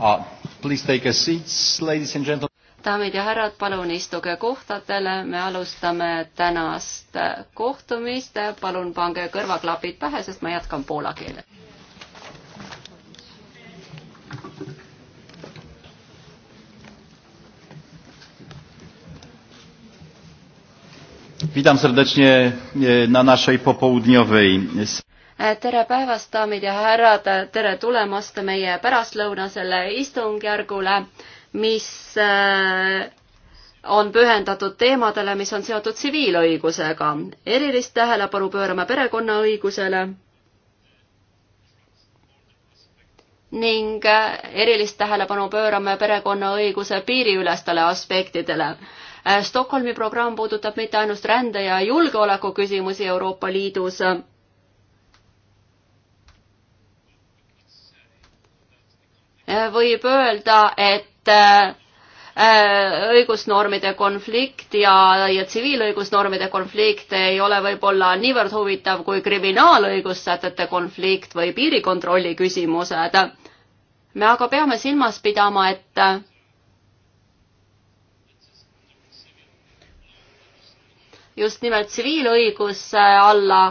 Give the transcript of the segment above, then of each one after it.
Uh, please take a seat, ladies and gentlemen. daamid ja härrad, palun istuge kohtadele, me alustame tänast kohtumist, palun pange kõrvaklapid pähe, sest ma jätkan poola keeles. Witam serdecznie e, na naszej popołudniowej tere päevast, daamid ja härrad, tere tulemast meie pärastlõunasele istungjärgule, mis äh, on pühendatud teemadele, mis on seotud tsiviilõigusega. erilist tähelepanu pöörame perekonnaõigusele ning äh, erilist tähelepanu pöörame perekonnaõiguse piiriülestele aspektidele. Äh, Stockholmi programm puudutab mitte ainult rände ja julgeoleku küsimusi Euroopa Liidus, võib öelda, et äh, õigusnormide konflikt ja, ja tsiviilõigusnormide konflikt ei ole võib-olla niivõrd huvitav kui kriminaalõigussätete konflikt või piirikontrolli küsimused. me aga peame silmas pidama, et just nimelt tsiviilõiguse alla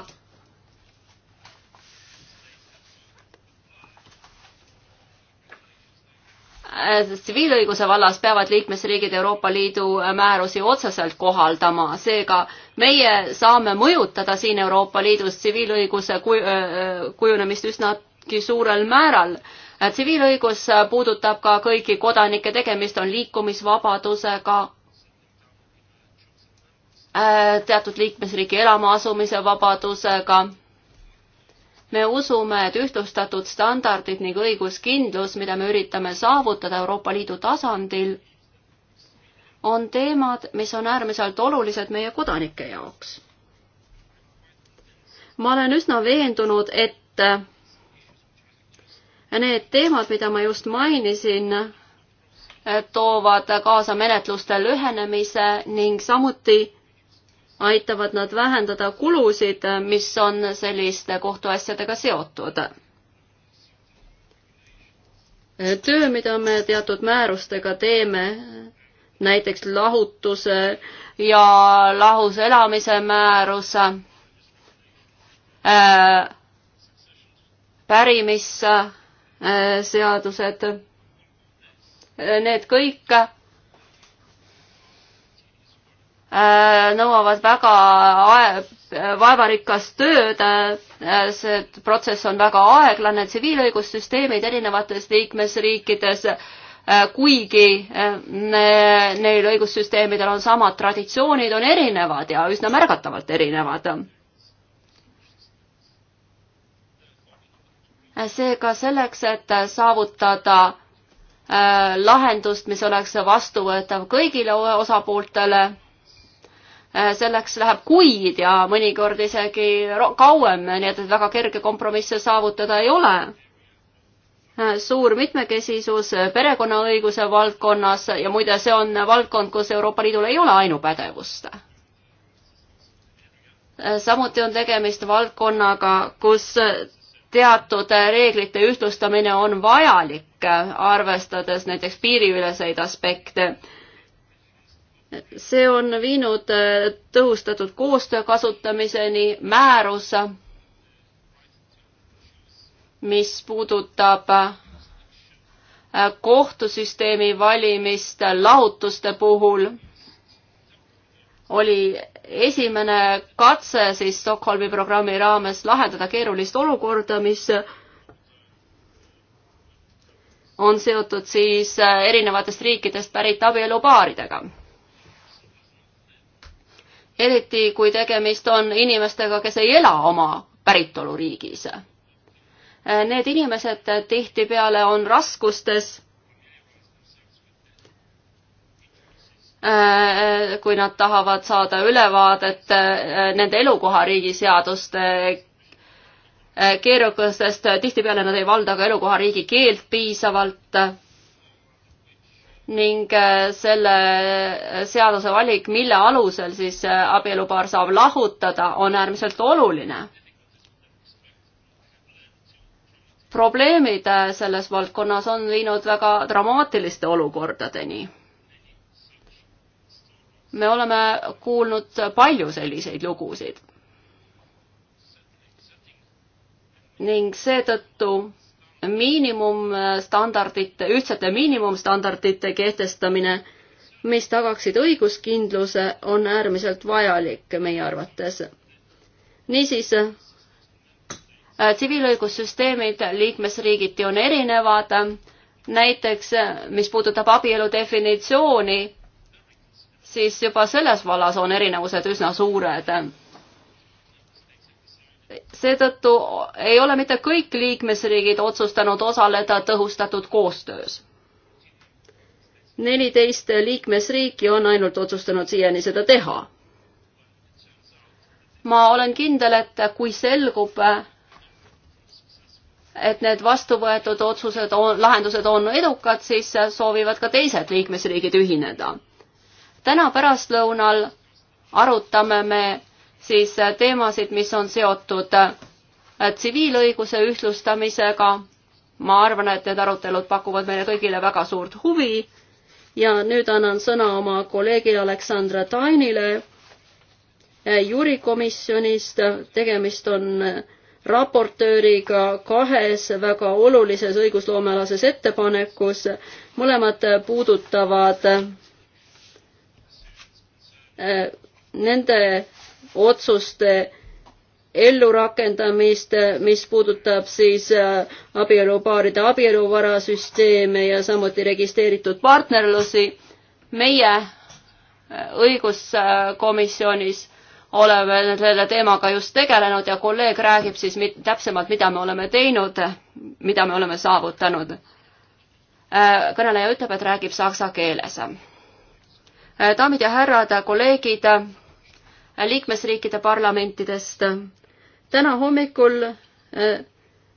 Äh, tsiviilõiguse vallas peavad liikmesriigid Euroopa Liidu määrusi otseselt kohaldama, seega meie saame mõjutada siin Euroopa Liidus tsiviilõiguse äh, äh, kujunemist üsnagi suurel määral. tsiviilõigus puudutab ka kõiki kodanikke, tegemist on liikumisvabadusega, teatud liikmesriigi elama asumise vabadusega me usume, et ühtlustatud standardid ning õiguskindlus, mida me üritame saavutada Euroopa Liidu tasandil, on teemad, mis on äärmiselt olulised meie kodanike jaoks. ma olen üsna veendunud, et need teemad, mida ma just mainisin, toovad kaasa menetluste lühenemise ning samuti aitavad nad vähendada kulusid, mis on selliste kohtuasjadega seotud. töö, mida me teatud määrustega teeme, näiteks lahutuse ja lahus elamise määrus, äh, pärimisseadused, äh, need kõik Äh, nõuavad väga vaevarikast tööd, äh, see protsess on väga aeglane, tsiviilõigussüsteemid erinevates liikmesriikides, äh, kuigi ne, neil õigussüsteemidel on samad traditsioonid, on erinevad ja üsna märgatavalt erinevad. seega selleks, et saavutada lahendust, mis oleks vastuvõetav kõigile osapooltele Äh, selleks läheb kuid ja mõnikord isegi kauem, nii et väga kerge kompromisse saavutada ei ole äh, suur mitmekesisus perekonnaõiguse valdkonnas ja muide, see on valdkond, kus Euroopa Liidul ei ole ainupädevust. Äh, samuti on tegemist valdkonnaga, kus teatud reeglite ühtlustamine on vajalik, arvestades näiteks piiriüleseid aspekte see on viinud äh, tõhustatud koostöö kasutamiseni määrus, mis puudutab äh, kohtusüsteemi valimist lahutuste puhul, oli esimene katse siis Stockholmi programmi raames lahendada keerulist olukorda, mis on seotud siis äh, erinevatest riikidest pärit abielupaaridega eriti kui tegemist on inimestega, kes ei ela oma päritoluriigis. Need inimesed tihtipeale on raskustes, kui nad tahavad saada ülevaadet nende elukohariigi seaduste keerukustest, tihtipeale nad ei valda ka elukohariigi keelt piisavalt ning äh, selle seaduse valik, mille alusel siis äh, abielupaar saab lahutada, on äärmiselt oluline. probleemid äh, selles valdkonnas on viinud väga dramaatiliste olukordadeni. me oleme kuulnud palju selliseid lugusid. ning seetõttu miinimumstandardite, ühtsete miinimumstandardite kehtestamine, mis tagaksid õiguskindluse, on äärmiselt vajalik meie arvates. niisiis, äh, tsiviilõigussüsteemid liikmesriigiti on erinevad, näiteks äh, mis puudutab abielu definitsiooni, siis juba selles vallas on erinevused üsna suured seetõttu ei ole mitte kõik liikmesriigid otsustanud osaleda tõhustatud koostöös. neliteist liikmesriiki on ainult otsustanud siiani seda teha. ma olen kindel, et kui selgub, et need vastu võetud otsused, lahendused on edukad, siis soovivad ka teised liikmesriigid ühineda. täna pärastlõunal arutame me siis äh, teemasid, mis on seotud äh, tsiviilõiguse ühtlustamisega. ma arvan, et need arutelud pakuvad meile kõigile väga suurt huvi ja nüüd annan sõna oma kolleegile Aleksandra Tainile äh, juurikomisjonist. tegemist on raportööriga kahes väga olulises õigusloomealases ettepanekus. mõlemad puudutavad nende otsuste ellurakendamist, mis puudutab siis äh, abielupaaride abieluvarasüsteeme ja samuti registreeritud partnerlusi. meie äh, õiguskomisjonis oleme selle teemaga just tegelenud ja kolleeg räägib siis mit, täpsemalt, mida me oleme teinud, mida me oleme saavutanud. Äh, kõneleja ütleb, et räägib saksa keeles. daamid ja härrad, kolleegid liikmesriikide parlamentidest. täna hommikul äh,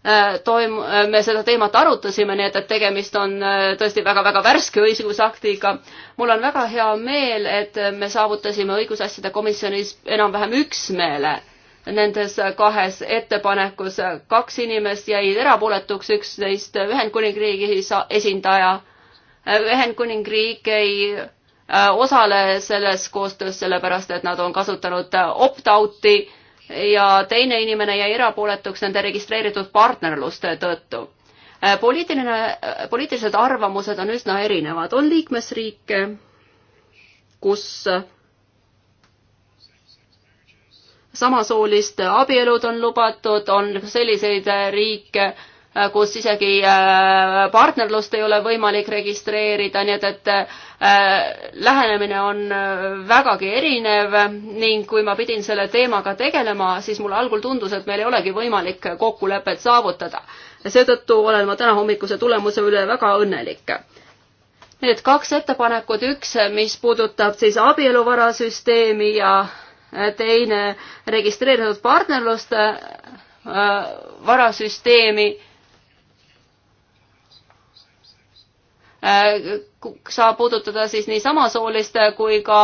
äh, toim-, äh, me seda teemat arutasime, nii et, et tegemist on tõesti väga-väga värske õigusaktiga. mul on väga hea meel, et me saavutasime õigusasjade komisjonis enam-vähem üksmeele nendes kahes ettepanekus. kaks inimest jäid erapooletuks, üks neist Ühendkuningriigi esindaja. Ühendkuningriik ei Äh, osale selles koostöös, sellepärast et nad on kasutanud äh, opt-out'i ja teine inimene jäi erapooletuks nende registreeritud partnerluste tõttu. Äh, poliitiline, poliitilised arvamused on üsna erinevad, on liikmesriike, kus samasooliste abielud on lubatud, on selliseid riike, Äh, kus isegi äh, partnerlust ei ole võimalik registreerida, nii et, et äh, lähenemine on vägagi erinev ning kui ma pidin selle teemaga tegelema, siis mulle algul tundus, et meil ei olegi võimalik kokkulepet saavutada. seetõttu olen ma täna hommikuse tulemuse üle väga õnnelik need kaks ettepanekut, üks, mis puudutab siis abieluvarasüsteemi ja teine registreeritud partnerluste varasüsteemi Äh, saab puudutada siis nii samasooliste kui ka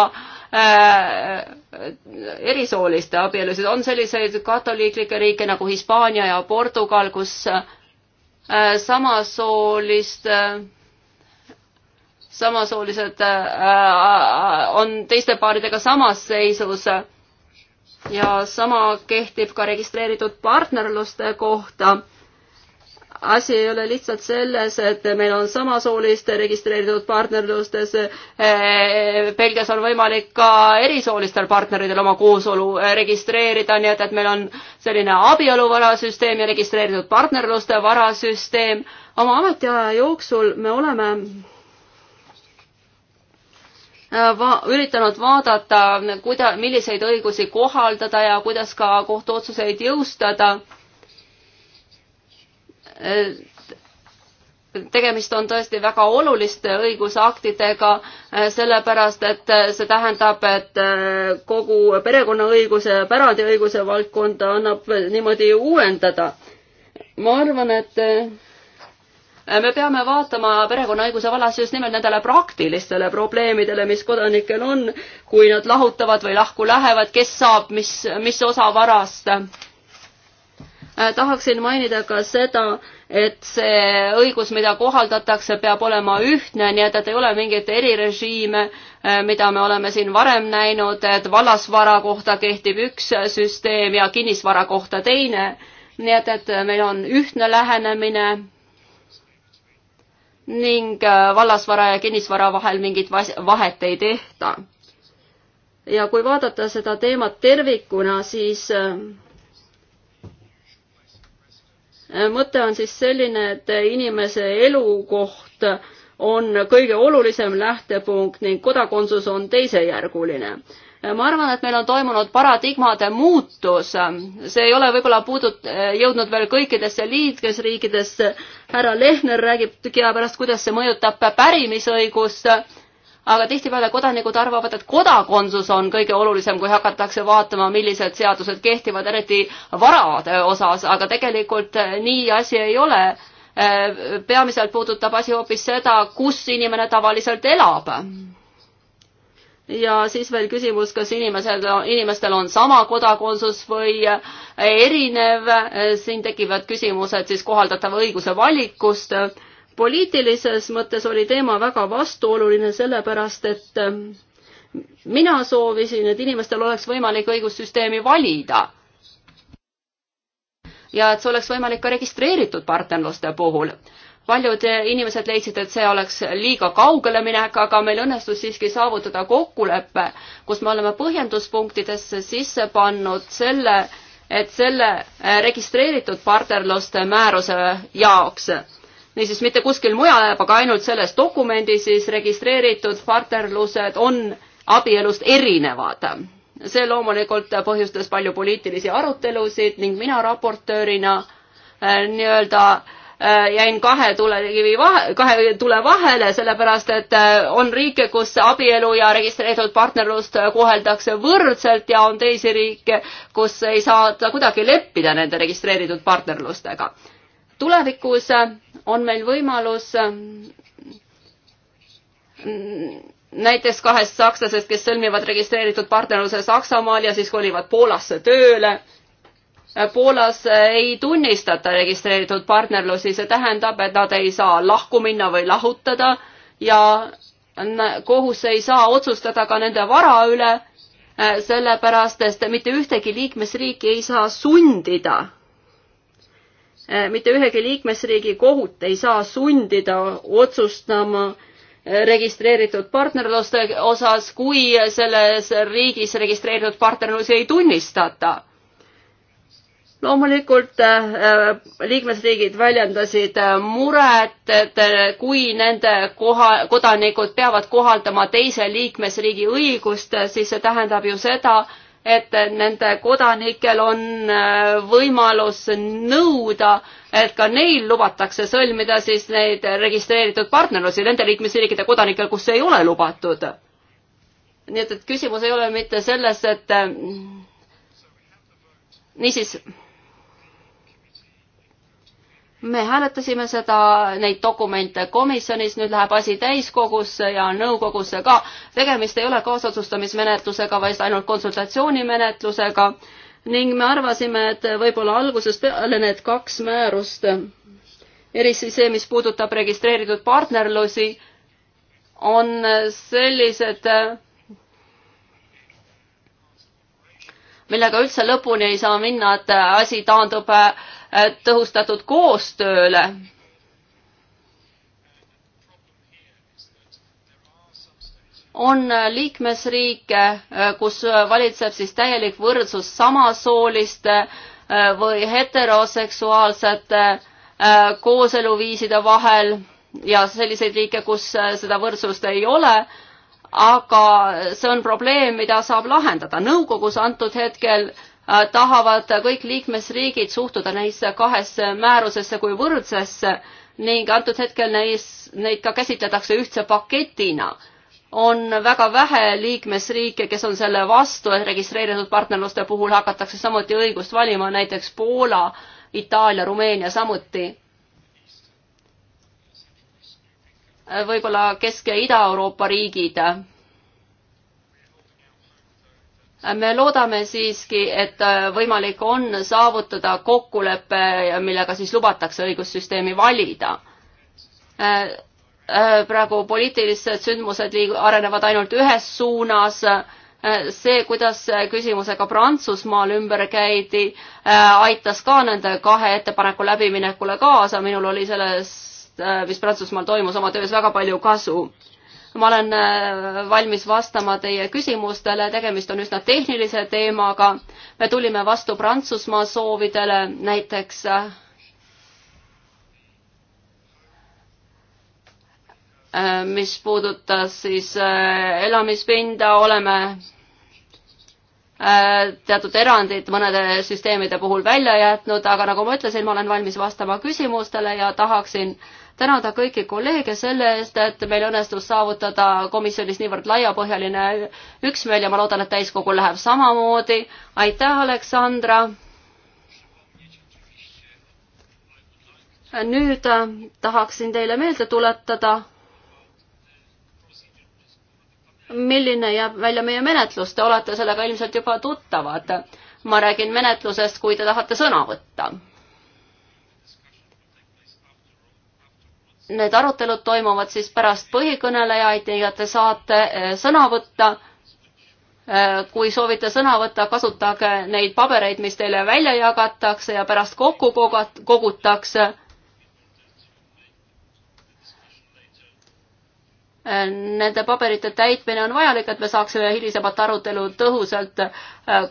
äh, erisooliste abielusid. on selliseid katoliiklikke riike nagu Hispaania ja Portugal, kus äh, samasoolist, samasoolised on teiste paaridega samas seisus ja sama kehtib ka registreeritud partnerluste kohta asi ei ole lihtsalt selles, et meil on samasooliste registreeritud partnerlustes. Eh, Belgias on võimalik ka erisoolistel partneritel oma koosolu eh, registreerida, nii et, et meil on selline abieluvarasüsteem ja registreeritud partnerluste varasüsteem. oma ametiaja jooksul me oleme eh, va-, üritanud vaadata, kuida-, milliseid õigusi kohaldada ja kuidas ka kohtuotsuseid jõustada tegemist on tõesti väga oluliste õigusaktidega, sellepärast et see tähendab, et kogu perekonnaõiguse ja pärandiõiguse valdkonda annab niimoodi uuendada. ma arvan, et me peame vaatama perekonnaõiguse vallas just nimelt nendele praktilistele probleemidele, mis kodanikel on, kui nad lahutavad või lahku lähevad, kes saab, mis, mis osa varast Äh, tahaksin mainida ka seda, et see õigus, mida kohaldatakse, peab olema ühtne, nii et, et ei ole mingeid erirežiime, äh, mida me oleme siin varem näinud, et vallasvara kohta kehtib üks süsteem ja kinnisvara kohta teine. nii et, et meil on ühtne lähenemine ning äh, vallasvara ja kinnisvara vahel mingit vahet ei tehta. ja kui vaadata seda teemat tervikuna, siis mõte on siis selline, et inimese elukoht on kõige olulisem lähtepunkt ning kodakondsus on teisejärguline. ma arvan, et meil on toimunud paradigmade muutus, see ei ole võib-olla puudut-, jõudnud veel kõikidesse liikmesriikidesse, härra Lehner räägib tüki aja pärast, kuidas see mõjutab pärimisõigust aga tihtipeale kodanikud arvavad, et kodakondsus on kõige olulisem, kui hakatakse vaatama, millised seadused kehtivad, eriti varade osas, aga tegelikult eh, nii asi ei ole. Eh, peamiselt puudutab asi hoopis seda, kus inimene tavaliselt elab. ja siis veel küsimus, kas inimesed, inimestel on sama kodakondsus või eh, erinev, siin tekivad küsimused siis kohaldatava õiguse valikust poliitilises mõttes oli teema väga vastuoluline, sellepärast et ähm, mina soovisin, et inimestel oleks võimalik õigussüsteemi valida. ja et see oleks võimalik ka registreeritud partnerluste puhul. paljud inimesed leidsid, et see oleks liiga kaugele minek, aga meil õnnestus siiski saavutada kokkulepe, kus me oleme põhjenduspunktidesse sisse pannud selle, et selle äh, registreeritud partnerluste määruse jaoks niisiis mitte kuskil mujal jääb, aga ainult selles dokumendis siis registreeritud partnerlused on abielust erinevad. see loomulikult põhjustas palju poliitilisi arutelusid ning mina raportöörina äh, nii-öelda äh, jäin kahe tulekivi vahe, kahe tule vahele, sellepärast et äh, on riike, kus abielu ja registreeritud partnerlust koheldakse võrdselt ja on teisi riike, kus ei saa kuidagi leppida nende registreeritud partnerlustega. tulevikus on meil võimalus ähm, näiteks kahest sakslasest, kes sõlmivad registreeritud partnerluse Saksamaal ja siis kolivad Poolasse tööle. Poolas ei tunnistata registreeritud partnerlusi, see tähendab, et nad ei saa lahku minna või lahutada ja kohus ei saa otsustada ka nende vara üle, äh, sellepärast et mitte ühtegi liikmesriiki ei saa sundida Eh, mitte ühegi liikmesriigi kohut ei saa sundida otsustama eh, registreeritud partnerluste osas, kui selles riigis registreeritud partnerlusi ei tunnistata. loomulikult eh, liikmesriigid väljendasid muret, et kui nende koha, kodanikud peavad kohaldama teise liikmesriigi õigust, siis see tähendab ju seda, et nende kodanikel on äh, võimalus nõuda, et ka neil lubatakse sõlmida siis neid registreeritud partnerlusi nende liikmesriikide kodanikel, kus see ei ole lubatud. nii et, et küsimus ei ole mitte selles, et äh, niisiis me hääletasime seda, neid dokumente komisjonis, nüüd läheb asi täiskogusse ja nõukogusse ka. tegemist ei ole kaasotsustamismenetlusega, vaid ainult konsultatsioonimenetlusega ning me arvasime, et võib-olla algusest peale need kaks määrust, eriti see, mis puudutab registreeritud partnerlusi, on sellised, millega üldse lõpuni ei saa minna, et asi taandub Äh, tõhustatud koostööle. on liikmesriike, äh, kus äh, valitseb siis täielik võrdsus samasooliste või heteroseksuaalsete kooseluviiside vahel ja selliseid riike, kus seda võrdsust ei ole aga see on probleem, mida saab lahendada. nõukogus antud hetkel Äh, tahavad kõik liikmesriigid suhtuda neisse kahesse määrusesse kui võrdsesse ning antud hetkel neis, neid ka käsitletakse ühtse paketina. on väga vähe liikmesriike, kes on selle vastu, et registreeritud partnerluste puhul hakatakse samuti õigust valima, näiteks Poola, Itaalia, Rumeenia samuti äh, võib-olla Kesk- ja Ida-Euroopa riigid me loodame siiski, et äh, võimalik on saavutada kokkulepe, millega siis lubatakse õigussüsteemi valida. Äh, äh, praegu poliitilised sündmused liig-, arenevad ainult ühes suunas see, kuidas küsimusega Prantsusmaal ümber käidi, aitas ka nende kahe ettepaneku läbiminekule kaasa, minul oli sellest, mis Prantsusmaal toimus, oma töös väga palju kasu ma olen äh, valmis vastama teie küsimustele, tegemist on üsna tehnilise teemaga. me tulime vastu Prantsusmaa soovidele näiteks äh, mis puudutas siis äh, elamispinda, oleme teatud erandid mõnede süsteemide puhul välja jätnud, aga nagu ma ütlesin, ma olen valmis vastama küsimustele ja tahaksin äh, tänada kõiki kolleege selle eest, et meil õnnestus saavutada komisjonis niivõrd laiapõhjaline üksmeel ja ma loodan, et täiskogul läheb samamoodi. aitäh, Aleksandra. nüüd äh, tahaksin teile meelde tuletada, milline jääb välja meie menetlus, te olete sellega ilmselt juba tuttavad. ma räägin menetlusest, kui te tahate sõna võtta Need arutelud toimuvad siis pärast põhikõnelejaid ja te saate eh, sõna võtta. Eh, kui soovite sõna võtta, kasutage neid pabereid, mis teile välja jagatakse ja pärast kokku kogutakse eh, nende paberite täitmine on vajalik, et me saaksime hilisemat arutelu tõhusalt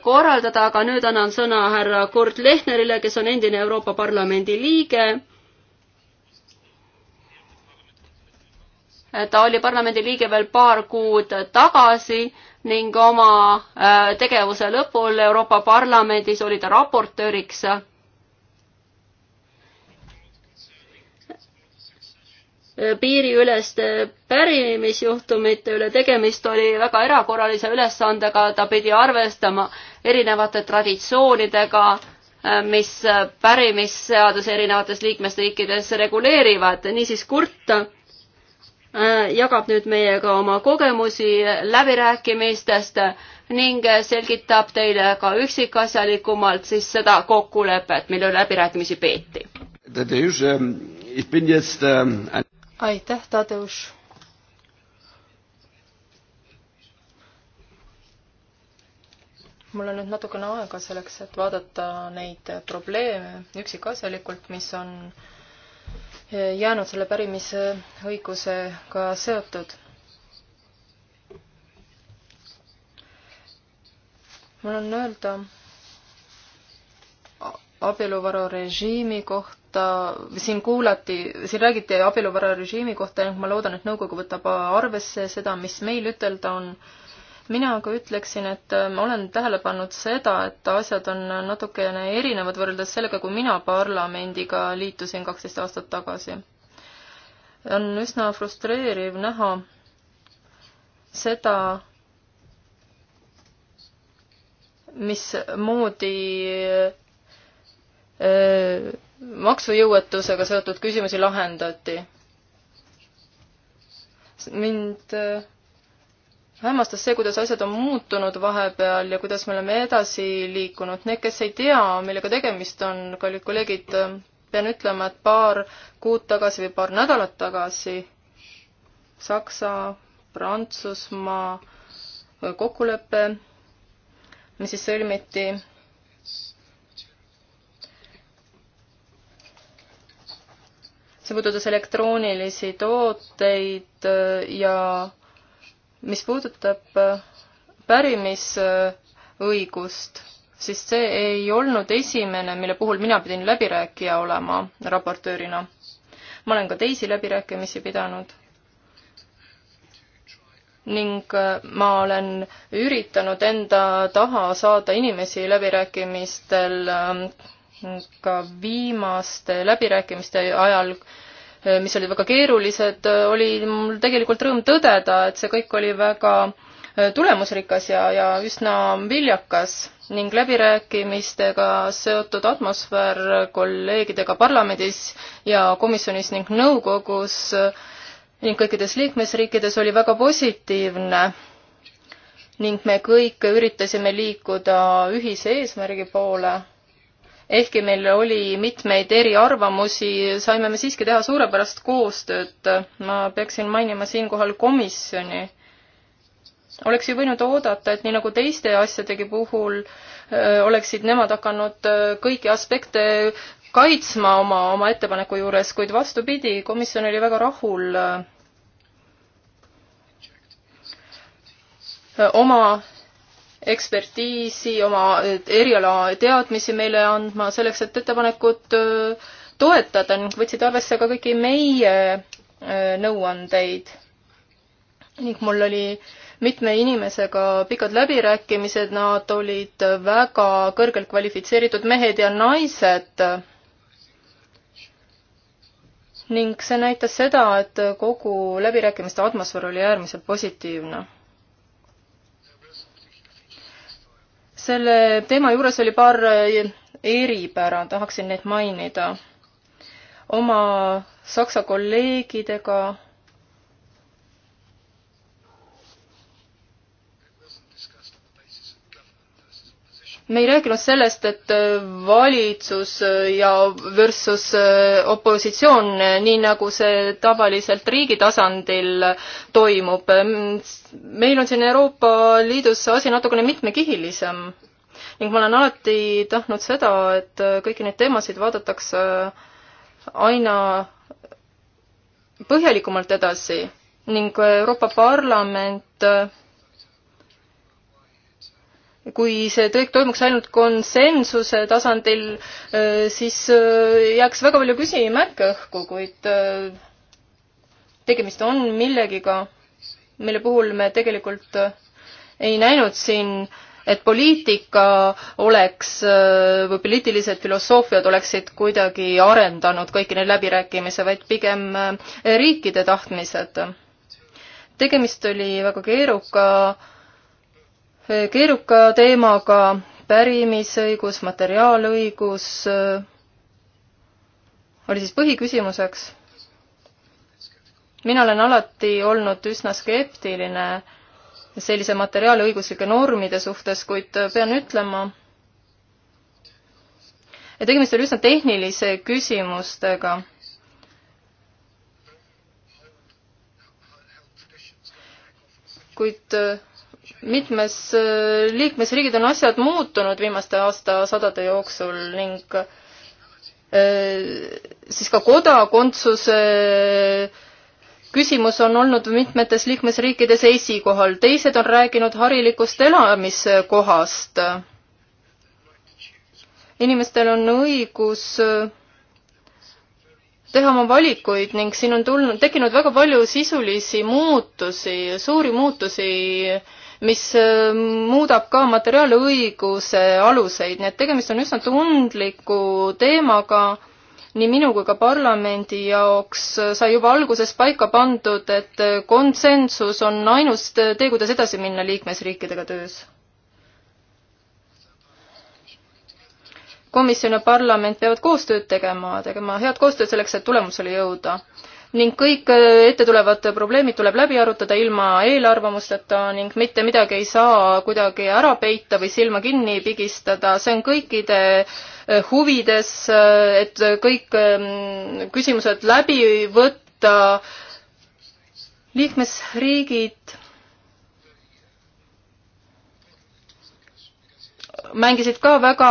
korraldada, aga nüüd annan sõna härra Kurt Lehnerile, kes on endine Euroopa Parlamendi liige ta oli parlamendi liige veel paar kuud tagasi ning oma äh, tegevuse lõpul Euroopa Parlamendis oli ta raportööriks piiriüleste pärimisjuhtumite üle tegemist oli väga erakorralise ülesandega, ta pidi arvestama erinevate traditsioonidega, äh, mis pärimisseaduse erinevates liikmesriikides reguleerivad, niisiis kurta Äh, jagab nüüd meiega oma kogemusi läbirääkimistest ning selgitab teile ka üksikasjalikumalt siis seda kokkulepet, mille läbirääkimisi peeti. Ähm, aitäh, Tadeusz. mul on nüüd natukene aega selleks, et vaadata neid probleeme üksikasjalikult, mis on äh, jäänud selle pärimisõigusega seotud. mul on öelda abieluvara režiimi kohta, siin kuulati, siin räägiti abieluvara režiimi kohta ning ma loodan, et nõukogu võtab arvesse seda, mis meil ütelda on äh, mina aga ütleksin, et äh, ma olen tähele pannud seda, et asjad on natukene erinevad võrreldes sellega, kui mina parlamendiga liitusin kaksteist aastat tagasi. on üsna frustreeriv näha seda, mismoodi äh, maksujõuetusega seotud küsimusi lahendati. mind öö, äh, hämmastas see, kuidas asjad on muutunud vahepeal ja kuidas me oleme edasi liikunud. Need, kes ei tea, millega tegemist on, kallid kolleegid, pean ütlema, et paar kuud tagasi või paar nädalat tagasi Saksa, Prantsusmaa kokkulepe, mis siis sõlmiti see puudutas elektroonilisi tooteid ja äh, mis puudutab äh, pärimisõigust, siis see ei olnud esimene, mille puhul mina pidin läbirääkija olema raportöörina. ma olen ka teisi läbirääkimisi pidanud. ning äh, ma olen üritanud enda taha saada inimesi läbirääkimistel ähm, ka viimaste läbirääkimiste ajal, Äh, mis olid väga keerulised, äh, oli mul tegelikult rõõm tõdeda, et see kõik oli väga äh, tulemusrikas ja, ja üsna viljakas ning läbirääkimistega seotud atmosfäär kolleegidega parlamendis ja komisjonis ning nõukogus ning kõikides liikmesriikides oli väga positiivne ning me kõik üritasime liikuda ühise eesmärgi poole ehkki meil oli mitmeid eriarvamusi, saime me siiski teha suurepärast koostööd. ma peaksin mainima siinkohal komisjoni. oleks ju võinud oodata, et nii nagu teiste asjadegi puhul öö, oleksid nemad hakanud öö, kõiki aspekte kaitsma oma, oma ettepaneku juures, kuid vastupidi, komisjon oli väga rahul öö, oma ekspertiisi, oma erialateadmisi meile andma selleks, et ettepanekut toetada ning võtsid arvesse ka kõiki meie nõuandeid. ning mul oli mitme inimesega pikad läbirääkimised, nad olid väga kõrgelt kvalifitseeritud mehed ja naised. ning see näitas seda, et kogu läbirääkimiste atmosfäär oli äärmiselt positiivne selle teema juures oli paar äh, eripära, tahaksin neid mainida. oma saksa kolleegidega me ei rääkinud sellest, et äh, valitsus äh, ja versus äh, opositsioon, nii nagu see tavaliselt riigi tasandil toimub. meil on siin Euroopa Liidus asi natukene mitmekihilisem ning ma olen alati tahtnud seda, et kõiki neid teemasid vaadatakse aina põhjalikumalt edasi ning Euroopa Parlament kui see kõik toimuks ainult konsensuse tasandil, äh, siis äh, jääks väga palju küsimärke õhku, kuid äh, tegemist on millegiga, mille puhul me tegelikult ei näinud siin, et poliitika oleks või poliitilised filosoofiad oleksid kuidagi arendanud kõiki neid läbirääkimisi, vaid pigem riikide tahtmised. tegemist oli väga keeruka äh, keeruka teemaga, pärimisõigus, materiaalõigus äh, oli siis põhiküsimuseks. mina olen alati olnud üsna skeptiline sellise materiaalõiguslike normide suhtes, kuid äh, pean ütlema, et tegemist oli üsna tehnilise küsimustega kuid äh, mitmes äh, liikmesriigid on asjad muutunud viimaste aastasadade jooksul ning äh, siis ka kodakondsuse äh, küsimus on olnud mitmetes liikmesriikides esikohal, teised on rääkinud harilikust elamiskohast. inimestel on õigus teha oma valikuid ning siin on tulnud, tekkinud väga palju sisulisi muutusi, suuri muutusi äh, mis äh, muudab ka materiaalõiguse aluseid, nii et tegemist on üsna tundliku teemaga nii minu kui ka parlamendi jaoks sai juba alguses paika pandud, et konsensus on ainus tee, kuidas edasi minna liikmesriikidega töös. komisjon ja parlament peavad koostööd tegema, tegema head koostööd selleks, et tulemusele jõuda ning kõik äh, ette tulevad probleemid tuleb läbi arutada ilma eelarvamusteta ning mitte midagi ei saa kuidagi ära peita või silma kinni pigistada, see on kõikide äh, huvides, äh, et kõik ähm, küsimused läbi võtta. liikmesriigid mängisid ka väga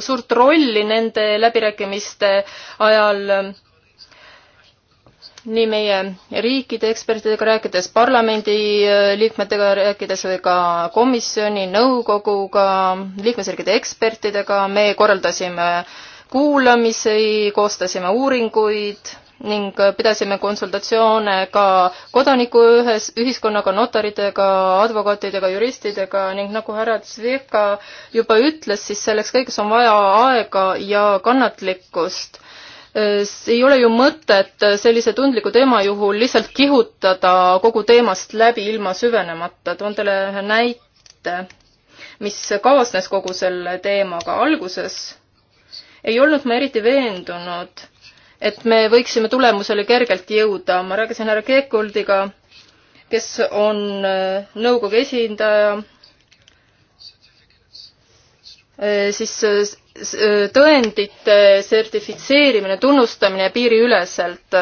suurt rolli nende läbirääkimiste ajal nii meie riikide ekspertidega rääkides, parlamendi äh, liikmetega rääkides või ka komisjoni, nõukoguga, liikmesriikide ekspertidega, me korraldasime kuulamisi, koostasime uuringuid ning äh, pidasime konsultatsioone ka kodanikuühes, ühiskonnaga, notaritega, advokaatidega, juristidega ning nagu härra Zvika juba ütles, siis selleks kõigeks on vaja aega ja kannatlikkust Äh, ei ole ju mõtet äh, sellise tundliku teema juhul lihtsalt kihutada kogu teemast läbi ilma süvenemata. toon teile ühe näite, mis kaasnes kogu selle teemaga. alguses ei olnud ma eriti veendunud, et me võiksime tulemusele kergelt jõuda. ma rääkisin härra Keekuldiga, kes on äh, nõukogu esindaja Äh, siis äh, äh, tõendite sertifitseerimine, tunnustamine piiriüleselt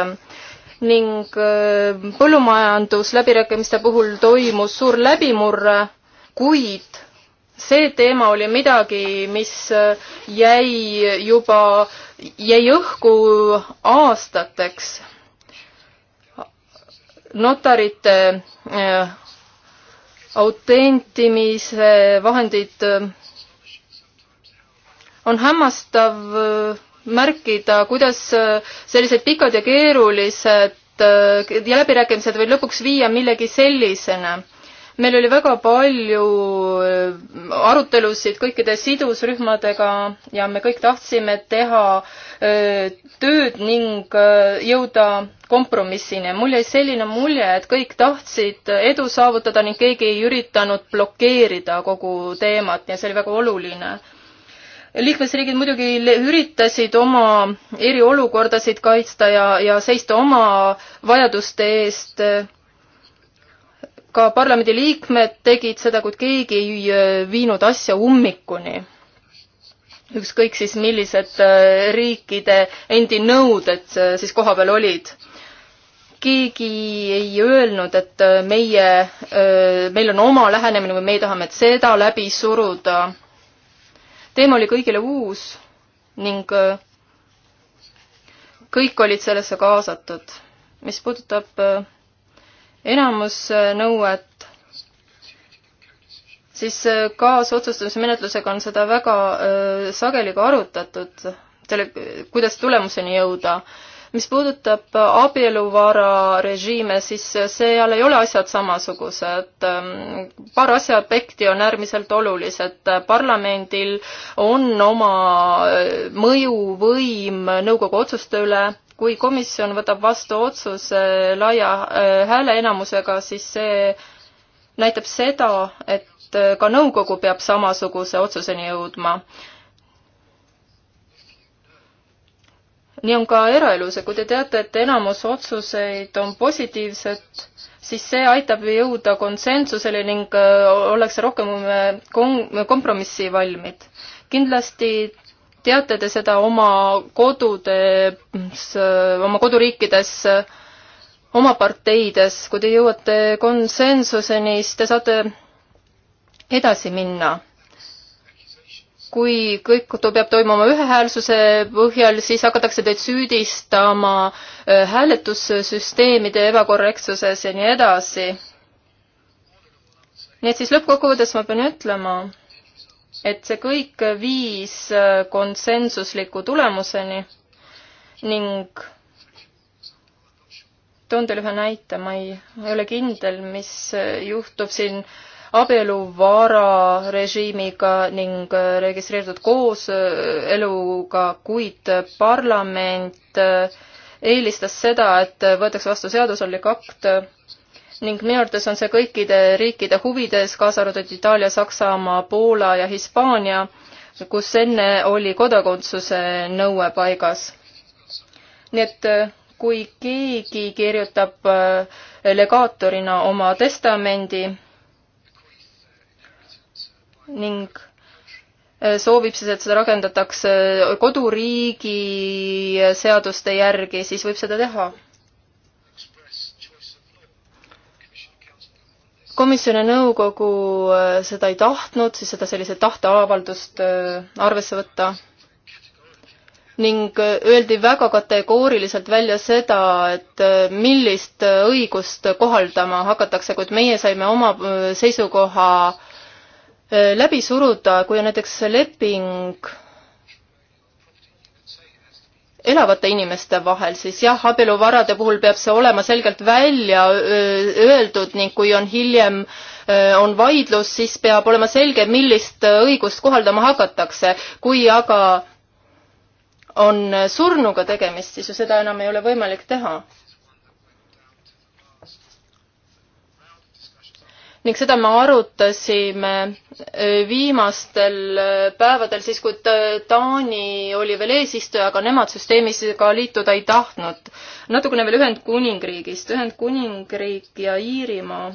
ning põllumajandusläbirääkimiste puhul toimus suur läbimurre, kuid see teema oli midagi, mis jäi juba, jäi õhku aastateks. notarite autentimise vahendid on hämmastav äh, märkida, kuidas äh, sellised pikad ja keerulised ja äh, läbirääkimised võid lõpuks viia millegi sellisena. meil oli väga palju arutelusid kõikide sidusrühmadega ja me kõik tahtsime teha tööd ning jõuda kompromissini. mul jäi selline mulje, et kõik tahtsid edu saavutada ning keegi ei üritanud blokeerida kogu teemat ja see oli väga oluline liikmesriigid muidugi üritasid oma eriolukordasid kaitsta ja, ja seista oma vajaduste eest. ka parlamendiliikmed tegid seda, kuid keegi ei äh, viinud asja ummikuni. ükskõik siis, millised äh, riikide endi nõuded äh, siis kohapeal olid keegi ei öelnud, et meie, meil on oma lähenemine või meie tahame seda läbi suruda teema oli kõigile uus ning äh, kõik olid sellesse kaasatud. mis puudutab äh, enamusnõuet, äh, siis kaasotsustamise menetlusega on seda väga sageli ka arutatud, selle, kuidas tulemuseni jõuda mis puudutab äh, abieluvara režiime, siis äh, seal ei ole asjad samasugused. Ähm, paar asja aspekti on äärmiselt olulised. Äh, parlamendil on oma mõjuvõim nõukogu otsuste üle kui komisjon võtab vastu otsuse laia hääleenamusega, siis see näitab seda, et ka nõukogu peab samasuguse otsuseni jõudma. nii on ka eraelus ja kui te teate, et enamus otsuseid on positiivsed, siis see aitab jõuda konsensusele ning äh, ollakse rohkem äh, kom-, kompromissi valmid. kindlasti teate te seda oma kodudes, äh, oma koduriikides, oma parteides, kui te jõuate konsensuseni, siis te saate edasi minna kui kõik peab toimuma ühehäälsuse põhjal, siis hakatakse teid süüdistama äh, hääletussüsteemide ebakorrektsuses ja nii edasi. nii et siis lõppkokkuvõttes ma pean ütlema, et see kõik viis äh, konsensusliku tulemuseni ning toon teile ühe näite, ma ei, ei ole kindel, mis äh, juhtub siin äh, abieluvara režiimiga ning äh, registreeritud kooseluga, kuid parlament äh, eelistas seda, et võetakse vastu seaduslik akt ning minu arvates on see kõikide riikide huvides, kaasa arvatud Itaalia, Saksamaa, Poola ja Hispaania, kus enne oli kodakondsuse nõue paigas. nii et äh, kui keegi kirjutab legaatorina oma testamendi, ning äh, soovib siis, et seda rakendatakse äh, koduriigi äh, seaduste järgi, siis võib seda teha. komisjon ja nõukogu seda ei tahtnud, siis seda sellise tahteavaldust arvesse võtta ning öeldi väga kategooriliselt välja seda, et millist õigust kohaldama hakatakse, kuid meie saime oma seisukoha äh, Äh, läbi suruda, kui on näiteks leping elavate inimeste vahel, siis jah, abieluvarade puhul peab see olema selgelt välja öeldud ning kui on hiljem on vaidlus, siis peab olema selge, millist õigust kohaldama hakatakse. kui aga on surnuga tegemist, siis ju seda enam ei ole võimalik teha ning seda me arutasime e, viimastel e, päevadel, siis kui Taani oli veel eesistuja, aga nemad süsteemiga liituda ei tahtnud. natukene veel Ühendkuningriigist. Ühendkuningriik ja Iirimaa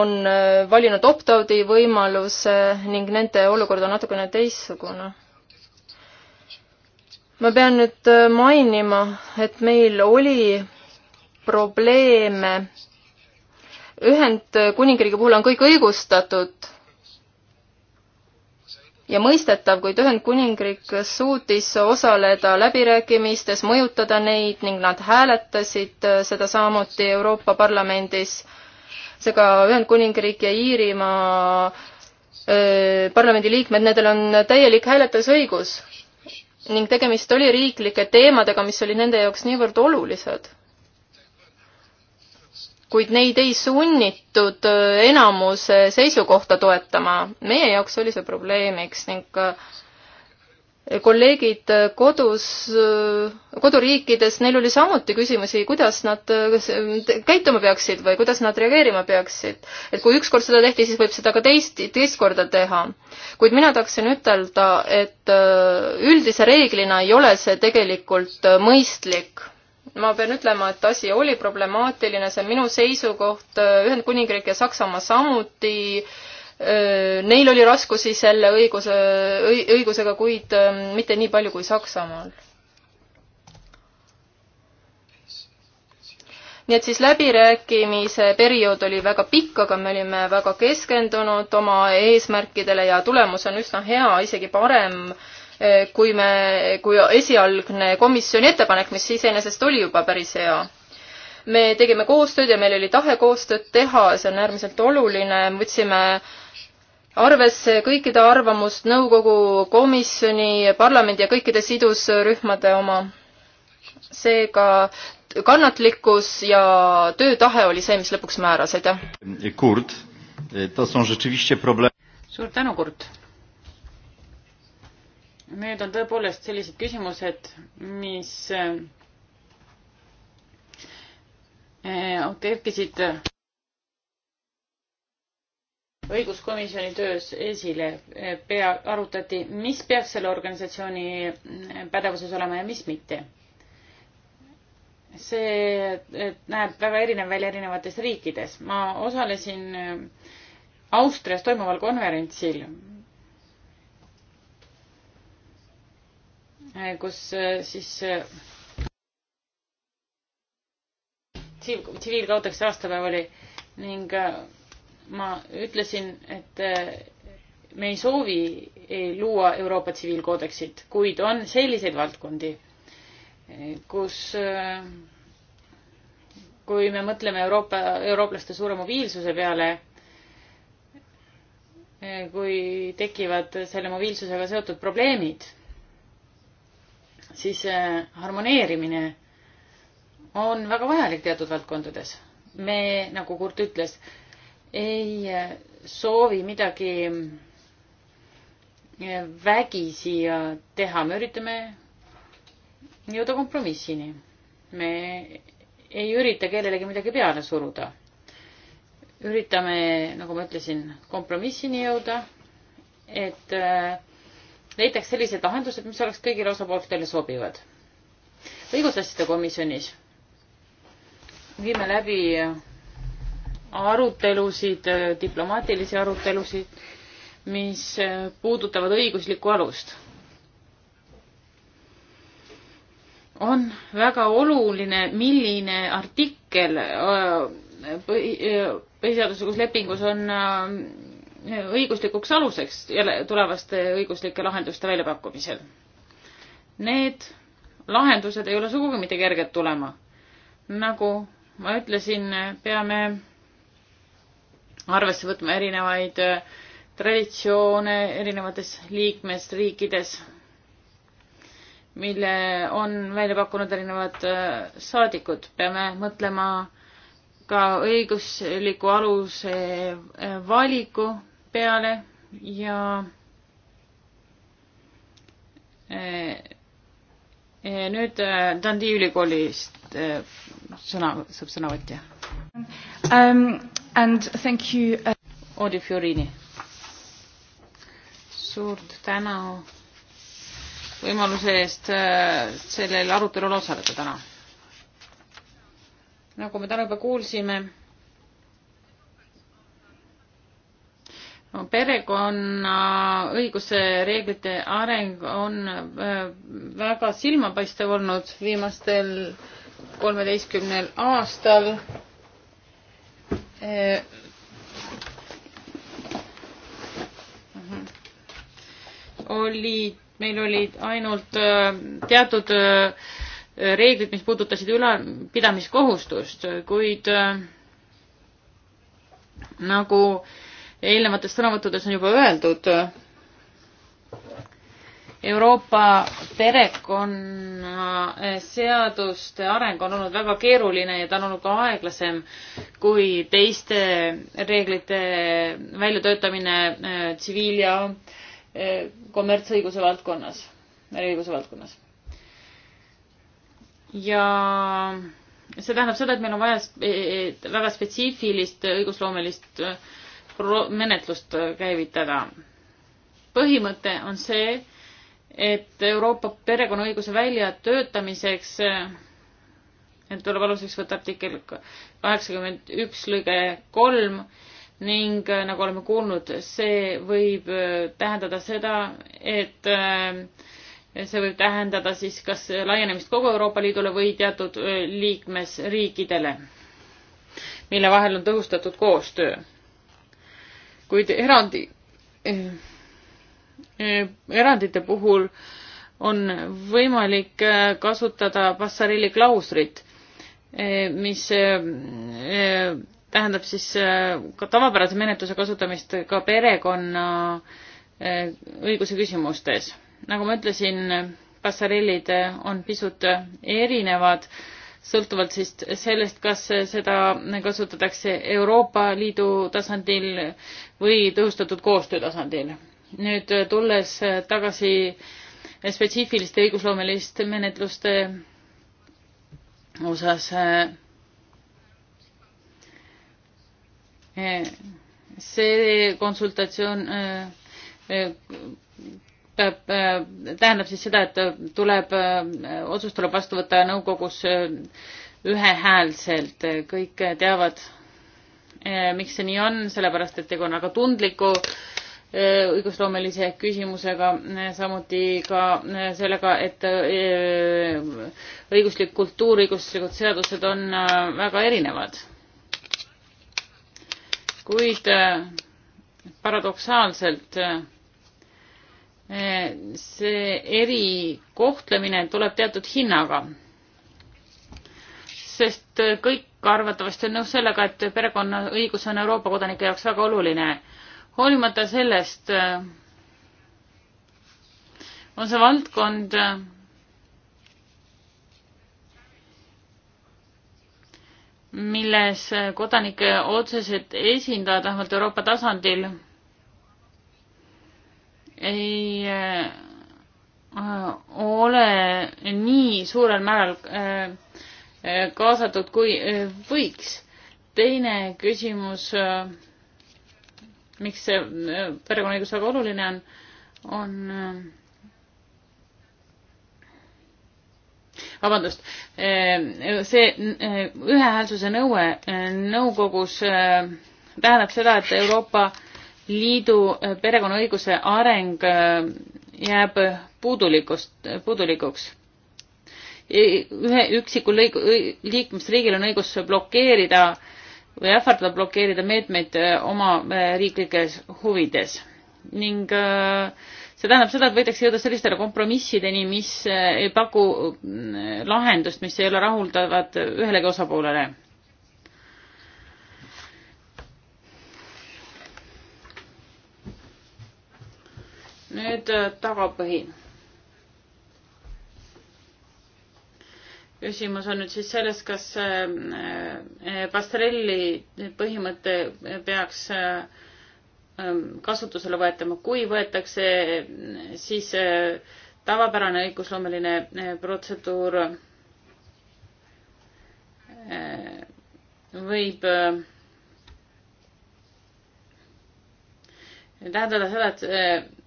on e, valinud opt-out'i võimaluse ning nende olukord on natukene teistsugune ma pean nüüd mainima, et meil oli probleeme Ühendkuningriigi puhul on kõik õigustatud ja mõistetav, kuid Ühendkuningriik suutis osaleda läbirääkimistes, mõjutada neid ning nad hääletasid seda samuti Euroopa Parlamendis. seega Ühendkuningriik ja Iirimaa parlamendiliikmed, nendel on täielik hääletusõigus ning tegemist oli riiklike teemadega, mis olid nende jaoks niivõrd olulised kuid neid ei sunnitud äh, enamuse seisukohta toetama. meie jaoks oli see probleemiks ning äh, kolleegid äh, kodus, koduriikides, neil oli samuti küsimusi, kuidas nad käituma peaksid või kuidas nad reageerima peaksid. et kui ükskord seda tehti, siis võib seda ka teist, teist korda teha. kuid mina tahaksin ütelda, et üldise reeglina ei ole see tegelikult mõistlik ma pean ütlema, et asi oli problemaatiline, see on minu seisukoht, Ühendkuningriik ja Saksamaa samuti. Neil oli raskusi selle õiguse, õigusega, kuid mitte nii palju kui Saksamaal. nii et siis läbirääkimise periood oli väga pikk, aga me olime väga keskendunud oma eesmärkidele ja tulemus on üsna hea, isegi parem äh, kui me, kui esialgne komisjoni ettepanek, mis iseenesest oli juba päris hea. me tegime koostööd ja meil oli tahe koostööd teha, see on äärmiselt oluline, võtsime arvesse kõikide arvamust, nõukogu, komisjoni, parlamendi ja kõikide sidusrühmade oma. seega kannatlikkus ja töötahe oli see, mis lõpuks määras, aitäh. Eh, suur tänu, Kurt Need on tõepoolest sellised küsimused, mis äh, äh, kerkisid õiguskomisjoni töös esile, äh, pea, arutati, mis peaks selle organisatsiooni pädevuses olema ja mis mitte. see näeb väga erinev välja erinevates riikides. ma osalesin Austrias toimuval konverentsil Eh, kus eh, siis eh, tsiviilkaoteks aastapäev oli ning ma ütlesin, et me ei soovi ei luua Euroopa tsiviilkoodeksit, kuid on selliseid valdkondi, kus kui me mõtleme Euroopa, eurooplaste suure mobiilsuse peale, kui tekivad selle mobiilsusega seotud probleemid siis eh, harmoneerimine on väga vajalik teatud valdkondades. me, nagu Kurt ütles, ei eh, soovi midagi eh, vägisi teha, me üritame jõuda kompromissini. me ei ürita kellelegi midagi peale suruda. üritame, nagu ma ütlesin, kompromissini jõuda, et äh, leitaks sellised lahendused, mis oleks kõigile osapooltele sobivad. õigusasjade komisjonis viime läbi arutelusid, diplomaatilisi arutelusid, mis puudutavad õiguslikku alust. on väga oluline, milline artikkel äh, äh, põhiseaduslikus lepingus on äh, õiguslikuks aluseks tulevaste õiguslike lahenduste väljapakkumisel. Need lahendused ei ole sugugi mitte kerged tulema. nagu ma ütlesin, peame arvesse võtma erinevaid äh, traditsioone erinevates liikmesriikides, mille on välja pakkunud erinevad äh, saadikud. peame mõtlema ka õigusliku aluse äh, valiku peale ja eh, eh, nüüd eh, Dundee ülikoolist sõna, saab sõnavõtja um,. And thank you uh.... Odi Fiorini. suur tänu võimaluse eest sellel arutelul osaleda täna. nagu me täna juba kuulsime perekonna õiguse reeglite areng on äh, väga silmapaistev olnud viimastel kolmeteistkümnel aastal. Äh, olid, meil olid ainult äh, teatud reeglid, mis puudutasid ülalpidamiskohustust, kuid nagu äh, eelnevates sõnavõttudes on juba öeldud, Euroopa perekonnaseaduste areng on olnud väga keeruline ja ta on olnud ka aeglasem kui teiste reeglite väljatöötamine äh, tsiviil- ja äh, kommertsõiguse valdkonnas, äriõiguse valdkonnas. ja see tähendab seda, et meil on vaja e-, e-, väga spetsiifilist õigusloomelist äh, menetlust käivitada. põhimõte on see, et Euroopa perekonnaõiguse väljatöötamiseks tuleb aluseks võtta artikkel kaheksakümmend üks lõige kolm ning nagu oleme kuulnud, see võib tähendada seda, et see võib tähendada siis kas laienemist kogu Euroopa Liidule või teatud liikmesriikidele, mille vahel on tõhustatud koostöö kuid erandi eh,, eh, erandite puhul on võimalik äh, kasutada Passarelli klauslit eh,, äh, mis äh, tähendab siis ka tavapärase menetluse kasutamist ka perekonna õiguse küsimustes. nagu ma ütlesin, passarellid on pisut erinevad, sõltuvalt siis sellest, kas seda kasutatakse Euroopa Liidu tasandil või tõhustatud koostöö tasandil. nüüd äh, tulles äh, tagasi spetsiifiliste õigusloomeliste menetluste osas äh, see konsultatsioon peab, tähendab siis seda, et tuleb, otsus tuleb vastu võtta nõukogus ühehäälselt, kõik teavad, Eh, miks see nii on, sellepärast et tegu on väga tundliku eh, õigusloomelise küsimusega, eh, samuti ka sellega, et õiguslik kultuur, õiguslikud seadused on väga erinevad. kuid paradoksaalselt see erikohtlemine tuleb teatud hinnaga, sest kõik ka arvatavasti on nõus sellega, et perekonnaõigus on Euroopa kodanike jaoks väga oluline. hoolimata sellest äh, on see valdkond milles kodanike otsesed esindajad, vähemalt Euroopa tasandil, ei äh, ole nii suurel määral äh, kaasatud, kui võiks. teine küsimus, miks see perekonnaõigus väga oluline on, on vabandust, see ühehäälsuse nõue nõukogus tähendab seda, et Euroopa Liidu perekonnaõiguse areng jääb puudulikust, puudulikuks E, ühe üksikul lõigu, liikmesriigil on õigus blokeerida või ähvardada blokeerida meetmeid e, oma e, riiklikes huvides ning see tähendab seda, et võidakse jõuda sellistele kompromissideni, mis ei paku lahendust, mis ei ole rahuldavad ühelegi osapoolele. nüüd tagapõhi küsimus on nüüd siis selles, kas äh, äh, pastrelli põhimõte peaks äh, ähm, kasutusele võetama, kui võetakse, siis tavapärane õigusloomeline protseduur võib tähendada seda, et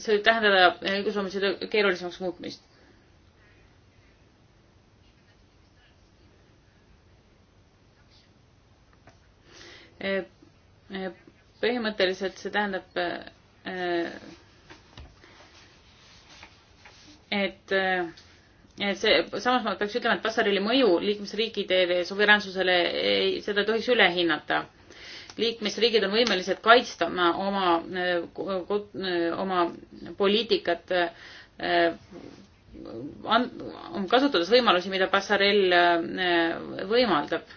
see võib tähendada õigusloome seda keerulisemaks muutmist. põhimõtteliselt see tähendab, et, et see, samas ma peaks ütlema, et Passarilli mõju liikmesriikide suveräänsusele ei, seda ei tohiks üle hinnata liikmesriigid on võimelised kaitstama oma, oma poliitikat, kasutades võimalusi, mida Passarell eh, võimaldab.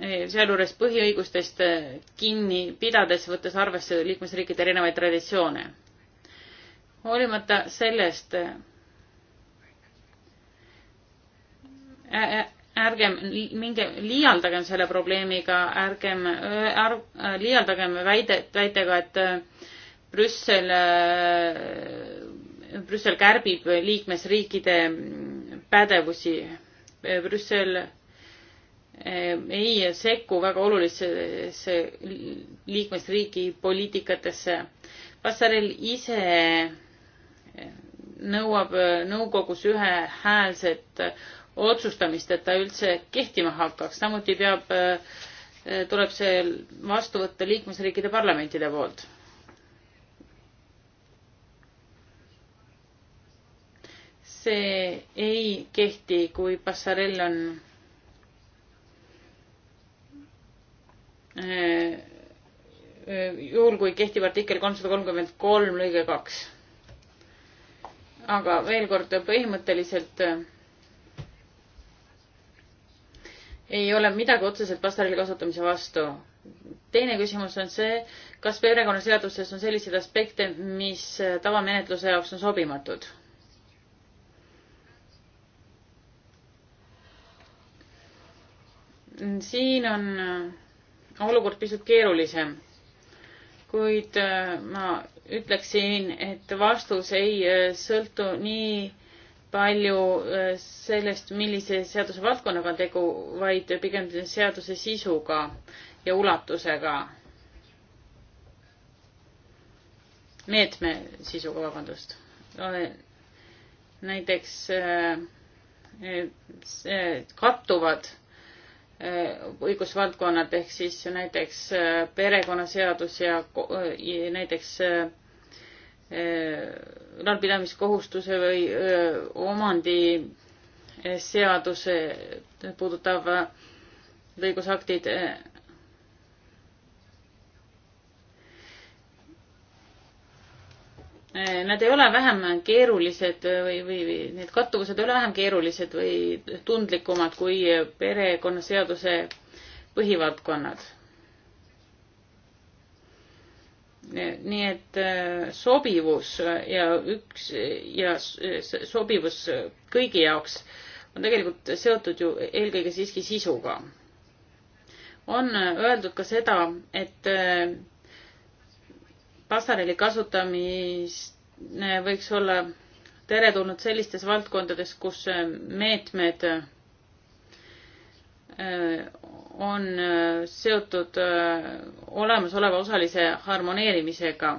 sealjuures põhiõigustest eh, kinni pidades, võttes arvesse liikmesriikide erinevaid traditsioone. hoolimata sellest eh, ärgem minge, liialdagem selle probleemiga, ärgem är, äh, liialdagem väide, väitega, et äh, Brüssel, äh, Brüssel kärbib liikmesriikide pädevusi. Brüssel ei sekku väga olulisse liikmesriigi poliitikatesse. Passarell ise nõuab nõukogus ühehäälset otsustamist, et ta üldse kehtima hakkaks. samuti peab, äh, äh, tuleb see vastu võtta liikmesriikide parlamentide poolt. see ei kehti, kui passarell on äh, juhul, kui kehtib artikkel kolmsada kolmkümmend kolm lõige kaks. aga veel kord põhimõtteliselt ei ole midagi otseselt pastarili kasutamise vastu. teine küsimus on see, kas perekonnaseaduses on selliseid aspekte, mis äh, tavamenetluse jaoks on sobimatud? siin on äh, olukord pisut keerulisem, kuid äh, ma ütleksin, et vastus ei sõltu nii palju äh, sellest, millise seadusevaldkonnaga on tegu, vaid pigem seaduse sisuga ja ulatusega. meetme sisuga, vabandust. näiteks äh, äh, kattuvad õigusvaldkonnad ehk siis näiteks perekonnaseadus ja näiteks Eh, ülalpidamiskohustuse või eh, omandiseaduse eh, puudutav õigusaktid Nad ei ole vähem keerulised või, või, või need kattuvused ei ole vähem keerulised või tundlikumad kui perekonnaseaduse põhivaldkonnad nii et äh, sobivus ja üks ja äh, sobivus kõigi jaoks on tegelikult seotud ju eelkõige siiski sisuga. on äh, öeldud ka seda, et pastareli kasutamine võiks olla teretulnud sellistes valdkondades, kus meetmed on äh, seotud äh, olemasoleva osalise harmoneerimisega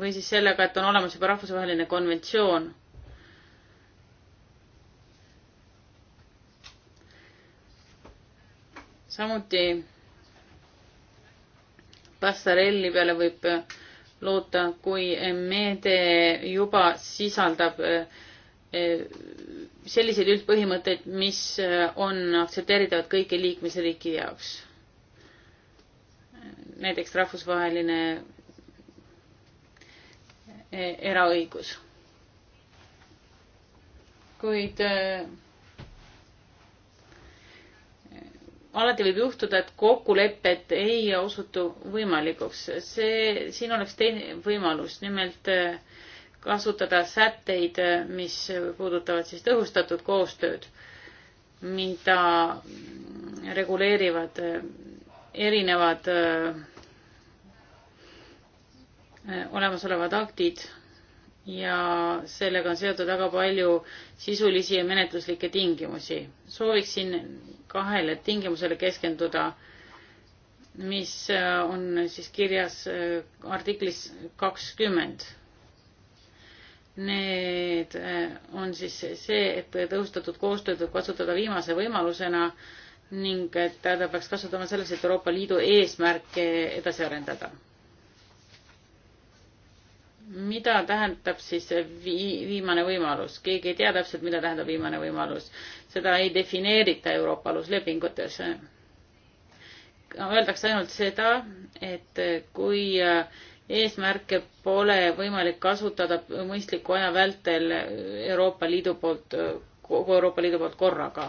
või siis sellega, et on olemas juba rahvusvaheline konventsioon. samuti pastarelli peale võib äh, loota, kui meede juba sisaldab selliseid üldpõhimõtteid, mis äh, on aktsepteeritavad kõigi liikmesriikide jaoks. näiteks rahvusvaheline äh, eraõigus. kuid äh, alati võib juhtuda, et kokkulepet ei osutu võimalikuks. see, siin oleks teine võimalus, nimelt äh, kasutada sätteid, mis puudutavad siis tõhustatud koostööd, mida reguleerivad erinevad äh, olemasolevad aktid ja sellega on seotud väga palju sisulisi ja menetluslikke tingimusi. sooviksin kahele tingimusele keskenduda, mis äh, on siis kirjas äh, artiklis kakskümmend Need äh, on siis see, et tõhustatud koostööd võib kasutada viimase võimalusena ning et ta peaks kasutama selleks, et Euroopa Liidu eesmärke edasi arendada. mida tähendab siis vii-, viimane võimalus? keegi ei tea täpselt, mida tähendab viimane võimalus. seda ei defineerita Euroopa aluslepingutes. Öeldakse ainult seda, et kui äh, eesmärke pole võimalik kasutada mõistliku aja vältel Euroopa Liidu poolt, kogu Euroopa Liidu poolt korraga.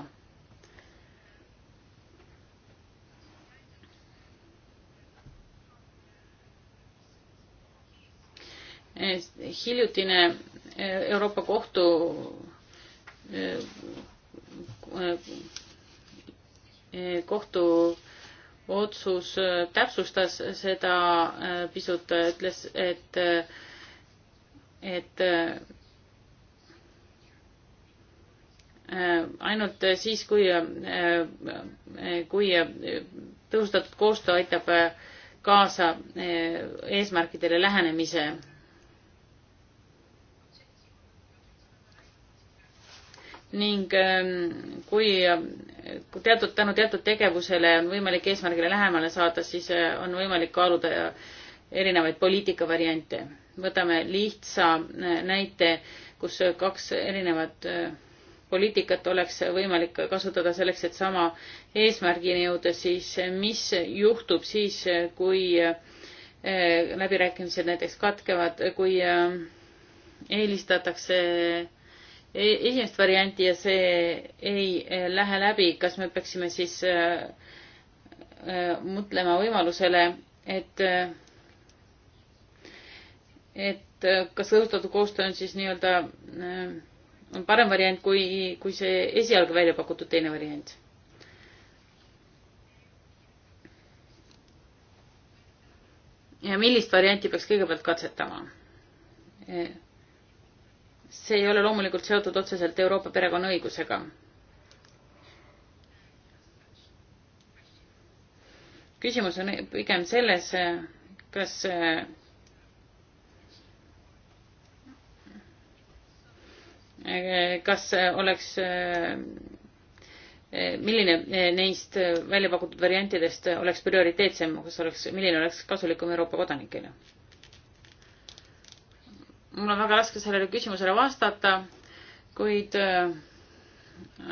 hiljutine Euroopa Kohtu eh, kohtu otsus äh, täpsustas seda äh, pisut, äh, ütles, et, et ainult siis, kui, kui tõhustatud koostöö aitab kaasa eesmärkidele lähenemise ning ähm, kui teatud, tänu teatud tegevusele on võimalik eesmärgile lähemale saada, siis äh, on võimalik kaaluda äh, erinevaid poliitikavariante. võtame lihtsa äh, näite, kus kaks erinevat poliitikat oleks võimalik kasutada selleks, et sama eesmärgini jõuda, siis mis juhtub siis, kui läbirääkimised näiteks katkevad, kui eelistatakse E-, esimest varianti ja see ei e, lähe läbi, kas me peaksime siis e, mõtlema võimalusele, et, et kas õhutatud koostöö on siis nii-öelda, on parem variant kui, kui see esialgu välja pakutud teine variant? ja millist varianti peaks kõigepealt katsetama? see ei ole loomulikult seotud otseselt Euroopa perekonnaõigusega. küsimus on pigem selles, kas kas oleks, milline neist välja pakutud variantidest oleks prioriteetsem, kas oleks, milline oleks kasulikum Euroopa kodanikele? mul on väga raske sellele küsimusele vastata, kuid äh,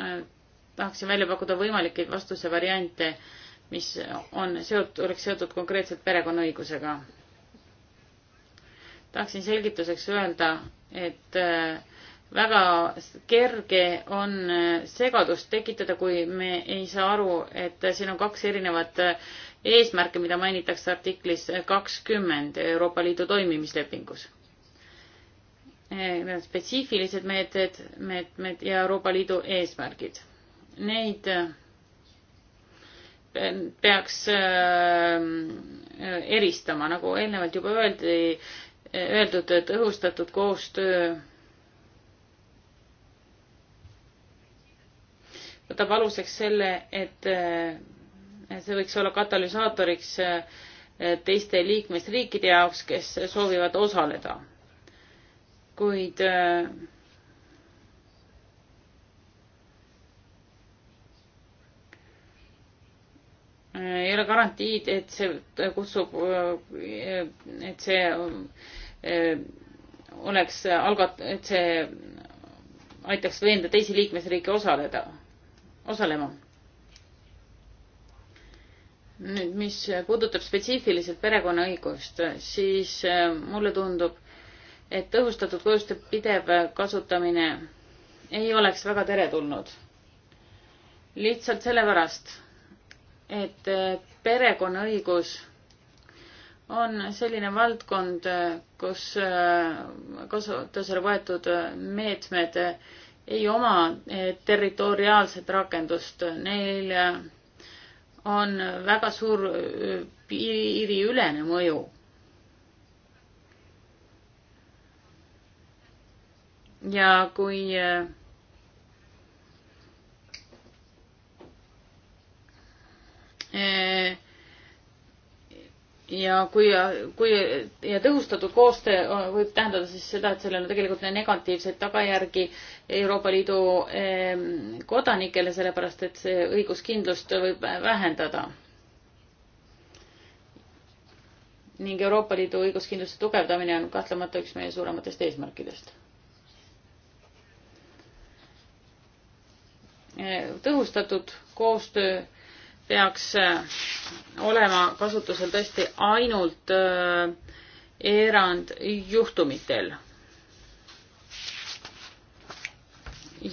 äh, tahaksin välja pakkuda võimalikke vastusevariante, mis on seotud, oleks seotud konkreetselt perekonnaõigusega. tahaksin selgituseks öelda, et äh, väga kerge on segadust tekitada, kui me ei saa aru, et siin on kaks erinevat eesmärke, mida mainitakse artiklis kakskümmend Euroopa Liidu toimimislepingus Eh, spetsiifilised meetmed, meetmed ja Euroopa Liidu eesmärgid. Neid eh, peaks eh, eristama, nagu eelnevalt juba öeldi, öeldud, tõhustatud koostöö võtab aluseks selle, et see võiks olla katalüsaatoriks teiste liikmesriikide jaoks, kes soovivad osaleda kuid äh, ei ole garantiid, et see kutsub, äh, et see äh, oleks algat-, et see aitaks veenda teisi liikmesriike osaleda, osalema. nüüd, mis puudutab spetsiifiliselt perekonnaõigust, siis mulle tundub, et tõhustatud koostöö pidev kasutamine ei oleks väga teretulnud. lihtsalt sellepärast, et äh, perekonnaõigus on selline valdkond, kus äh, kasutusele võetud meetmed ei oma äh, territoriaalset rakendust, neil on väga suur piiriülene mõju ja kui eh, ja kui, kui ja tõhustatud koostöö võib tähendada siis seda, et sellel on tegelikult negatiivseid tagajärgi Euroopa Liidu eh, kodanikele, sellepärast et see õiguskindlust võib vähendada. ning Euroopa Liidu õiguskindluse tugevdamine on kahtlemata üks meie suurematest eesmärkidest tõhustatud koostöö peaks äh, olema kasutusel tõesti ainult äh, erandjuhtumitel.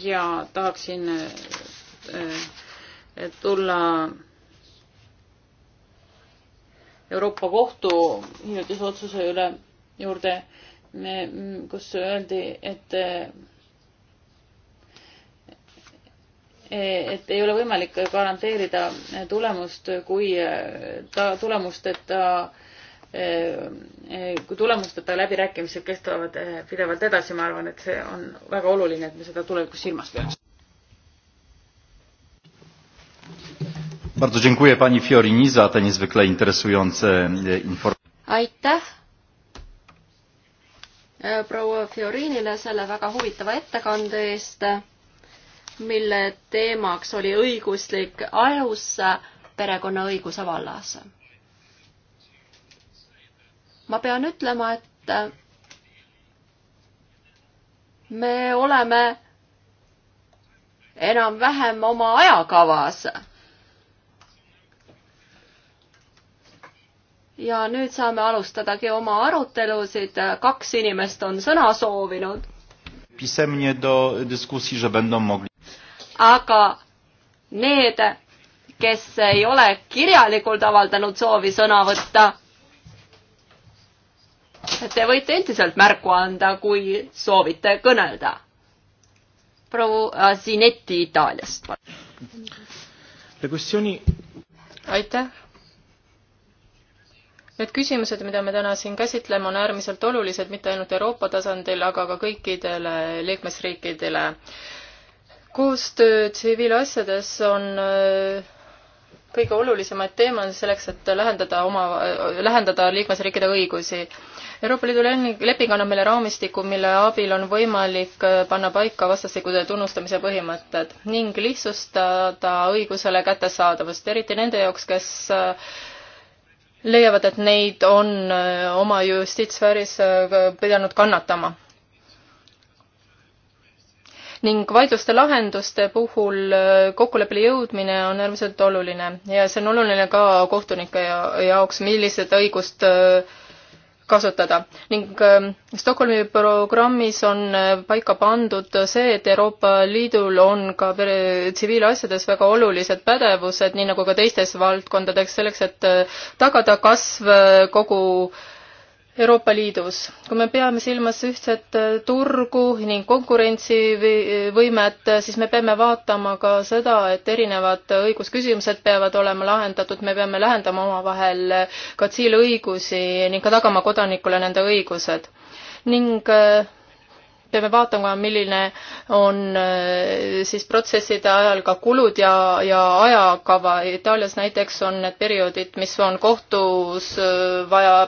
ja tahaksin äh, tulla Euroopa Kohtu hiljutise otsuse üle juurde, kus öeldi, et et ei ole võimalik garanteerida tulemust, kui ta tulemusteta, kui tulemusteta läbirääkimised kestavad pidevalt edasi, ma arvan, et see on väga oluline, et me seda tulevikus silmas peaks. Bardzo dziękuję pani Fiorini za te niezwykle interesujące e, informacje. Aitäh e, proua Fiorinile selle väga huvitava ettekande eest mille teemaks oli õiguslik ajus perekonnaõiguse vallas. ma pean ütlema, et me oleme enam-vähem oma ajakavas. ja nüüd saame alustadagi oma arutelusid, kaks inimest on sõna soovinud. pisemnie do diskussi, že będą mogli aga need, kes ei ole kirjalikult avaldanud soovi sõna võtta, te võite endiselt märku anda, kui soovite kõnelda. proua Sinetti Itaaliast. aitäh. Need küsimused, mida me täna siin käsitleme, on äärmiselt olulised mitte ainult Euroopa tasandil, aga ka kõikidele liikmesriikidele koostöö tsiviilasjades on äh, kõige olulisemaid teemasid selleks, et lähendada oma, äh, lähendada liikmesriikide õigusi. Euroopa Liidu leping annab meile raamistiku, mille abil on võimalik äh, panna paika vastastikuse tunnustamise põhimõtted ning lihtsustada õigusele kättesaadavust, eriti nende jaoks, kes leiavad, et neid on oma justiitssfääris pidanud kannatama ning vaidluste lahenduste puhul äh, kokkuleppele jõudmine on äärmiselt oluline ja see on oluline ka kohtunike jaoks, millised õigust äh, kasutada ning äh, Stockholmi programmis on paika pandud see, et Euroopa Liidul on ka tsiviilasjades väga olulised pädevused, nii nagu ka teistes valdkondades, selleks et tagada kasv kogu äh, Euroopa Liidus. kui me peame silmas ühtset äh, turgu ning konkurentsivõimet, äh, siis me peame vaatama ka seda, et erinevad äh, õigusküsimused peavad olema lahendatud, me peame lähendama omavahel ka tsiilõigusi ning ka tagama kodanikule nende õigused. ning peame vaatama, milline on siis protsesside ajal ka kulud ja, ja ajakava. Itaalias näiteks on need perioodid, mis on kohtus vaja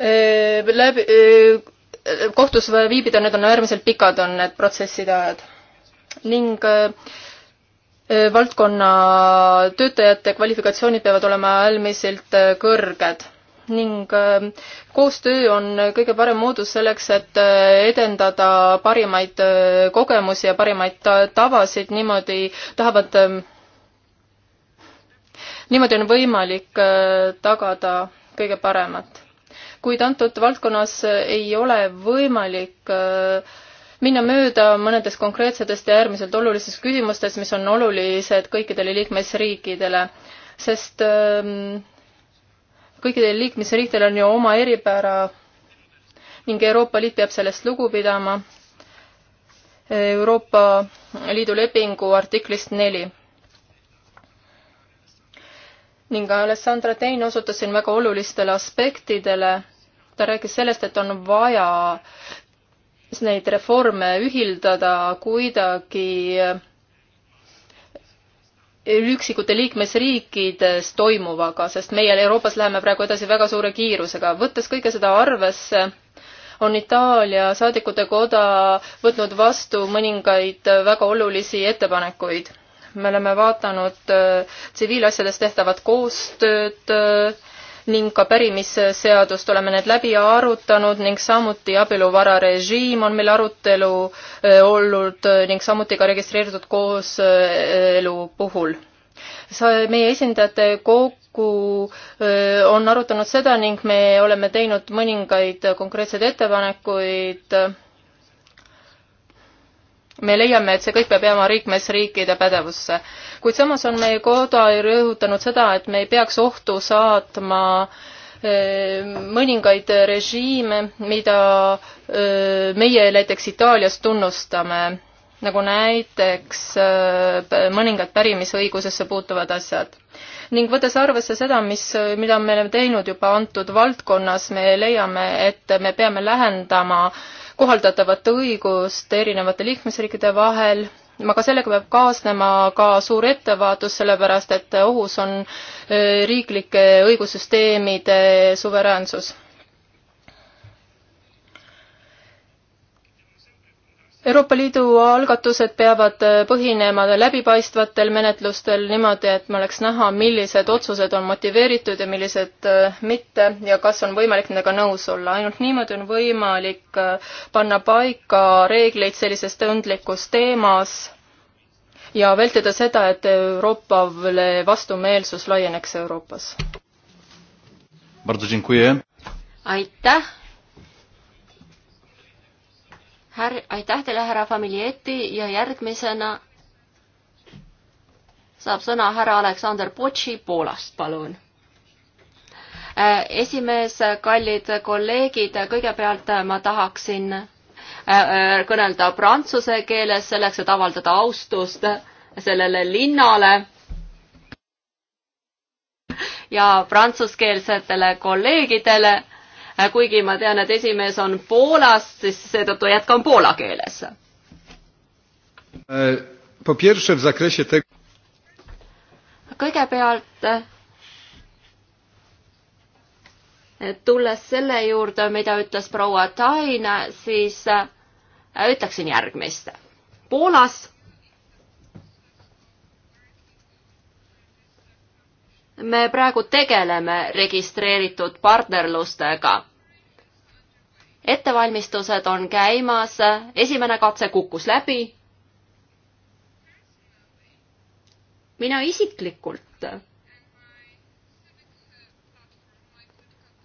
Äh, läbi, äh, kohtus viibida, need on äärmiselt pikad, on need protsesside ajad. ning äh, valdkonna töötajate kvalifikatsioonid peavad olema äärmiselt kõrged ning koostöö on kõige parem moodus selleks, et edendada parimaid kogemusi ja parimaid tavasid, niimoodi tahavad, ähm, niimoodi on võimalik tagada kõige paremat kuid antud valdkonnas ei ole võimalik äh, minna mööda mõnedest konkreetsetest ja äärmiselt olulistest küsimustest, mis on olulised kõikidele liikmesriikidele, sest ähm, kõikidel liikmesriikidel on ju oma eripära ning Euroopa Liit peab sellest lugu pidama Euroopa Liidu lepingu artiklist neli ning Alessandra Tein osutas siin väga olulistele aspektidele. ta rääkis sellest, et on vaja neid reforme ühildada kuidagi eh, üksikute liikmesriikides toimuvaga, sest meie Euroopas läheme praegu edasi väga suure kiirusega. võttes kõike seda arvesse, on Itaalia saadikute koda võtnud vastu mõningaid väga olulisi ettepanekuid me oleme vaadanud äh, tsiviilasjades tehtavat koostööd äh, ning ka pärimisseadust oleme need läbi arutanud ning samuti abieluvara režiim on meil arutelu äh, olnud ning samuti ka registreeritud kooselu puhul. meie esindajate kokku on arutanud seda ning me oleme teinud mõningaid konkreetseid ettepanekuid me leiame, et see kõik peab jääma liikmesriikide pädevusse. kuid samas on meie koda rõhutanud seda, et me ei peaks ohtu saatma e, mõningaid režiime, mida e, meie näiteks Itaalias tunnustame, nagu näiteks e, mõningad pärimisõigusesse puutuvad asjad. ning võttes arvesse seda, mis, mida me oleme teinud juba antud valdkonnas, me leiame, et me peame lähendama äh, kohaldatavat õigust erinevate liikmesriikide vahel, aga sellega peab kaasnema ka suur ettevaatus, sellepärast et ohus on äh, riiklike õigussüsteemide suveräänsus Euroopa Liidu algatused peavad äh, põhinema läbipaistvatel menetlustel niimoodi, et me oleks näha, millised otsused on motiveeritud ja millised äh, mitte ja kas on võimalik nendega nõus olla. ainult niimoodi on võimalik äh, panna paika reegleid sellises tundlikus teemas ja vältida seda, et Euroopale vastumeelsus laieneks Euroopas. aitäh Här-, aitäh teile, härra Familietti ja järgmisena saab sõna härra Aleksander Potši Poolast, palun äh, esimees, kallid kolleegid, kõigepealt ma tahaksin äh, äh, kõnelda prantsuse keeles selleks, et avaldada austust sellele linnale ja prantsuskeelsetele kolleegidele Äh, kuigi ma tean, et esimees on Poolast, siis seetõttu jätkan poola keeles. Äh, kõigepealt äh, tulles selle juurde, mida ütles proua Tain, siis ütleksin järgmist. Poolas me praegu tegeleme registreeritud partnerlustega. ettevalmistused on käimas, esimene katse kukkus läbi. mina isiklikult,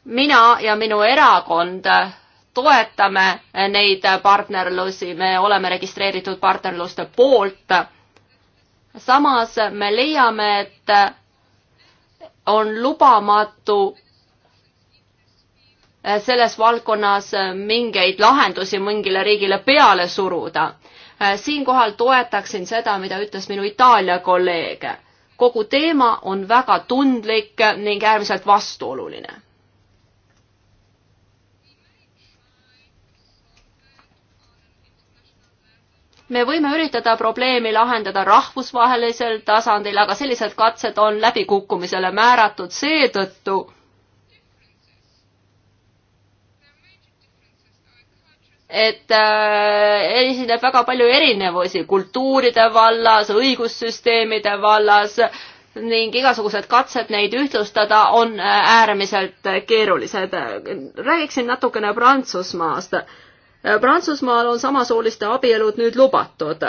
mina ja minu erakond toetame neid partnerlusi, me oleme registreeritud partnerluste poolt. samas me leiame, et on lubamatu äh, selles valdkonnas äh, mingeid lahendusi mingile riigile peale suruda. Äh, siinkohal toetaksin seda, mida ütles minu Itaalia kolleeg. kogu teema on väga tundlik ning äärmiselt vastuoluline. me võime üritada probleemi lahendada rahvusvahelisel tasandil, aga sellised katsed on läbikukkumisele määratud seetõttu, et äh, esineb väga palju erinevusi kultuuride vallas, õigussüsteemide vallas ning igasugused katsed neid ühtlustada on äh, äärmiselt keerulised. räägiksin natukene Prantsusmaast äh, Äh, Prantsusmaal on samasooliste abielud nüüd lubatud.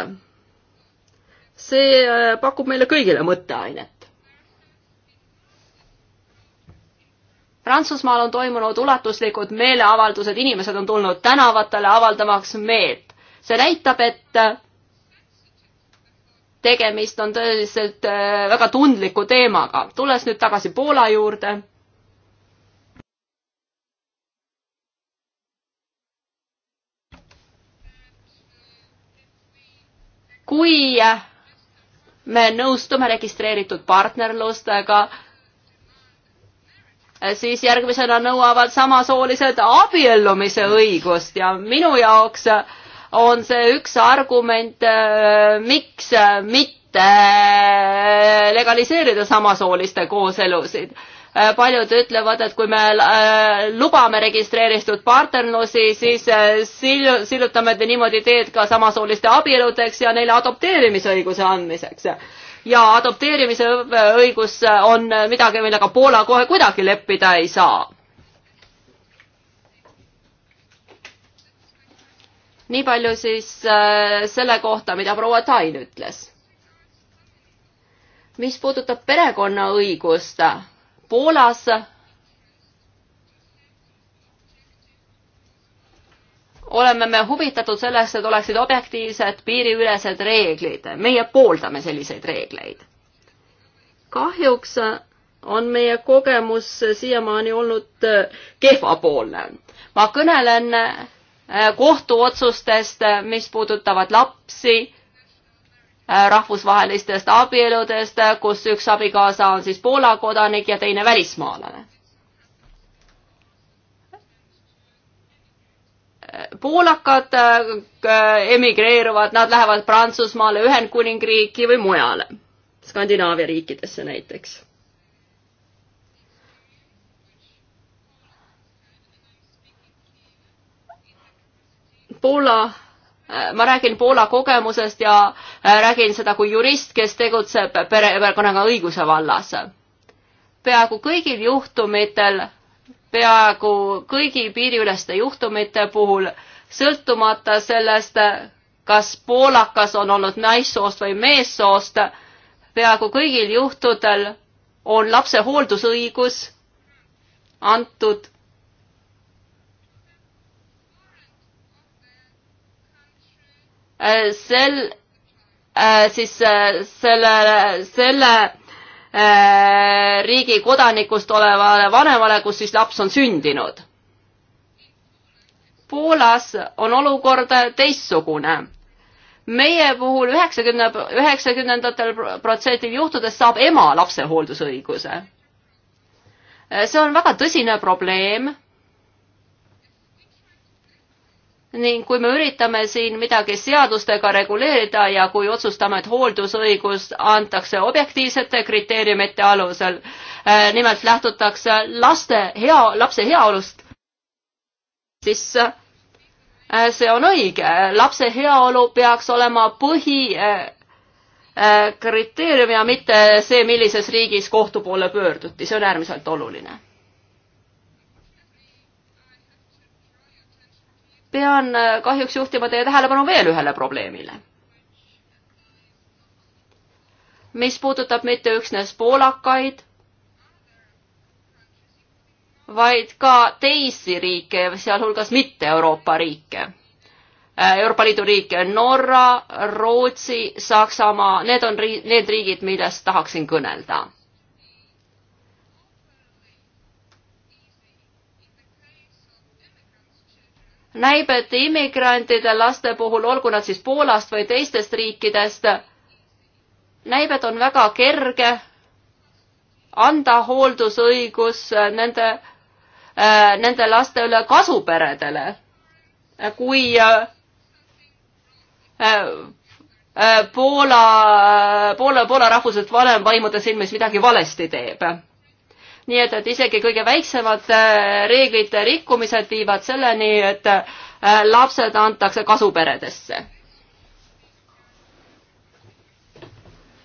see äh, pakub meile kõigile mõtteainet. Prantsusmaal on toimunud ulatuslikud meeleavaldused, inimesed on tulnud tänavatele avaldamaks meelt. see näitab, et tegemist on tõeliselt äh, väga tundliku teemaga. tulles nüüd tagasi Poola juurde kui me nõustume registreeritud partnerlustega, siis järgmisena nõuavad samasoolised abiellumise õigust ja minu jaoks on see üks argument, äh, miks mitte legaliseerida samasooliste kooselusid Äh, paljud ütlevad, et kui me äh, lubame registreeritud partnerlusi, siis äh, sil-, sillutame te niimoodi teed ka samasooliste abieludeks ja neile adopteerimisõiguse andmiseks. ja adopteerimise õigus on midagi, millega Poola kohe kuidagi leppida ei saa. nii palju siis selle kohta, mida proua Tain ütles. mis puudutab perekonnaõigust, Poolas oleme me huvitatud sellest, et oleksid objektiivsed piiriülesed reeglid. meie pooldame selliseid reegleid. kahjuks on meie kogemus siiamaani olnud äh, kehvapoolne. ma kõnelen äh, kohtuotsustest, mis puudutavad lapsi Äh, rahvusvahelistest abieludest, kus üks abikaasa on siis Poola kodanik ja teine välismaalane. poolakad äh, emigreeruvad, nad lähevad Prantsusmaale, Ühendkuningriiki või mujale, Skandinaavia riikidesse näiteks Poola Äh, ma räägin Poola kogemusest ja äh, räägin seda kui jurist, kes tegutseb perekonnaga õiguse vallas. peaaegu kõigil juhtumitel, peaaegu kõigi piiriüleste juhtumite puhul, sõltumata sellest, kas poolakas on olnud naissoost või meessoost, peaaegu kõigil juhtudel on lapse hooldusõigus antud Äh, sel, äh, siis äh, selle, selle riigi kodanikust olevale vanemale, kus siis laps on sündinud. Poolas on olukord teistsugune. meie puhul üheksakümne, üheksakümnendatel protsendil juhtudest saab ema lapsehooldusõiguse. see on väga tõsine probleem ning kui me üritame siin midagi seadustega reguleerida ja kui otsustame, et hooldusõigus antakse objektiivsete kriteeriumite alusel, äh, nimelt lähtutakse laste hea, lapse heaolust, siis äh, see on õige, lapse heaolu peaks olema põhi äh, kriteerium ja mitte see, millises riigis kohtu poole pöörduti, see on äärmiselt oluline pean äh, kahjuks juhtima teie tähelepanu veel ühele probleemile, mis puudutab mitte üksnes poolakaid, vaid ka teisi riike, sealhulgas mitte Euroopa riike. Äh, Euroopa Liidu riike Norra, Rootsi, Saksamaa, need on ri-, need riigid, millest tahaksin kõnelda näib, et immigrantide laste puhul, olgu nad siis Poolast või teistest riikidest, näib, et on väga kerge anda hooldusõigus nende, äh, nende laste üle kasuperedele, kui äh, äh, Poola, Poola, Poola rahvuselt vanem vaimude silmis midagi valesti teeb nii et, et isegi kõige väiksemad äh, reeglite rikkumised viivad selleni, et äh, lapsed antakse kasuperedesse.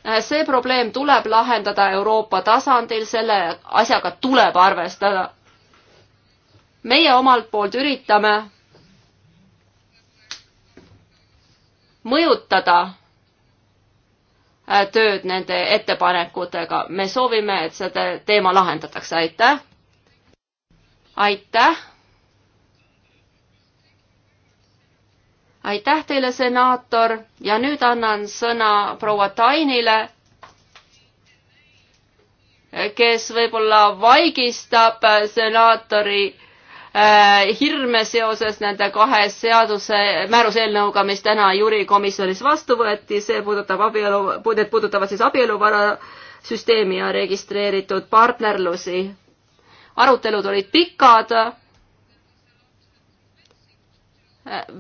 Äh, see probleem tuleb lahendada Euroopa tasandil, selle asjaga tuleb arvestada. meie omalt poolt üritame mõjutada Äh, tööd nende ettepanekutega. me soovime, et seda teema lahendatakse, aitäh. aitäh. aitäh teile, senaator ja nüüd annan sõna proua Tainile, kes võib-olla vaigistab senaatori Äh, hirme seoses nende kahe seaduse, määruse eelnõuga, mis täna Jüri komisjonis vastu võeti, see puudutab abielu, need puudutavad siis abieluvarasüsteemi ja registreeritud partnerlusi. arutelud olid pikad.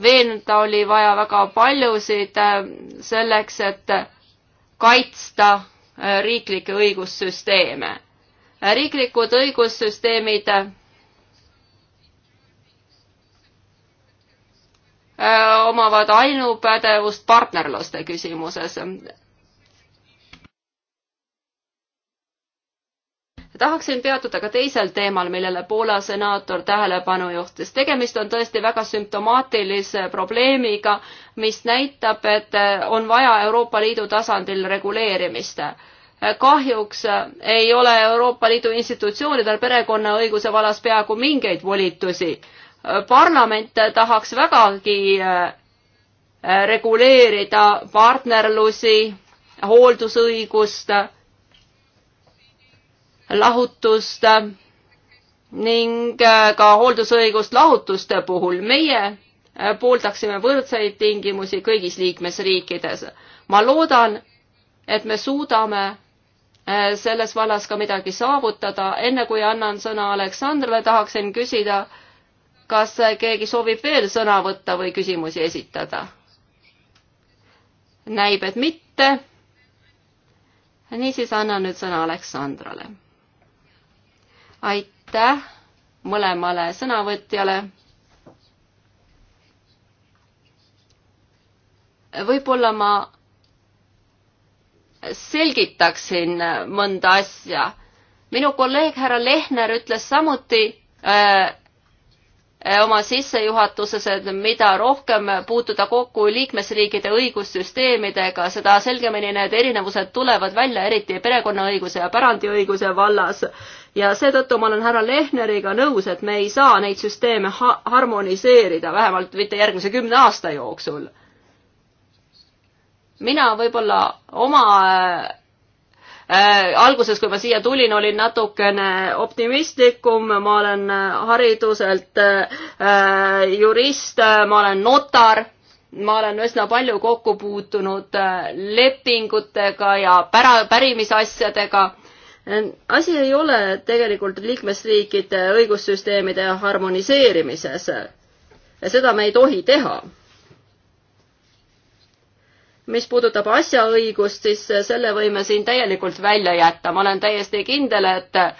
veenda oli vaja väga paljusid äh, selleks, et kaitsta äh, riiklikke õigussüsteeme. riiklikud õigussüsteemid Äh, omavad ainupädevust partnerluste küsimuses. tahaksin peatuda ka teisel teemal, millele Poola senaator tähelepanu juhtis. tegemist on tõesti väga sümptomaatilise probleemiga, mis näitab, et on vaja Euroopa Liidu tasandil reguleerimist. kahjuks ei ole Euroopa Liidu institutsioonidel perekonnaõiguse vallas peaaegu mingeid volitusi parlament tahaks vägagi äh, reguleerida partnerlusi, hooldusõigust, lahutust äh, ning äh, ka hooldusõigust lahutuste puhul. meie pooldaksime võrdseid tingimusi kõigis liikmesriikides. ma loodan, et me suudame selles vallas ka midagi saavutada. enne kui annan sõna Aleksandrile, tahaksin küsida äh, kas keegi soovib veel sõna võtta või küsimusi esitada? näib, et mitte. niisiis annan nüüd sõna Aleksandrale. aitäh mõlemale sõnavõtjale. võib-olla ma selgitaksin mõnda asja. minu kolleeg härra Lehner ütles samuti äh,, Äh, oma sissejuhatuses, et mida rohkem puutuda kokku liikmesriikide õigussüsteemidega, seda selgemini need erinevused tulevad välja, eriti perekonnaõiguse ja pärandiõiguse vallas. ja seetõttu ma olen härra Lehneriga nõus, et me ei saa neid süsteeme ha harmoniseerida, vähemalt mitte järgmise kümne aasta jooksul. mina võib-olla oma äh, Äh, alguses, kui ma siia tulin, olin natukene optimistlikum, ma olen äh, hariduselt äh, jurist, ma olen notar ma olen üsna palju kokku puutunud lepingutega ja pära, pärimisasjadega. asi ei ole tegelikult liikmesriikide õigussüsteemide harmoniseerimises. seda me ei tohi teha mis puudutab asjaõigust, siis selle võime siin täielikult välja jätta, ma olen täiesti kindel, et äh,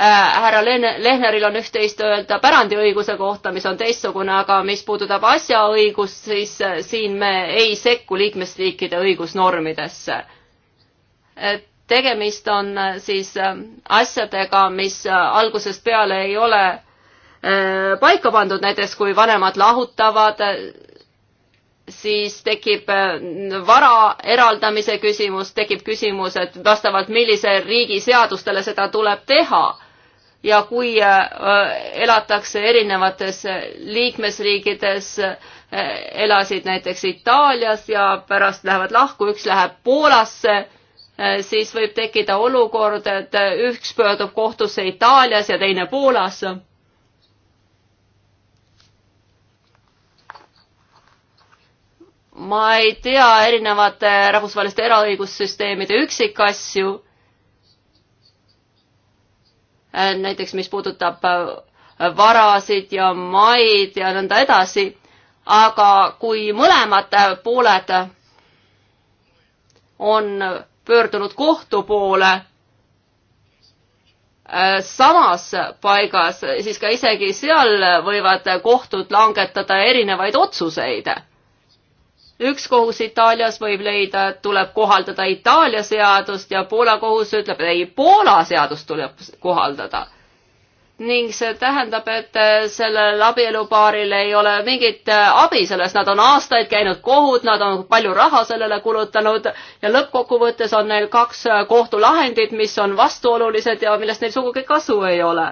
härra Lehneril on üht-teist öelda pärandiõiguse kohta, mis on teistsugune, aga mis puudutab asjaõigust, siis äh, siin me ei sekku liikmesriikide õigusnormidesse. tegemist on äh, siis asjadega, mis algusest peale ei ole paika pandud, näiteks kui vanemad lahutavad, siis tekib äh, vara eraldamise küsimus, tekib küsimus, et vastavalt millise riigi seadustele seda tuleb teha. ja kui äh, äh, elatakse erinevates liikmesriikides, elasid näiteks Itaalias ja pärast lähevad lahku, üks läheb Poolasse, siis võib tekkida olukord, et üks pöördub kohtusse Itaalias ja teine Poolasse ma ei tea erinevate rahvusvaheliste eraõigussüsteemide üksikasju. näiteks, mis puudutab äh, varasid ja maid ja nõnda edasi. aga kui mõlemad pooled on pöördunud kohtu poole äh, samas paigas, siis ka isegi seal võivad kohtud langetada erinevaid otsuseid üks kohus Itaalias võib leida, et tuleb kohaldada Itaalia seadust ja Poola kohus ütleb, et ei, Poola seadust tuleb kohaldada. ning see tähendab, et äh, sellel abielupaaril ei ole mingit äh, abi sellest, nad on aastaid käinud kohut, nad on palju raha sellele kulutanud ja lõppkokkuvõttes on neil kaks äh, kohtulahendit, mis on vastuolulised ja millest neil sugugi kasu ei ole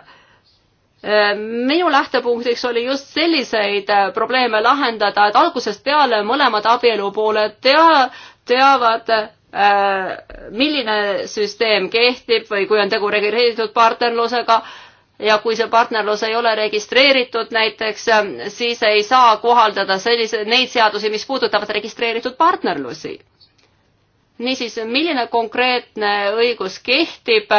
Äh, minu lähtepunktiks oli just selliseid äh, probleeme lahendada, et algusest peale mõlemad abielupooled tea, teavad, äh, milline süsteem kehtib või kui on tegu registreeritud partnerlusega ja kui see partnerlus ei ole registreeritud näiteks, siis ei saa kohaldada sellise, neid seadusi, mis puudutavad registreeritud partnerlusi. niisiis, milline konkreetne õigus kehtib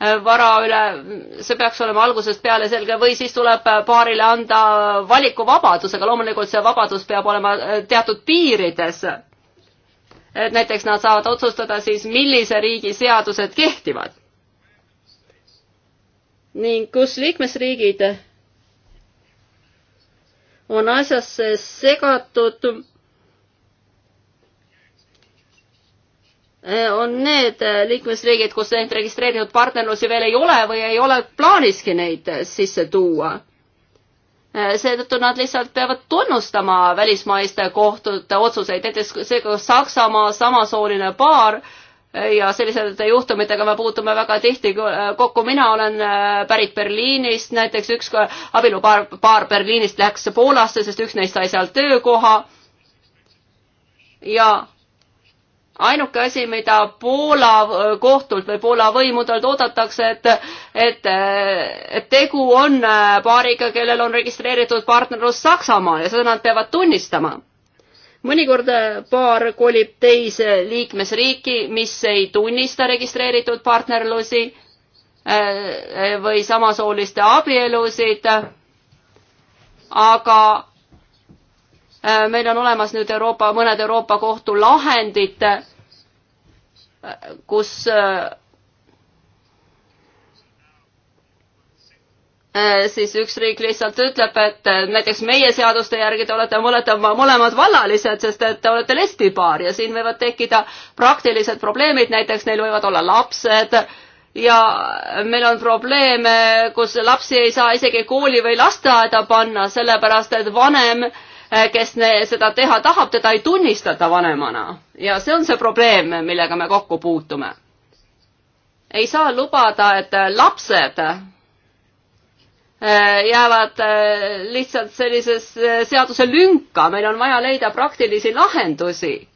vara üle, see peaks olema algusest peale selge või siis tuleb paarile anda valikuvabadus, aga loomulikult see vabadus peab olema äh, teatud piirides. et näiteks nad saavad otsustada siis, millise riigi seadused kehtivad. ning kus liikmesriigid on asjasse segatud Eh, on need eh, liikmesriigid, kus neid registreeritud partnerlusi veel ei ole või ei ole plaaniski neid eh, sisse tuua. seetõttu nad lihtsalt peavad tunnustama välismaiste kohtute otsuseid, näiteks seega Saksamaa samasooline paar ja selliste juhtumitega me puutume väga tihti kokku. mina olen pärit Berliinist, näiteks üks abielupaar, paar Berliinist läks Poolasse, sest üks neist sai seal töökoha. ja ainuke asi, mida Poola äh, kohtult või Poola võimudelt oodatakse, et, et, äh, et tegu on äh, paariga, kellel on registreeritud partnerlus Saksamaal ja seda nad peavad tunnistama. mõnikord paar kolib teise liikmesriiki, mis ei tunnista registreeritud partnerlusi või samasooliste abielusid, aga Äh, meil on olemas nüüd Euroopa, mõned Euroopa Kohtu lahendid, äh, kus äh, siis üks riik lihtsalt ütleb, et näiteks meie seaduste järgi te olete mõlemad vallalised, sest et te olete lesbipaar ja siin võivad tekkida praktilised probleemid, näiteks neil võivad olla lapsed ja meil on probleeme, kus lapsi ei saa isegi kooli või lasteaeda panna, sellepärast et vanem äh, Äh, kes ne, seda teha tahab, teda ei tunnistata vanemana ja see on see probleem, millega me kokku puutume. ei saa lubada, et äh, lapsed äh, jäävad lihtsalt sellisesse seaduse lünka, meil on vaja leida praktilisi lahendusi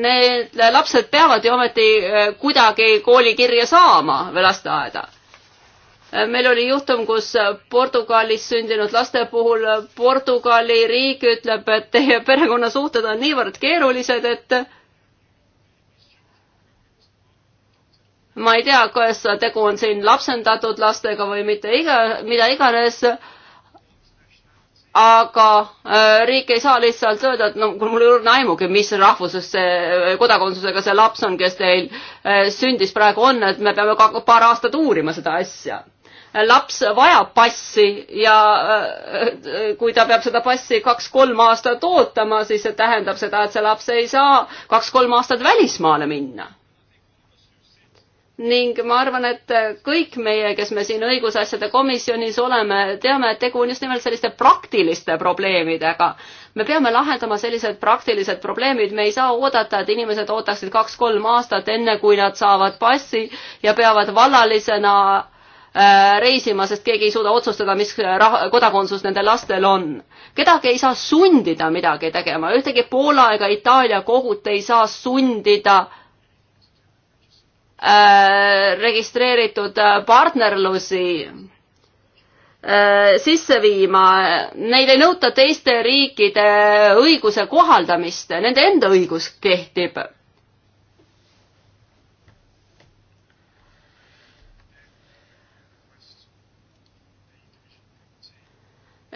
need lapsed peavad ju ometi kuidagi kooli kirja saama või lasteaeda meil oli juhtum, kus Portugalis sündinud laste puhul Portugali riik ütleb, et teie perekonnasuhted on niivõrd keerulised, et ma ei tea, kas tegu on siin lapsendatud lastega või mitte, iga, mida iganes aga äh, riik ei saa lihtsalt öelda, et no mul ei ole aimugi, mis rahvusest see äh, kodakondsusega see laps on, kes teil äh, sündis praegu on, et me peame ka paar aastat uurima seda asja laps vajab passi ja äh, äh, kui ta peab seda passi kaks-kolm aastat ootama, siis see tähendab seda, et see laps ei saa kaks-kolm aastat välismaale minna ning ma arvan, et kõik meie, kes me siin õigusasjade komisjonis oleme, teame, et tegu on just nimelt selliste praktiliste probleemidega. me peame lahendama sellised praktilised probleemid, me ei saa oodata, et inimesed ootaksid kaks-kolm aastat, enne kui nad saavad passi ja peavad vallalisena Äh, reisima, sest keegi ei suuda otsustada, mis rah-, kodakondsus nende lastel on. kedagi ei saa sundida midagi tegema, ühtegi Poola ega Itaalia kohut ei saa sundida äh, registreeritud äh, partnerlusi äh, sisse viima, neid ei nõuta teiste riikide õiguse kohaldamist, nende enda õigus kehtib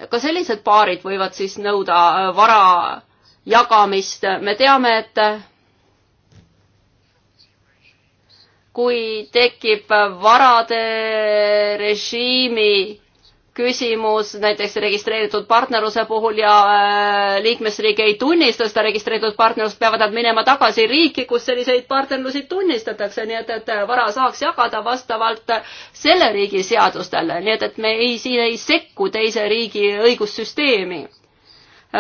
ka sellised paarid võivad siis nõuda äh, vara jagamist, me teame, et äh, kui tekib varade režiimi küsimus näiteks registreeritud partnerluse puhul ja äh, liikmesriik ei tunnista seda registreeritud partnerlust, peavad nad minema tagasi riiki, kus selliseid partnerlusi tunnistatakse, nii et, et äh, vara saaks jagada vastavalt äh, selle riigi seadustele, nii et, et me ei, siin ei sekku teise riigi õigussüsteemi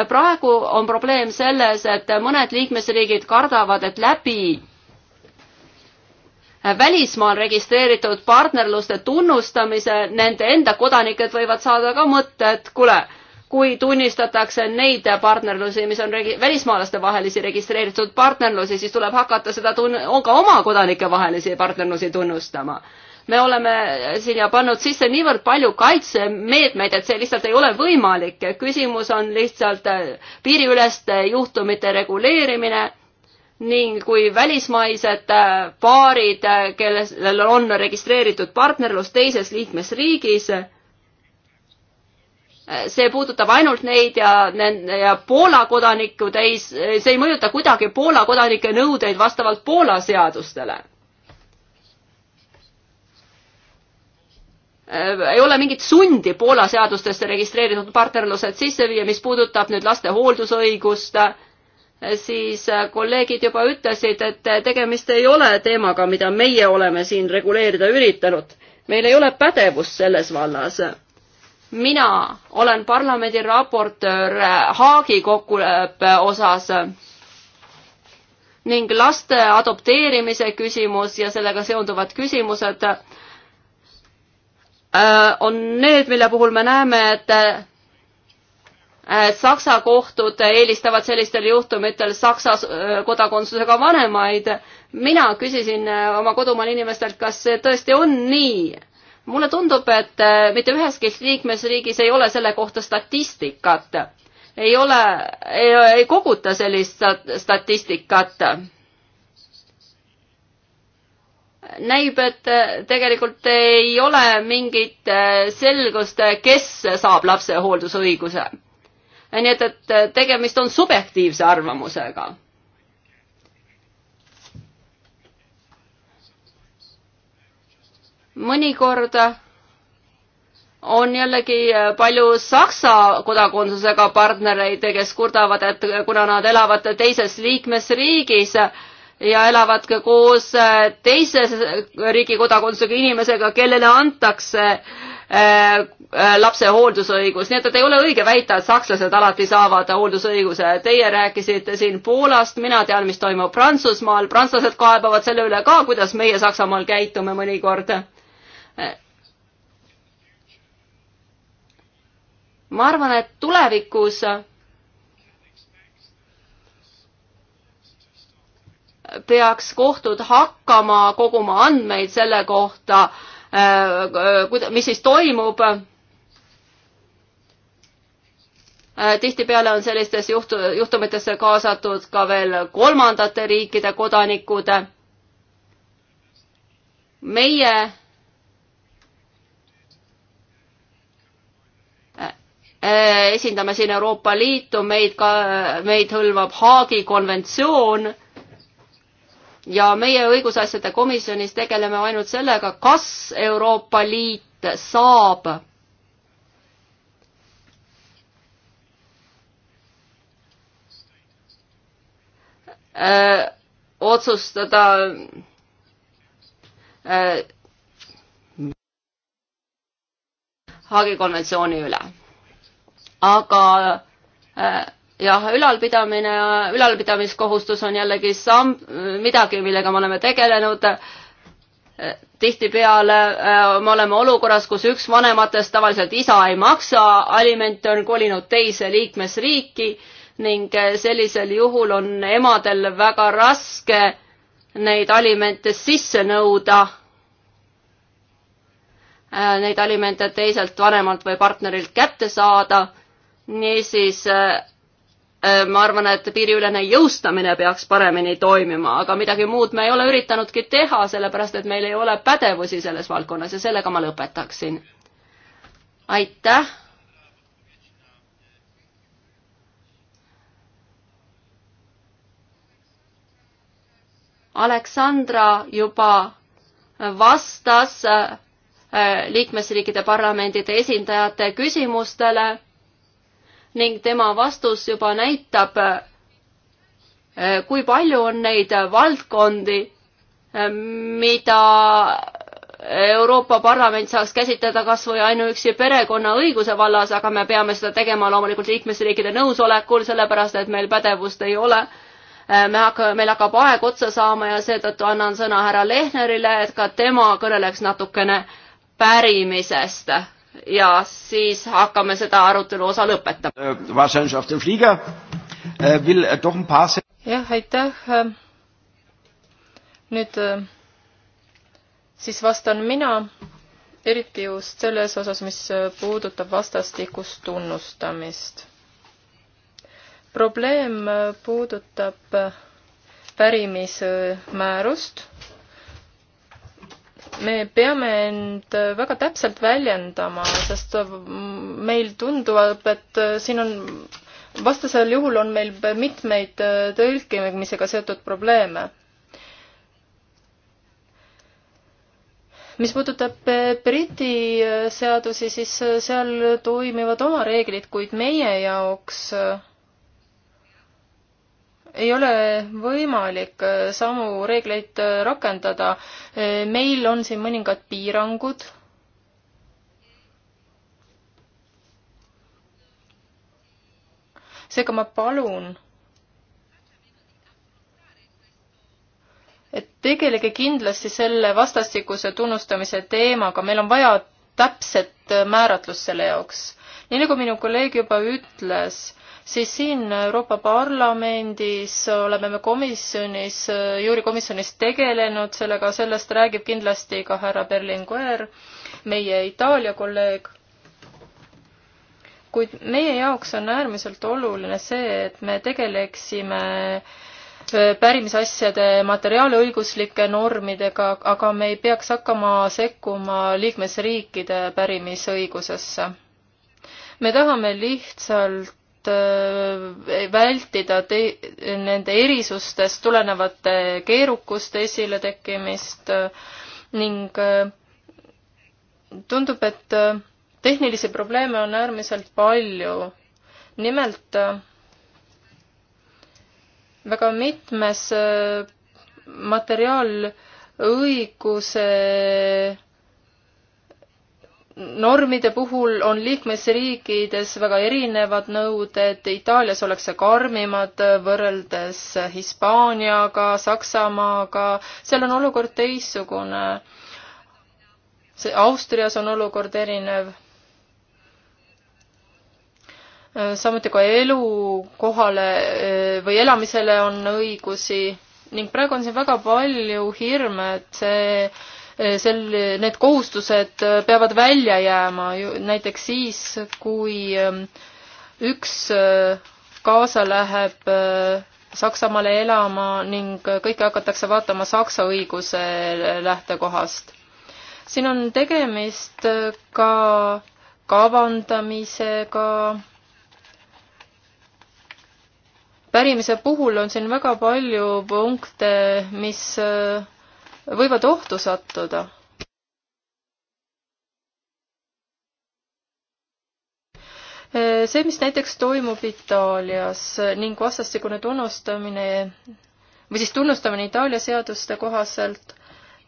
praegu on probleem selles, et mõned liikmesriigid kardavad, et läbi välismaal registreeritud partnerluste tunnustamise, nende enda kodanikud võivad saada ka mõtte, et kuule, kui tunnistatakse neid partnerlusi, mis on regi-, välismaalaste vahelisi registreeritud partnerlusi, siis tuleb hakata seda tun-, ka oma kodanike vahelisi partnerlusi tunnustama. me oleme siia pannud sisse niivõrd palju kaitsemeetmeid, et see lihtsalt ei ole võimalik. küsimus on lihtsalt äh, piiriüleste juhtumite reguleerimine ning kui välismaised äh, paarid, äh, kellel on registreeritud partnerlus teises liikmesriigis, äh, see puudutab ainult neid ja, ja Poola kodanikku teis, see ei mõjuta kuidagi Poola kodanike nõudeid vastavalt Poola seadustele. ei ole mingit sundi Poola seadustesse registreeritud partnerlused sisse viia, mis puudutab nüüd laste hooldusõigust äh, siis äh, kolleegid juba ütlesid, et äh, tegemist ei ole teemaga, mida meie oleme siin reguleerida üritanud. meil ei ole pädevust selles vallas. mina olen parlamendi raportöör äh, Haagi kokkuleppe osas ning laste adopteerimise küsimus ja sellega seonduvad küsimused on need, mille puhul me näeme, et Äh, Saksa kohtud eelistavad sellistel juhtumitel Saksa äh, kodakondsusega vanemaid. mina küsisin äh, oma kodumaal inimestelt, kas see tõesti on nii. mulle tundub, et mitte üheski liikmesriigis ei ole selle kohta statistikat. ei ole, ei koguta sellist statistikat näib, et tegelikult ei ole mingit selgust, kes saab lapsehooldusõiguse nii et, et tegemist on subjektiivse arvamusega. mõnikord on jällegi palju Saksa kodakondsusega partnereid, kes kurdavad, et kuna nad elavad teises liikmesriigis ja elavad ka koos teise riigi kodakondsusega inimesega, kellele antakse Äh, lapse hooldusõigus, nii et, et ei ole õige väita, et sakslased alati saavad hooldusõiguse. Teie rääkisite siin Poolast, mina tean, mis toimub Prantsusmaal, prantslased kaebavad selle üle ka, kuidas meie Saksamaal käitume mõnikord. ma arvan, et tulevikus peaks kohtud hakkama koguma andmeid selle kohta, Äh, mis siis toimub. Äh, tihtipeale on sellistes juhtu-, juhtumitesse kaasatud ka veel kolmandate riikide kodanikud. meie äh, esindame siin Euroopa Liitu, meid ka, meid hõlmab Haagi konventsioon ja meie õigusasjade komisjonis tegeleme ainult sellega, kas Euroopa Liit saab öö, äh, otsustada öö, äh, Haagi konventsiooni üle. aga äh, jah, ülalpidamine, ülalpidamiskohustus on jällegi samm, midagi, millega me oleme tegelenud. tihtipeale äh, me oleme olukorras, kus üks vanematest, tavaliselt isa, ei maksa alimente, on kolinud teise liikmesriiki ning äh, sellisel juhul on emadel väga raske neid alimente sisse nõuda. Äh, neid alimente teiselt vanemalt või partnerilt kätte saada niisiis Äh, ma arvan, et piiriülene jõustamine peaks paremini toimima, aga midagi muud me ei ole üritanudki teha, sellepärast et meil ei ole pädevusi selles valdkonnas ja sellega ma lõpetaksin. aitäh. Aleksandra juba vastas äh, liikmesriikide parlamendide esindajate küsimustele ning tema vastus juba näitab, äh, kui palju on neid valdkondi, äh, mida Euroopa Parlament saaks käsitleda kas või ainuüksi perekonnaõiguse vallas, aga me peame seda tegema loomulikult liikmesriikide nõusolekul, sellepärast et meil pädevust ei ole. Äh, me hakka-, meil hakkab aeg otsa saama ja seetõttu annan sõna härra Lehnerile, et ka tema kõneleks natukene pärimisest ja siis hakkame seda arutelu osa lõpetama. Äh, äh, äh, jah, aitäh. nüüd siis vastan mina, eriti just selles osas, mis puudutab vastastikust tunnustamist. probleem puudutab pärimismäärust me peame end väga täpselt väljendama, sest meil tundub, et siin on, vastasel juhul on meil mitmeid tõlkimisega seotud probleeme. mis puudutab Briti seadusi, siis seal toimivad oma reeglid, kuid meie jaoks äh, ei ole võimalik äh, samu reegleid äh, rakendada. Äh, meil on siin mõningad piirangud. seega ma palun, et tegelege kindlasti selle vastastikuse tunnustamise teemaga, meil on vaja täpset määratlust selle jaoks. nii nagu minu kolleeg juba ütles siis siin Euroopa Parlamendis oleme me komisjonis, juurikomisjonis tegelenud sellega, sellest räägib kindlasti ka härra Berlinguer, meie Itaalia kolleeg. kuid meie jaoks on äärmiselt oluline see, et me tegeleksime äh, pärimisasjade materiaalõiguslike normidega, aga me ei peaks hakkama sekkuma liikmesriikide pärimisõigusesse. me tahame lihtsalt Äh, vältida te-, nende erisustest tulenevate keerukuste esiletekkimist äh, ning äh, tundub, et tehnilisi probleeme on äärmiselt palju. nimelt väga mitmes materiaalõiguse normide puhul on liikmesriikides väga erinevad nõuded, Itaalias oleks see karmimad võrreldes Hispaaniaga, Saksamaaga, seal on olukord teistsugune. see Austrias on olukord erinev. samuti ka elukohale eh, või elamisele on õigusi ning praegu on siin väga palju hirme, et see Eh, sel-, need kohustused eh, peavad välja jääma ju näiteks siis, kui ehm, üks eh, kaasa läheb Saksamaale elama ning kõike hakatakse vaatama Saksa õiguse lähtekohast. siin on tegemist ka kavandamisega. pärimise puhul on siin väga palju punkte, mis võivad ohtu sattuda. see, mis näiteks toimub Itaalias ning vastastikune tunnustamine või siis tunnustamine Itaalia seaduste kohaselt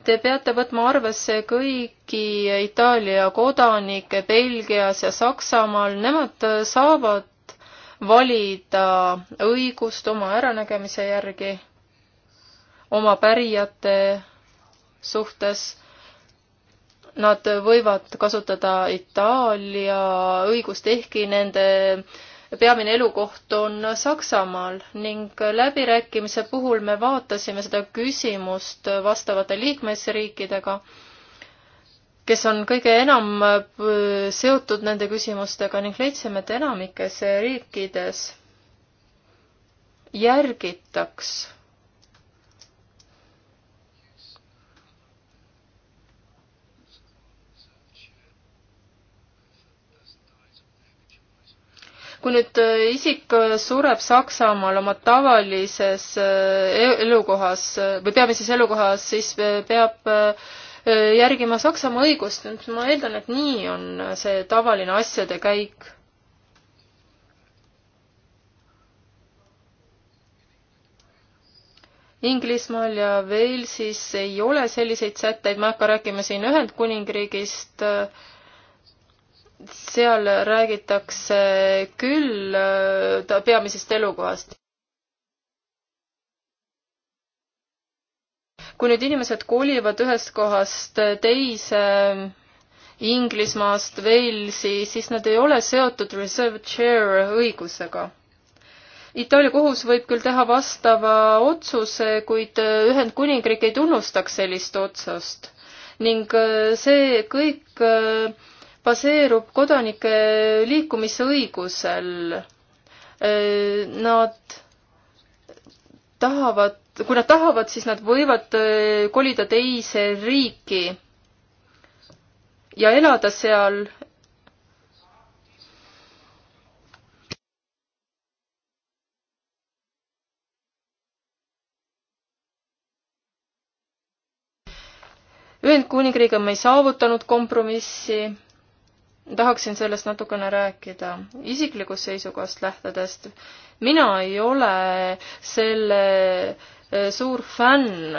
Te peate võtma arvesse kõiki Itaalia kodanikke Belgias ja Saksamaal, nemad saavad valida õigust oma äranägemise järgi, oma pärijate suhtes. Nad võivad kasutada Itaalia õigust, ehkki nende peamine elukoht on Saksamaal ning läbirääkimise puhul me vaatasime seda küsimust vastavate liikmesriikidega, kes on kõige enam äh, seotud nende küsimustega ning leidsime, et enamikes riikides järgitaks kui nüüd äh, isik äh, sureb Saksamaal oma tavalises äh, e-, elukohas või peamises elukohas, siis peab järgima Saksamaa õigust, ma eeldan, et nii on see tavaline asjade käik. Inglismaal ja Walesis ei ole selliseid sätteid, ma ei hakka rääkima siin Ühendkuningriigist äh,, seal räägitakse küll äh, ta peamisest elukohast. kui nüüd inimesed kolivad ühest kohast teise Inglismaast Walesi, siis nad ei ole seotud reserved share õigusega. Itaalia kohus võib küll teha vastava otsuse, kuid äh, Ühendkuningriik ei tunnustaks sellist otsust ning äh, see kõik äh, baseerub kodanike liikumisõigusel. Nad tahavad, kui nad tahavad, siis nad võivad eh, kolida teise riiki ja elada seal. Ühendkuningriigiga me ei saavutanud kompromissi tahaksin sellest natukene rääkida isiklikust seisukohast lähtedest. mina ei ole selle eh, suur fänn,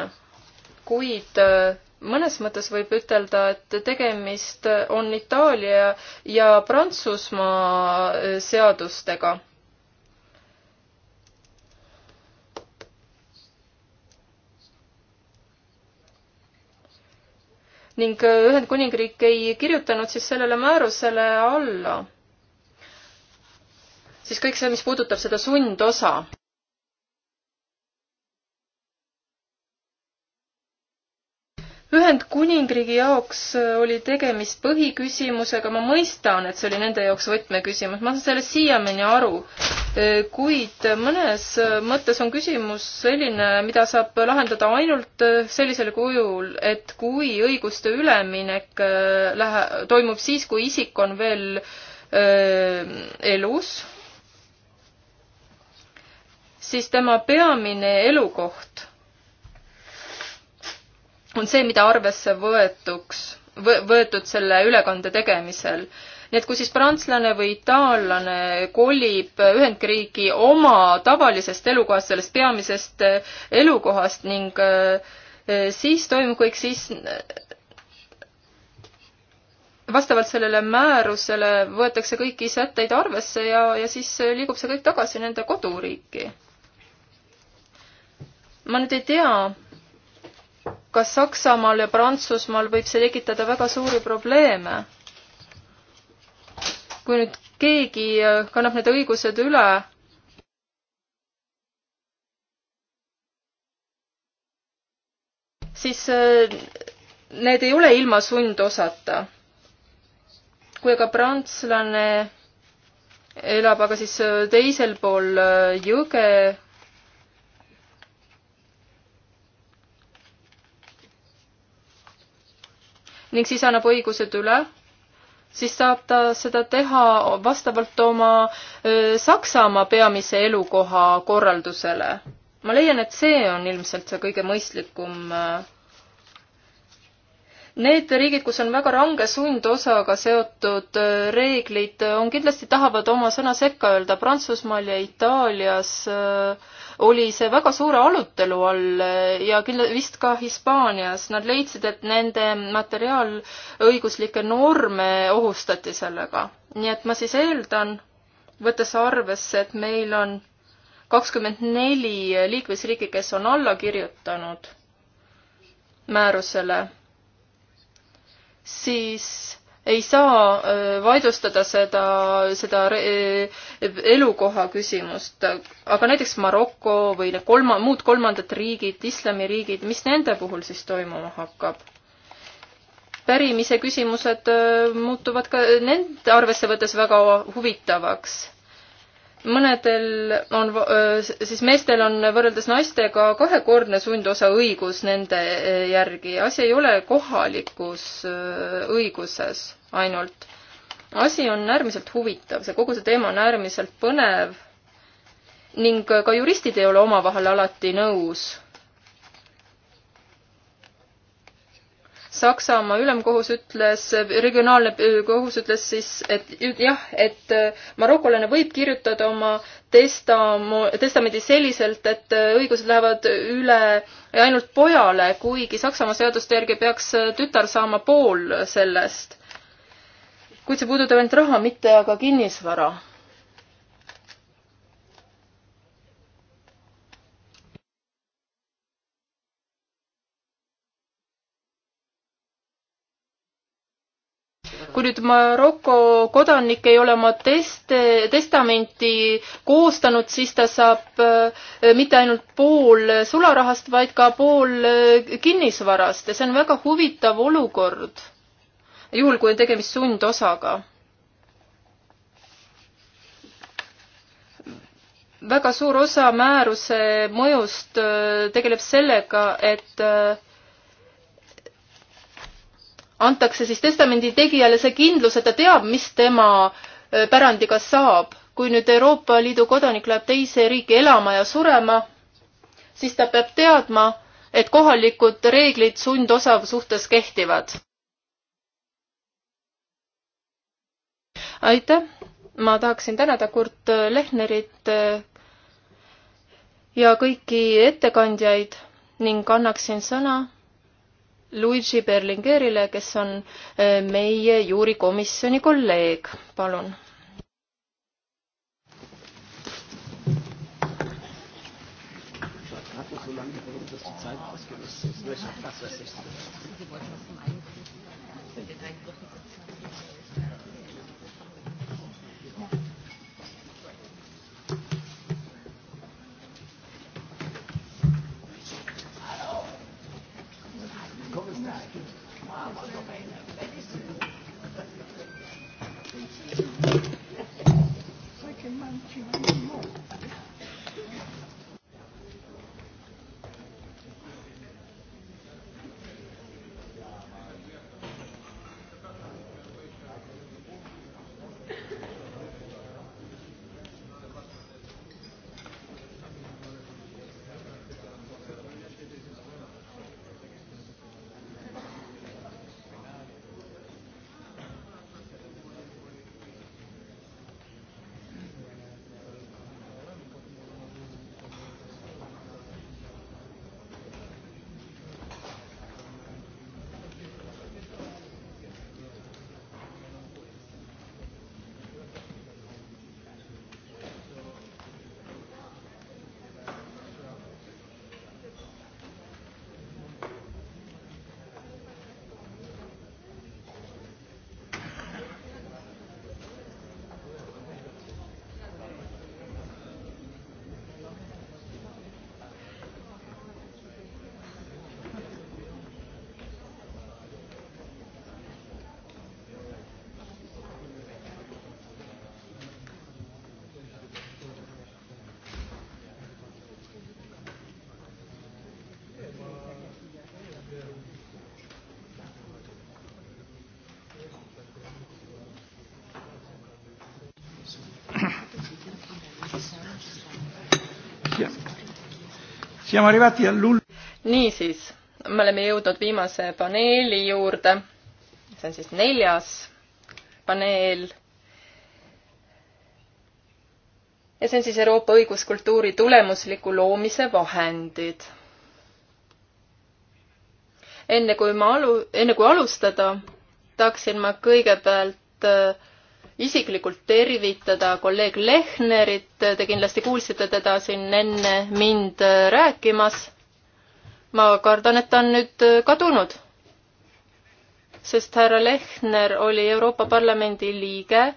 kuid eh, mõnes mõttes võib ütelda, et tegemist on Itaalia ja Prantsusmaa eh, seadustega ning äh, Ühendkuningriik ei kirjutanud siis sellele määrusele alla. siis kõik see, mis puudutab seda sundosa. Ühendkuningriigi jaoks äh, oli tegemist põhiküsimusega, ma mõistan, et see oli nende jaoks võtmeküsimus, ma saan sellest siiamaani aru. Äh, kuid mõnes äh, mõttes on küsimus selline, mida saab lahendada ainult sellisel kujul, et kui õiguste üleminek lähe-, toimub siis, kui isik on veel öö, elus, siis tema peamine elukoht on see, mida arvesse võetuks, võetud selle ülekande tegemisel nii et kui siis prantslane või itaallane kolib Ühendriigi oma tavalisest elukohast, sellest peamisest eh, elukohast ning eh, eh, siis toimub kõik siis vastavalt sellele määrusele võetakse kõiki sätteid arvesse ja, ja siis liigub see kõik tagasi nende koduriiki. ma nüüd ei tea, kas Saksamaal ja Prantsusmaal võib see tekitada väga suuri probleeme. kui nüüd keegi äh, kannab need õigused üle, siis äh, need ei ole ilma sundosata. kui aga prantslane elab aga siis äh, teisel pool jõge ning siis annab õigused üle, siis saab ta seda teha vastavalt oma Saksamaa peamise elukoha korraldusele. ma leian, et see on ilmselt see kõige mõistlikum äh, Need riigid, kus on väga range sundosaga seotud äh, reeglid, äh, on kindlasti, tahavad oma sõna sekka öelda. Prantsusmaal ja Itaalias äh, oli see väga suure arutelu all ja kindla-, vist ka Hispaanias. Nad leidsid, et nende materiaalõiguslikke norme ohustati sellega. nii et ma siis eeldan, võttes arvesse, et meil on kakskümmend neli liikmesriiki, kes on alla kirjutanud määrusele siis ei saa äh, vaidlustada seda, seda elukoha küsimust, aga näiteks Maroko või need kolma, muud kolmandad riigid, islamiriigid, mis nende puhul siis toimuma hakkab? pärimise küsimused äh, muutuvad ka nende arvesse võttes väga huvitavaks mõnedel on, siis meestel on võrreldes naistega kahekordne sundosa õigus nende e, järgi. asi ei ole kohalikus õiguses ainult. asi on äärmiselt huvitav, see kogu see teema on äärmiselt põnev ning ka juristid ei ole omavahel alati nõus. Saksamaa ülemkohus ütles, regionaalne äh, kohus ütles siis, et jah, et äh, marokolane võib kirjutada oma testamo-, testamendi selliselt, et äh, õigused lähevad üle ainult pojale, kuigi Saksamaa seaduste järgi peaks tütar saama pool sellest. kuid see puudutab ainult raha, mitte aga kinnisvara kui nüüd Maroko kodanik ei ole oma teste, testamenti koostanud, siis ta saab äh, mitte ainult pool sularahast, vaid ka pool äh, kinnisvarast ja see on väga huvitav olukord. juhul, kui on tegemist sundosaga. väga suur osa määruse mõjust äh, tegeleb sellega, et antakse siis testamendi tegijale see kindlus, et ta teab, mis tema pärandiga saab. kui nüüd Euroopa Liidu kodanik läheb teise riiki elama ja surema, siis ta peab teadma, et kohalikud reeglid sundosa suhtes kehtivad. aitäh, ma tahaksin tänada Kurt Lehnerit ja kõiki ettekandjaid ning annaksin sõna Luigi Berlingerile, kes on äh, meie juurikomisjoni kolleeg, palun. Sie wollten was zum Eingriff. Für den Eingriff. Thank you. niisiis, me oleme jõudnud viimase paneeli juurde. see on siis neljas paneel. ja see on siis Euroopa õiguskultuuri tulemusliku loomise vahendid. enne kui ma alu-, enne kui alustada, tahaksin ma kõigepealt äh, isiklikult tervitada kolleeg Lehnerit, te kindlasti kuulsite teda siin enne mind rääkimas. ma kardan, et ta on nüüd kadunud, sest härra Lehner oli Euroopa Parlamendi liige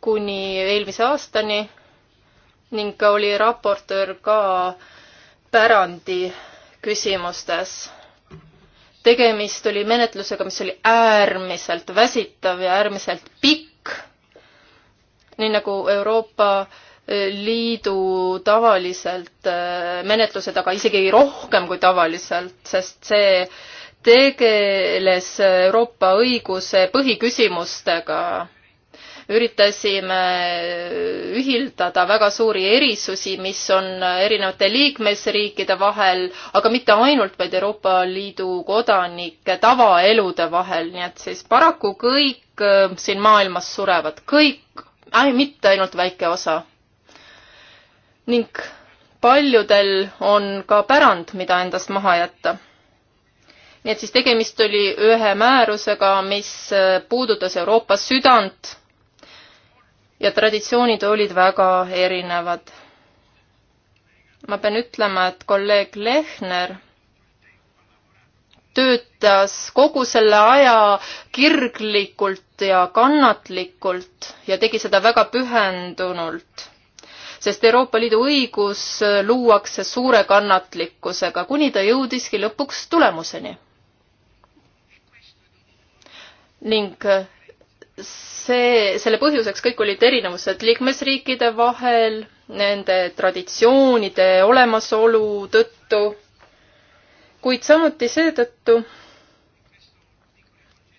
kuni eelmise aastani ning oli raportöör ka pärandi küsimustes tegemist oli menetlusega, mis oli äärmiselt väsitav ja äärmiselt pikk nii nagu Euroopa eh, Liidu tavaliselt eh, menetlused, aga isegi rohkem kui tavaliselt, sest see tegeles Euroopa õiguse põhiküsimustega üritasime ühildada väga suuri erisusi, mis on erinevate liikmesriikide vahel, aga mitte ainult, vaid Euroopa Liidu kodanike tavaelude vahel, nii et siis paraku kõik eh, siin maailmas surevad, kõik mitte ainult väike osa. ning paljudel on ka pärand, mida endast maha jätta. nii et siis tegemist oli ühe määrusega, mis äh, puudutas Euroopa südant ja traditsioonid olid väga erinevad. ma pean ütlema, et kolleeg Lehner töötas kogu selle aja kirglikult ja kannatlikult ja tegi seda väga pühendunult. sest Euroopa Liidu õigus luuakse suure kannatlikkusega, kuni ta jõudiski lõpuks tulemuseni. ning see, selle põhjuseks kõik olid erinevused liikmesriikide vahel, nende traditsioonide olemasolu tõttu kuid samuti seetõttu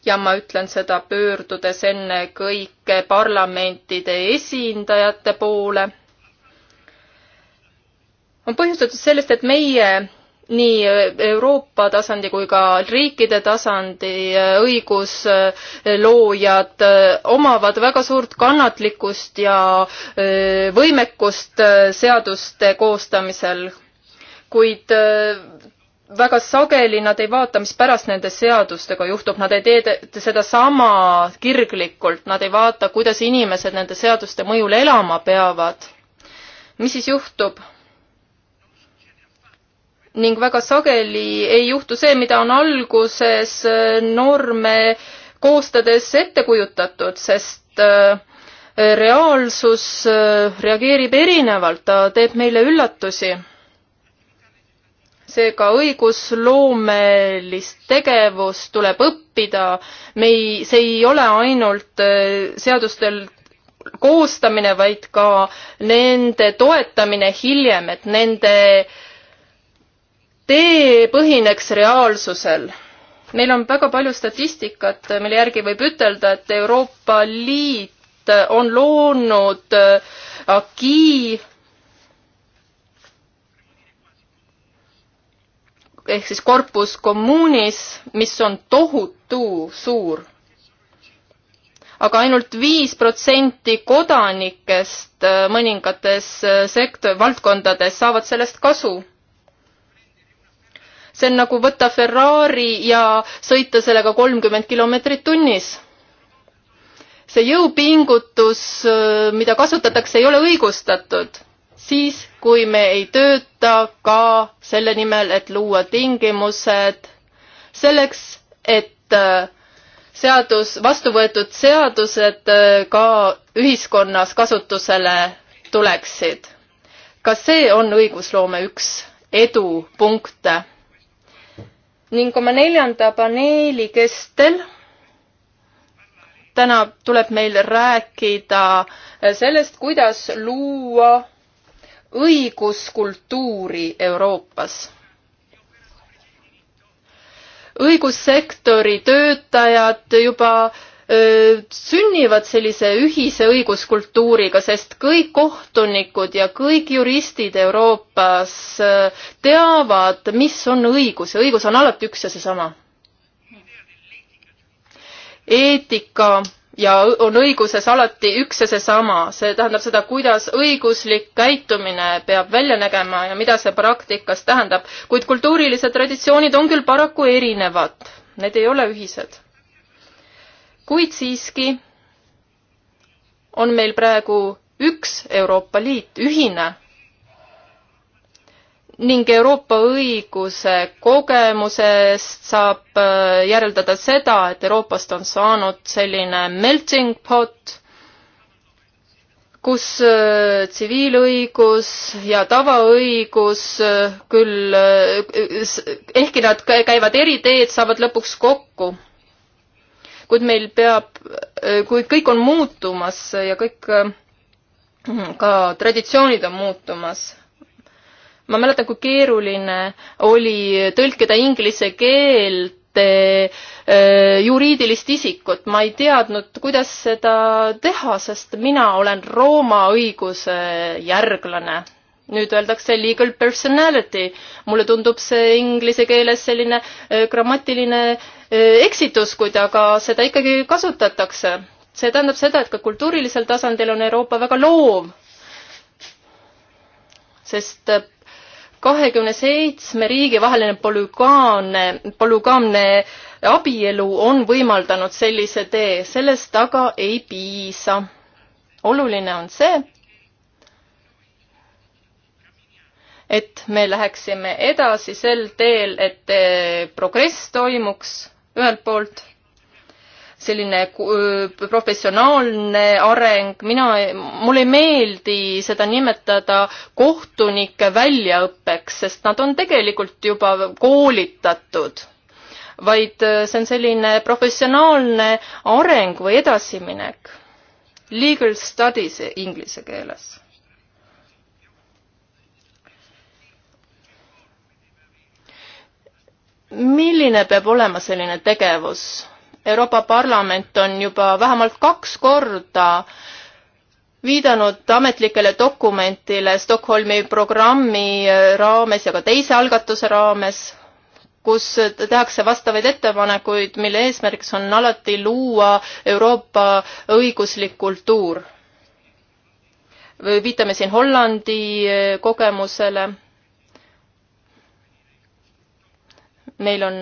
ja ma ütlen seda pöördudes ennekõike parlamentide esindajate poole, on põhjustatud sellest, et meie nii Euroopa tasandi kui ka riikide tasandi õigusloojad omavad väga suurt kannatlikkust ja võimekust seaduste koostamisel. kuid väga sageli nad ei vaata, mis pärast nende seadustega juhtub, nad ei tee sedasama kirglikult, nad ei vaata, kuidas inimesed nende seaduste mõjul elama peavad. mis siis juhtub? ning väga sageli ei juhtu see, mida on alguses äh, norme koostades ette kujutatud, sest äh, reaalsus äh, reageerib erinevalt, ta teeb meile üllatusi seega õigusloomelist tegevust tuleb õppida, me ei, see ei ole ainult äh, seadustel koostamine, vaid ka nende toetamine hiljem, et nende tee põhineks reaalsusel. meil on väga palju statistikat, mille järgi võib ütelda, et Euroopa Liit on loonud äh, agi ehk siis korpus kommuunis, mis on tohutu suur aga ainult viis protsenti kodanikest äh, mõningates äh, sektor, valdkondades saavad sellest kasu. see on nagu võtta Ferrari ja sõita sellega kolmkümmend kilomeetrit tunnis. see jõupingutus, äh, mida kasutatakse, ei ole õigustatud siis, kui me ei tööta ka selle nimel, et luua tingimused selleks, et äh, seadus, vastu võetud seadused äh, ka ühiskonnas kasutusele tuleksid. ka see on õigusloome üks edupunkte. ning oma neljanda paneeli kestel täna tuleb meil rääkida sellest, kuidas luua õiguskultuuri Euroopas. õigussektori töötajad juba öö, sünnivad sellise ühise õiguskultuuriga, sest kõik kohtunikud ja kõik juristid Euroopas öö, teavad, mis on õigus ja õigus on alati üks ja seesama. eetika ja on õiguses alati üks ja seesama, see tähendab seda, kuidas õiguslik käitumine peab välja nägema ja mida see praktikas tähendab, kuid kultuurilised traditsioonid on küll paraku erinevad, need ei ole ühised. kuid siiski on meil praegu üks Euroopa Liit, ühine ning Euroopa õiguse kogemusest saab äh, järeldada seda, et Euroopast on saanud selline melting pot, kus äh, tsiviilõigus ja tavaõigus äh, küll, ehkki nad käivad eri teed, saavad lõpuks kokku. kuid meil peab, kuid kõik on muutumas ja kõik ka traditsioonid on muutumas ma mäletan, kui keeruline oli tõlkida inglise keelt äh, juriidilist isikut, ma ei teadnud, kuidas seda teha, sest mina olen Rooma õiguse järglane. nüüd öeldakse legal personality, mulle tundub see inglise keeles selline äh, grammatiline äh, eksitus, kuid aga seda ikkagi kasutatakse. see tähendab seda, et ka kultuurilisel tasandil on Euroopa väga loov sest kahekümne seitsme riigi vaheline polügaanne, polügaamne abielu on võimaldanud sellise tee, sellest aga ei piisa. oluline on see, et me läheksime edasi sel teel, et progress toimuks ühelt poolt selline professionaalne areng, mina, e-, mulle ei meeldi seda nimetada kohtunike väljaõppeks, sest nad on tegelikult juba koolitatud vaid see on selline professionaalne areng või edasiminek. Legal studies inglise keeles. milline peab olema selline tegevus? Euroopa Parlament on juba vähemalt kaks korda viidanud ametlikele dokumentile Stockholmi programmi raames ja ka teise algatuse raames, kus tehakse vastavaid ettepanekuid, mille eesmärgiks on alati luua Euroopa õiguslik kultuur. viitame siin Hollandi kogemusele. meil on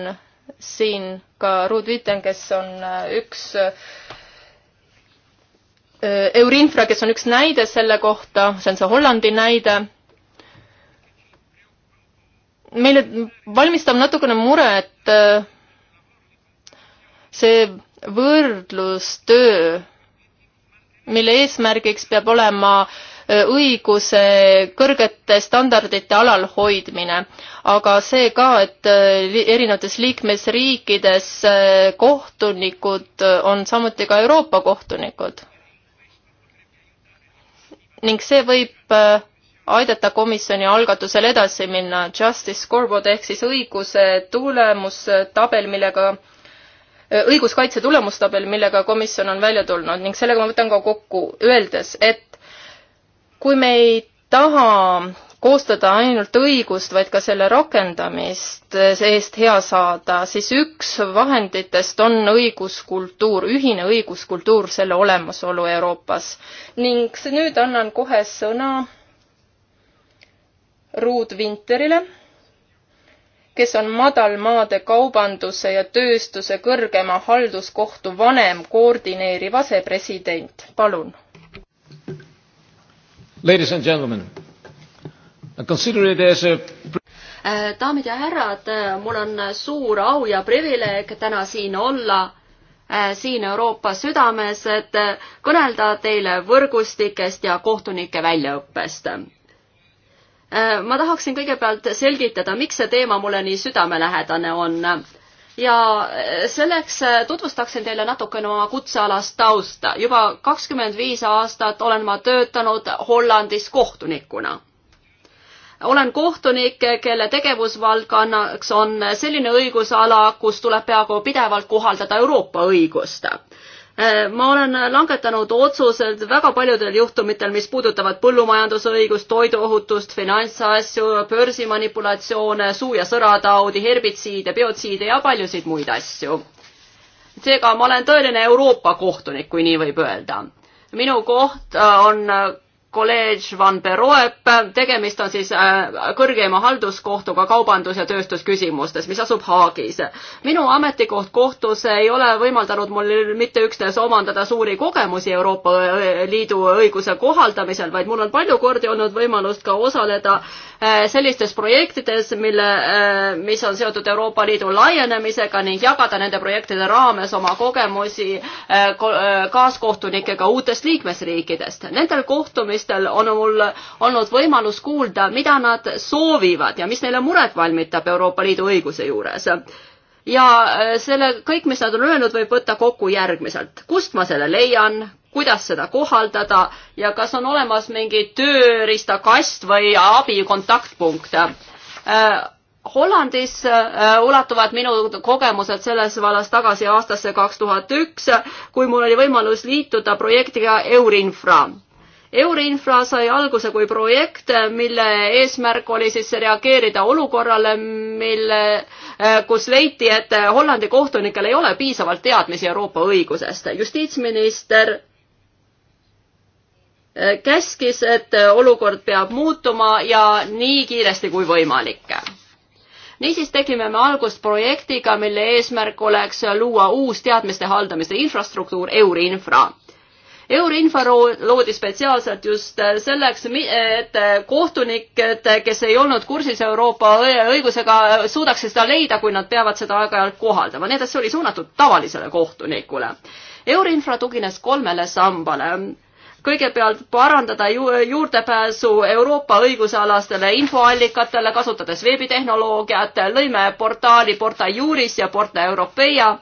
siin ka Ruud Viten, kes on äh, üks äh, Eurinfra, kes on üks näide selle kohta, see on see Hollandi näide. meile valmistab natukene muret äh, see võrdlustöö, mille eesmärgiks peab olema äh, õiguse kõrgete standardite alal hoidmine. aga see ka, et äh, erinevates liikmesriikides äh, kohtunikud äh, on samuti ka Euroopa kohtunikud. ning see võib aidata komisjoni algatusel edasi minna Justice Scoreboard ehk siis õiguse tulemustabel, millega õiguskaitse tulemustabel, millega komisjon on välja tulnud ning sellega ma võtan ka kokku, öeldes, et kui me ei taha koostada ainult õigust, vaid ka selle rakendamist eh, eest hea saada, siis üks vahenditest on õiguskultuur, ühine õiguskultuur, selle olemasolu Euroopas. ning nüüd annan kohe sõna Ruud Vinterile, kes on madalmaade kaubanduse ja tööstuse kõrgema halduskohtu vanem koordineeriv asepresident. palun Ladies and gentlemen, consider it as a äh, daamid ja härrad, äh, mul on suur au ja privileeg täna siin olla, äh, siin Euroopa südames, et kõnelda teile võrgustikest ja kohtunike väljaõppest. ma tahaksin kõigepealt selgitada, miks see teema mulle nii südamelähedane on ja eh, selleks eh, tutvustaksin teile natukene oma kutsealast tausta. juba kakskümmend viis aastat olen ma töötanud Hollandis kohtunikuna. olen kohtunik, kelle tegevusvaldkonnaks on selline õigusala, kus tuleb peaaegu pidevalt kohaldada Euroopa õigust. Äh, ma olen langetanud otsused väga paljudel juhtumitel, mis puudutavad põllumajandusõigust, toiduohutust, finantsasju, börsimanipulatsioone, suu- ja sõrataudi, herbitsiide, biotsiide ja paljusid muid asju. seega ma olen tõeline Euroopa kohtunik, kui nii võib öelda. minu koht äh, on äh, kolledž Van Peroep, tegemist on siis äh, kõrgeima halduskohtuga kaubandus- ja tööstusküsimustes, mis asub Haagis. minu ametikoht kohtus ei ole võimaldanud mul mitte üksnes omandada suuri kogemusi Euroopa äh, Liidu õiguse kohaldamisel, vaid mul on palju kordi olnud võimalust ka osaleda äh, sellistes projektides, mille, mis on seotud Euroopa Liidu laienemisega ning jagada nende projektide raames oma kogemusi kaaskohtunikega uutest liikmesriikidest. Nendel kohtumistel valimistel on mul olnud võimalus kuulda, mida nad soovivad ja mis neile muret valmitab Euroopa Liidu õiguse juures. ja äh, selle, kõik, mis nad on öelnud, võib võtta kokku järgmiselt. kust ma selle leian, kuidas seda kohaldada ja kas on olemas mingi tööriistakast või abikontaktpunkt? Äh, Hollandis äh, ulatuvad minu kogemused selles vallas tagasi aastasse kaks tuhat üks, kui mul oli võimalus liituda projektiga Eurinfra. Euroinfra sai alguse kui projekt, mille eesmärk oli siis reageerida olukorrale, mille, eh, kus leiti, et Hollandi kohtunikel ei ole piisavalt teadmisi Euroopa õigusest. justiitsminister eh, käskis, et olukord peab muutuma ja nii kiiresti kui võimalik niisiis tegime me algust projektiga, mille eesmärk oleks luua uus teadmiste haldamise infrastruktuur Eurinfra Euroinfo loodi spetsiaalselt just äh, selleks, et äh, kohtunikud, äh, kes ei olnud kursis Euroopa õigusega, suudaksid seda leida, kui nad peavad seda aeg-ajalt kohaldama, nii et see oli suunatud tavalisele kohtunikule. Euroinfra tugines kolmele sambale kõigepealt parandada ju juurdepääsu Euroopa õigusalastele infoallikatele, kasutades veebitehnoloogiat, lõime portaali Porta Juris ja Porta Europeia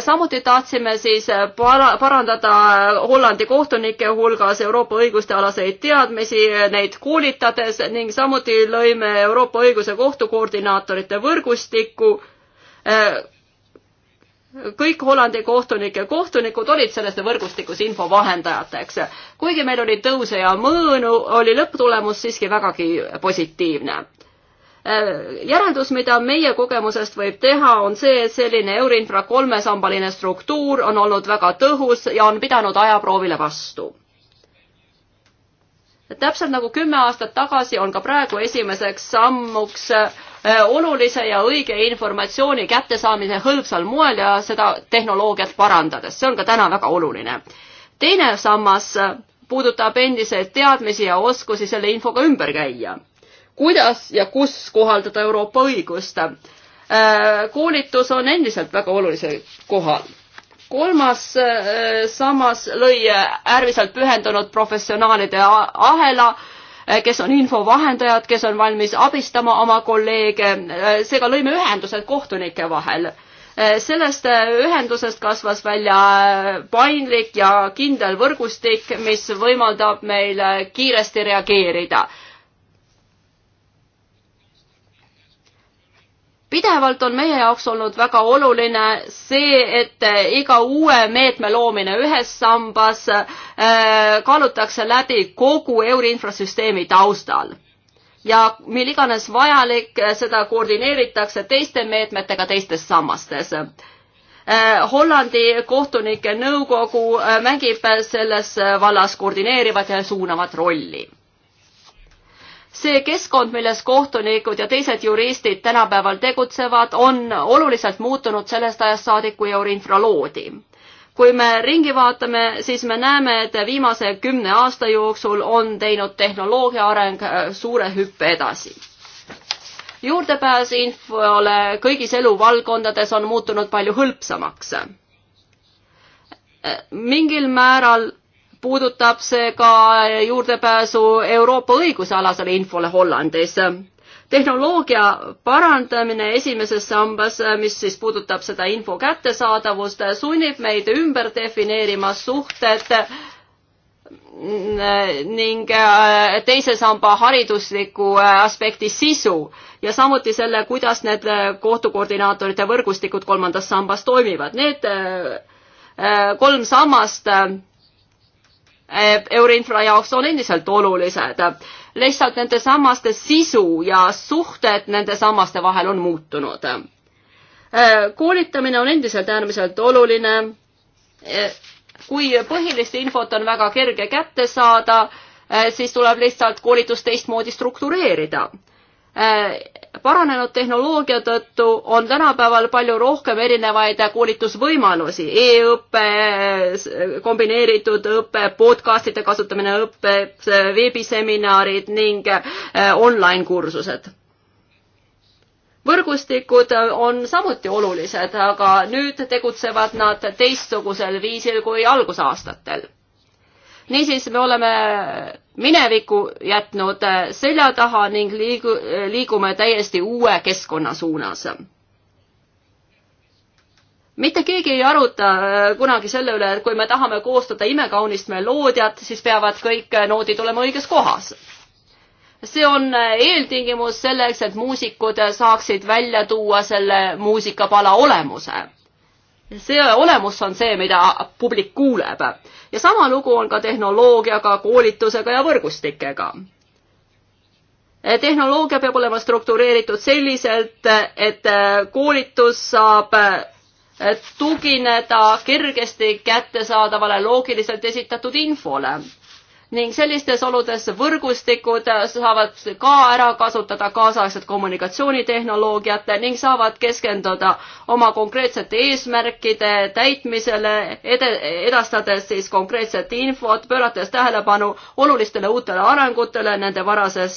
samuti tahtsime siis para-, parandada Hollandi kohtunike hulgas Euroopa õiguste alaseid teadmisi, neid koolitades ning samuti lõime Euroopa õiguse kohtu koordinaatorite võrgustiku. kõik Hollandi kohtunike kohtunikud olid selles võrgustikus infovahendajateks. kuigi meil oli tõuse ja mõõnu, oli lõpptulemus siiski vägagi positiivne Äh, järeldus, mida meie kogemusest võib teha, on see, et selline Eurinfra kolmesambaline struktuur on olnud väga tõhus ja on pidanud ajaproovile vastu. täpselt nagu kümme aastat tagasi on ka praegu esimeseks sammuks äh, olulise ja õige informatsiooni kättesaamise hõlpsal moel ja seda tehnoloogiat parandades, see on ka täna väga oluline. teine sammas puudutab endiseid teadmisi ja oskusi selle infoga ümber käia kuidas ja kus kohaldada Euroopa õigust. Äh, koolitus on endiselt väga olulisel kohal. kolmas äh, sammas lõi äh, äärmiselt pühendunud professionaalide ahela, kes on infovahendajad, kes on valmis abistama oma kolleege, seega lõime ühendused kohtunike vahel sellest ühendusest kasvas välja paindlik ja kindel võrgustik, mis võimaldab meil kiiresti reageerida. pidevalt on meie jaoks olnud väga oluline see, et eh, iga uue meetme loomine ühes sambas eh, kaalutakse läbi kogu euri infrasüsteemi taustal. ja mil iganes vajalik, eh, seda koordineeritakse teiste meetmetega teistes sammastes. Hollandi kohtunike nõukogu mängib selles vallas koordineerivat ja suunavat rolli see keskkond, milles kohtunikud ja teised juristid tänapäeval tegutsevad, on oluliselt muutunud sellest ajast saadik, kui Eurinfra loodi. kui me ringi vaatame, siis me näeme, et viimase kümne aasta jooksul on teinud tehnoloogia areng äh, suure hüppe edasi juurdepääs infole kõigis eluvaldkondades on muutunud palju hõlpsamaks. Äh, mingil määral puudutab see ka juurdepääsu Euroopa õigusealasele infole Hollandis. tehnoloogia parandamine esimeses sambas, mis siis puudutab seda info kättesaadavust, sunnib meid ümber defineerima suhted ning äh, teise samba haridusliku äh, aspekti sisu ja samuti selle, kuidas need äh, kohtukoordinaatorite võrgustikud kolmandas sambas toimivad. Need kolm sammast Eh, Euroinfra jaoks on endiselt olulised. lihtsalt nende sammaste sisu ja suhted nende sammaste vahel on muutunud. Eh, koolitamine on endiselt äärmiselt oluline. Eh, kui põhilist infot on väga kerge kätte saada, siis tuleb lihtsalt koolitust teistmoodi struktureerida paranenud tehnoloogia tõttu on tänapäeval palju rohkem erinevaid koolitusvõimalusi e, e-õpe, kombineeritud õpe, podcast'ide kasutamine õppe, veebiseminarid ning äh, online kursused võrgustikud on samuti olulised, aga nüüd tegutsevad nad teistsugusel viisil kui algusaastatel niisiis, me oleme mineviku jätnud selja taha ning liigu, liigume täiesti uue keskkonna suunas. mitte keegi ei aruta äh, kunagi selle üle, et kui me tahame koostada imekaunist meloodiat, siis peavad kõik noodid olema õiges kohas see on äh, eeltingimus selleks, et muusikud saaksid välja tuua selle muusikapala olemuse see olemus on see, mida publik kuuleb. ja sama lugu on ka tehnoloogiaga, koolitusega ja võrgustikega e, tehnoloogia peab olema struktureeritud selliselt, et e, koolitus saab e, tugineda kergesti kättesaadavale loogiliselt esitatud infole ning sellistes oludes võrgustikud saavad ka ära kasutada kaasaegset kommunikatsioonitehnoloogiat ning saavad keskenduda oma konkreetsete eesmärkide täitmisele, edastades siis konkreetset infot, pöörates tähelepanu olulistele uutele arengutele nende varases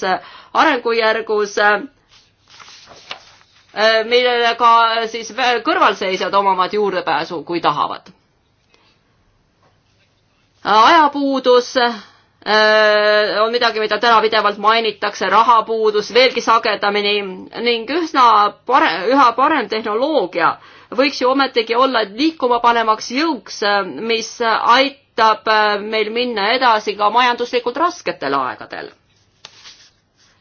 arengujärgus millele ka siis kõrvalseisjad omavad juurdepääsu, kui tahavad ajapuudus Äh, on midagi, mida täna pidevalt mainitakse, rahapuudus veelgi sagedamini ning üsna pare-, üha parem tehnoloogia võiks ju ometigi olla liikuma panemaks jõuks, mis aitab äh, meil minna edasi ka majanduslikult rasketel aegadel.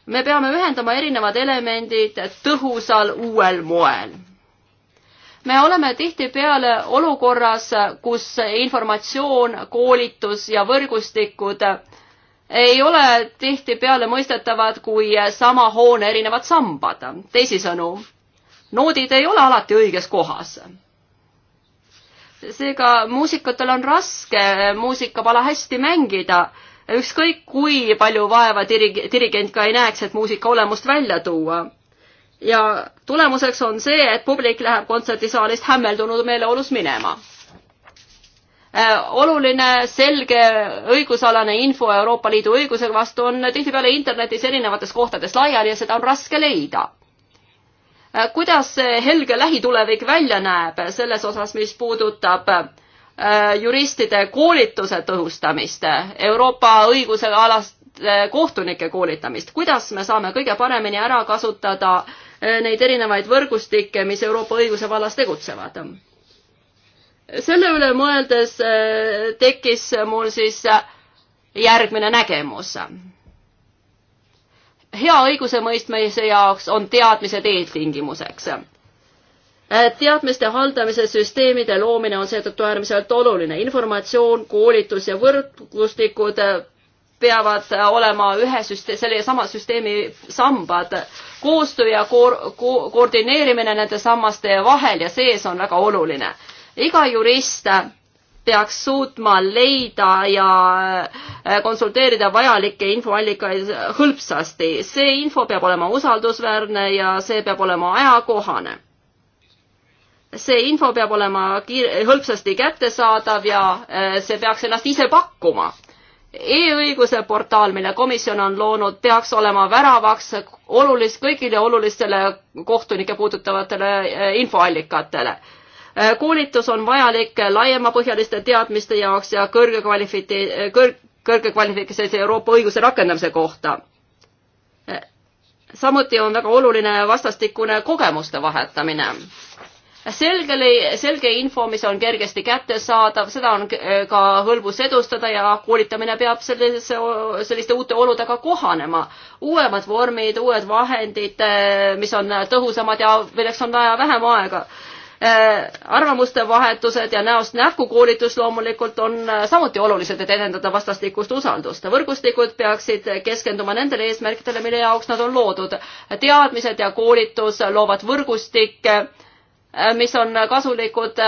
me peame ühendama erinevad elemendid tõhusal uuel moel me oleme tihtipeale olukorras, kus informatsioon, koolitus ja võrgustikud äh, ei ole tihtipeale mõistetavad kui sama hoone erinevad sambad. teisisõnu, noodid ei ole alati õiges kohas. seega muusikutel on raske muusikapala hästi mängida, ükskõik kui palju vaeva dirig-, dirigent ka ei näeks, et muusika olemust välja tuua. ja tulemuseks on see, et publik läheb kontserdisaalist hämmeldunud meeleolus minema Äh, oluline selge õigusalane info Euroopa Liidu õiguse vastu on tihtipeale internetis erinevates kohtades laiali ja seda on raske leida. Äh, kuidas see helge lähitulevik välja näeb selles osas, mis puudutab äh, juristide koolituse tõhustamist, Euroopa õiguse alast kohtunike koolitamist, kuidas me saame kõige paremini ära kasutada neid erinevaid võrgustikke, mis Euroopa õiguse vallas tegutsevad? selle üle mõeldes äh, tekkis mul siis äh, järgmine nägemus. hea õigusemõistmise jaoks on teadmised eeltingimuseks äh, teadmiste haldamise süsteemide loomine on seetõttu äärmiselt oluline. informatsioon, koolitus ja võrgustikud peavad olema ühe süsteemi, selle sama süsteemi sambad. koostöö ja koor, ko, koordineerimine nende sammaste vahel ja sees on väga oluline iga jurist peaks suutma leida ja äh, konsulteerida vajalikke infoallikaid hõlpsasti. see info peab olema usaldusväärne ja see peab olema ajakohane. see info peab olema kiir-, hõlpsasti kättesaadav ja äh, see peaks ennast ise pakkuma e-õiguse portaal, mille komisjon on loonud, peaks olema väravaks olulist, kõigile olulistele kohtunikke puudutavatele äh, infoallikatele. Äh, koolitus on vajalik laiemapõhjaliste teadmiste jaoks ja kõrge kvalifite-, kõrg-, kõrge kvalifikatsioonilise Euroopa õiguse rakendamise kohta. Äh, samuti on väga oluline vastastikune kogemuste vahetamine. selgele, selge info, mis on kergesti kättesaadav, seda on äh, ka hõlbus edustada ja koolitamine peab sellise, selliste uute oludega kohanema. uuemad vormid, uued vahendid, mis on tõhusamad ja milleks on vaja vähem aega Äh, arvamuste vahetused ja näost näkku koolitus loomulikult on äh, samuti olulised, et edendada vastastikust usaldust. võrgustikud peaksid keskenduma nendele eesmärkidele, mille jaoks nad on loodud. teadmised ja koolitus loovad võrgustikke, äh, mis on kasulikud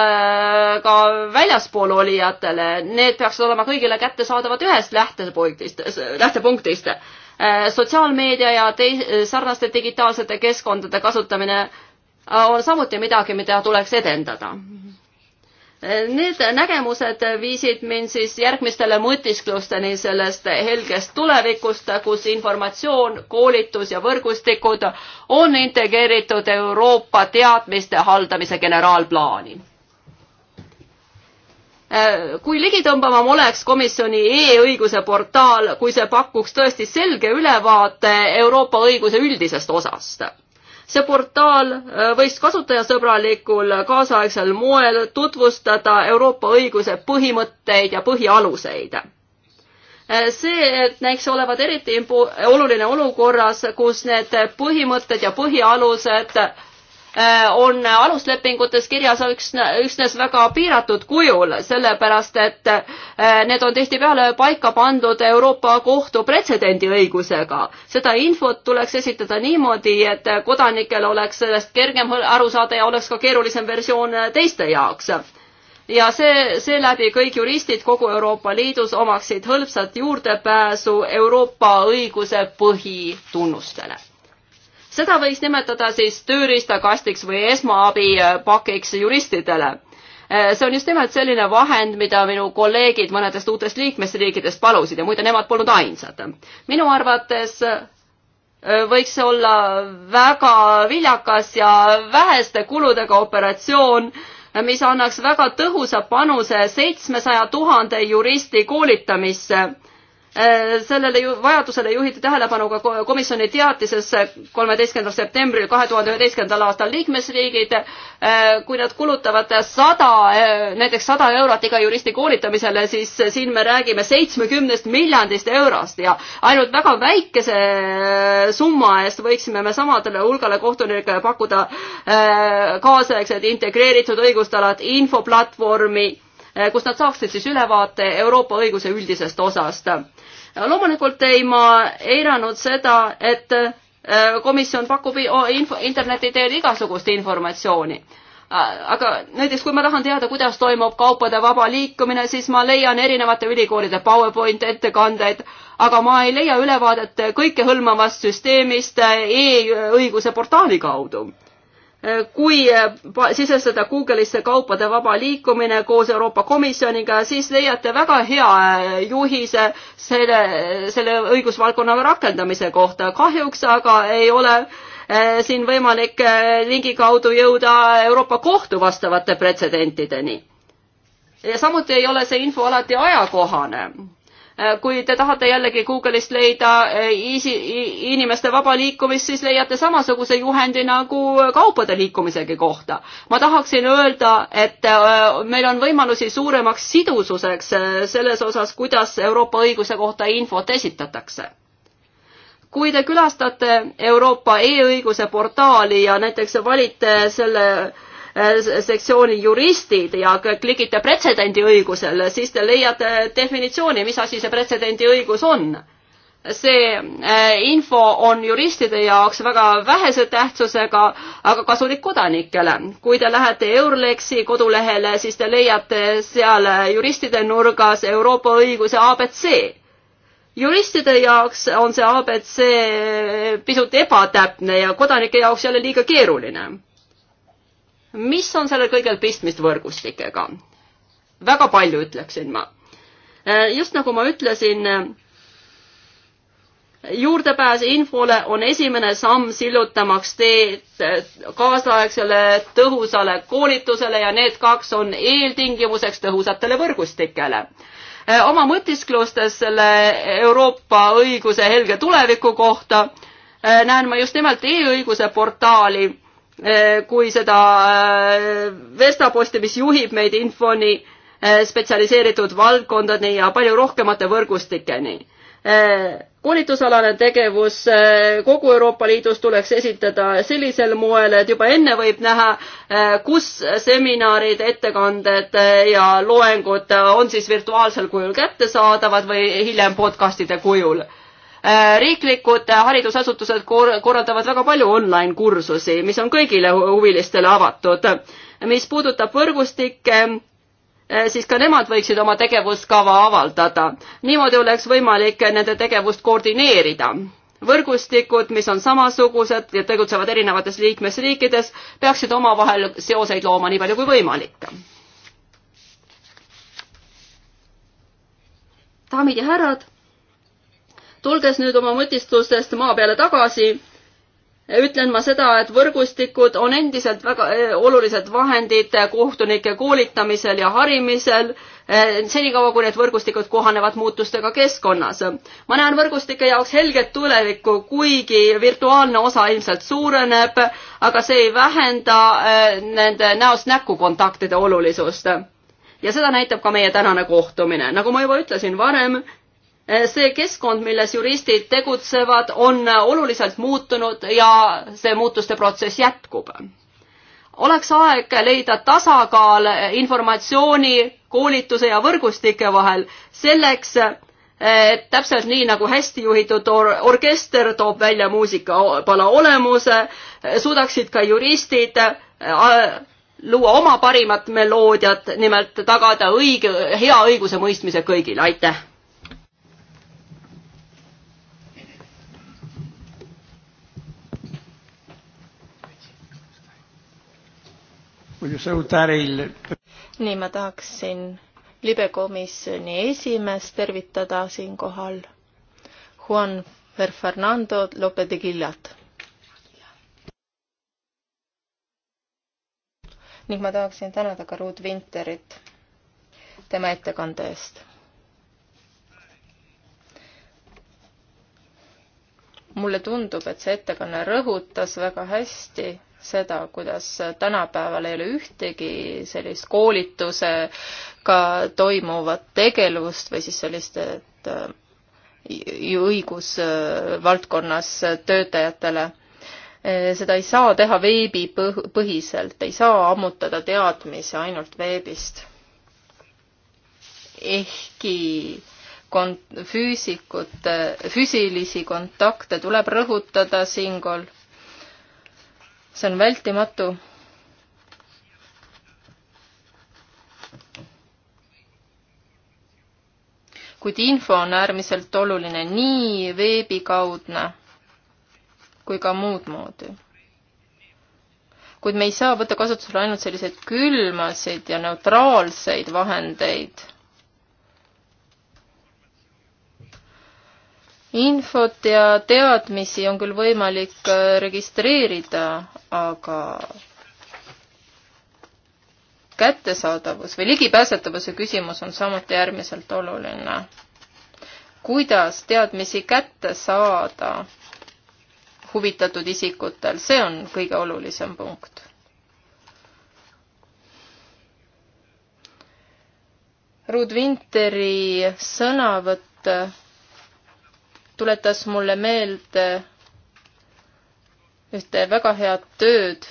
ka väljaspool olijatele. Need peaksid olema kõigile kättesaadavad ühest lähtepunktist, lähtepunktist sotsiaalmeedia ja tei-, sarnaste digitaalsete keskkondade kasutamine on samuti midagi, mida tuleks edendada. Need nägemused viisid mind siis järgmistele mõtisklusteni sellest helgest tulevikust, kus informatsioon, koolitus ja võrgustikud on integreeritud Euroopa teadmiste haldamise generaalplaani kui ligitõmbavam oleks komisjoni e-õiguse portaal, kui see pakuks tõesti selge ülevaate Euroopa õiguse üldisest osast see portaal äh, võiks kasutajasõbralikul kaasaegsel moel tutvustada Euroopa õiguse põhimõtteid ja põhialuseid. Äh, see näiks olevat eriti oluline olukorras, kus need põhimõtted ja põhialused Äh, on aluslepingutes kirjas üksnes väga piiratud kujul, sellepärast et äh, need on tihtipeale paika pandud Euroopa Kohtu pretsedendiõigusega. seda infot tuleks esitada niimoodi, et kodanikel oleks sellest kergem aru saada ja oleks ka keerulisem versioon teiste jaoks ja see, seeläbi kõik juristid kogu Euroopa Liidus omaksid hõlpsat juurdepääsu Euroopa õiguse põhitunnustele seda võiks nimetada siis tööriistakastiks või esmaabipakiks äh, juristidele. Äh, see on just nimelt selline vahend, mida minu kolleegid mõnedest uutest liikmesriikidest palusid ja muide, nemad polnud ainsad. minu arvates äh, võiks olla väga viljakas ja väheste kuludega operatsioon, mis annaks väga tõhusa panuse seitsmesaja tuhande juristi koolitamisse Äh, sellele ju, vajadusele juhiti tähelepanu ka komisjoni teatises kolmeteistkümnendal septembril kahe tuhande üheteistkümnendal aastal liikmesriigid, äh, kui nad kulutavad sada, äh, näiteks sada eurot iga juristi koolitamisele, siis siin me räägime seitsmekümnest miljardist eurost ja ainult väga väikese summa eest võiksime me samadele hulgale kohtunikele pakkuda kaasaegset integreeritud õigustalat infoplatvormi kus nad saaksid siis ülevaate Euroopa õiguse üldisest osast loomulikult ei ma eiranud seda, et äh, komisjon pakub info, interneti teel igasugust informatsiooni äh, aga näiteks kui ma tahan teada, kuidas toimub kaupade vaba liikumine, siis ma leian erinevate ülikoolide PowerPoint ettekandeid, aga ma ei leia ülevaadet kõikehõlmavast süsteemist äh, e-õiguse portaali kaudu kui eh, sisestada Google'isse kaupade vaba liikumine koos Euroopa Komisjoniga, siis leiate väga hea eh, juhise selle, selle õigusvaldkonna rakendamise kohta. kahjuks aga ei ole eh, siin võimalik lingi kaudu jõuda Euroopa Kohtu vastavate pretsedentideni. ja samuti ei ole see info alati ajakohane Äh, kui te tahate jällegi Google'ist leida äh, inimeste vaba liikumist, siis leiate samasuguse juhendi nagu kaupade liikumisegi kohta. ma tahaksin öelda, et äh, meil on võimalusi suuremaks sidususeks selles osas, kuidas Euroopa õiguse kohta infot esitatakse kui te külastate Euroopa e-õiguse portaali ja näiteks valite selle äh, Äh, sektsiooni juristid ja klikite pretsedendiõigusel, siis te leiate definitsiooni, mis asi see pretsedendiõigus on. see äh, info on juristide jaoks väga vähese tähtsusega, aga kasulik kodanikele. kui te lähete Eurlexi kodulehele, siis te leiate seal juristide nurgas Euroopa õiguse abc juristide jaoks on see abc pisut ebatäpne ja kodanike jaoks jälle liiga keeruline mis on sellel kõigel pistmist võrgustikega? väga palju, ütleksin ma. Äh, just nagu ma ütlesin, äh, juurdepääs infole on esimene samm sillutamaks teed äh, kaasaegsele tõhusale koolitusele ja need kaks on eeltingimuseks tõhusatele võrgustikele. oma mõtisklustes selle Euroopa õiguse helge tuleviku kohta näen ma just nimelt e-õiguse portaali Eh, kui seda eh, vestaposti, mis juhib meid infoni eh, spetsialiseeritud valdkondadeni ja palju rohkemate võrgustikeni. koolitusalane tegevus kogu Euroopa Liidus tuleks esitada sellisel moel, et juba enne võib näha, kus seminarid, ettekanded ja loengud on siis virtuaalsel kujul kättesaadavad või hiljem podcastide kujul Äh, riiklikud äh, haridusasutused korraldavad väga palju online kursusi, mis on kõigile huvilistele avatud. mis puudutab võrgustikke, äh, siis ka nemad võiksid oma tegevuskava avaldada. niimoodi oleks võimalik nende tegevust koordineerida võrgustikud, mis on samasugused ja tegutsevad erinevates liikmesriikides, peaksid omavahel seoseid looma nii palju kui võimalik. daamid ja härrad tulles nüüd oma mõtistustest maa peale tagasi, ütlen ma seda, et võrgustikud on endiselt väga eh, olulised vahendid kohtunike koolitamisel ja harimisel, eh, senikaua kui need võrgustikud kohanevad muutustega keskkonnas. ma näen võrgustike jaoks helget tulevikku, kuigi virtuaalne osa ilmselt suureneb, aga see ei vähenda eh, nende näost näkku kontaktide olulisust. ja seda näitab ka meie tänane kohtumine, nagu ma juba ütlesin varem Eh, see keskkond, milles juristid tegutsevad, on eh, oluliselt muutunud ja see muutuste protsess jätkub. oleks aeg leida tasakaal eh, informatsiooni, koolituse ja võrgustike vahel selleks, et täpselt nii nagu hästi juhitud or orkester toob välja muusikapala olemuse, suudaksid ka juristid luua oma parimat meloodiat, nimelt tagada õige, hea õigusemõistmise kõigile, aitäh! nii, ma tahaksin libekomisjoni esimeest tervitada siinkohal, Juan Fernando Lope de Gillat. ning ma tahaksin tänada ka Ruut Vinterit tema ettekande eest. mulle tundub, et see ettekanne rõhutas väga hästi seda, kuidas tänapäeval ei ole ühtegi sellist koolitusega toimuvat tegevust või siis sellist, et äh, õigusvaldkonnas töötajatele. seda ei saa teha veebipõhiselt, ei saa ammutada teadmisi ainult veebist. ehkki kont-, füüsikute, füüsilisi kontakte tuleb rõhutada siinkohal see on vältimatu. kuid info on äärmiselt oluline nii veebikaudne kui ka muud moodi. kuid me ei saa võtta kasutusele ainult selliseid külmasid ja neutraalseid vahendeid infot ja teadmisi on küll võimalik äh, registreerida, aga kättesaadavus või ligipääsetavuse küsimus on samuti äärmiselt oluline. kuidas teadmisi kätte saada huvitatud isikutel, see on kõige olulisem punkt. Ruud Vinteri sõnavõtt tuletas mulle meelde ühte väga head tööd.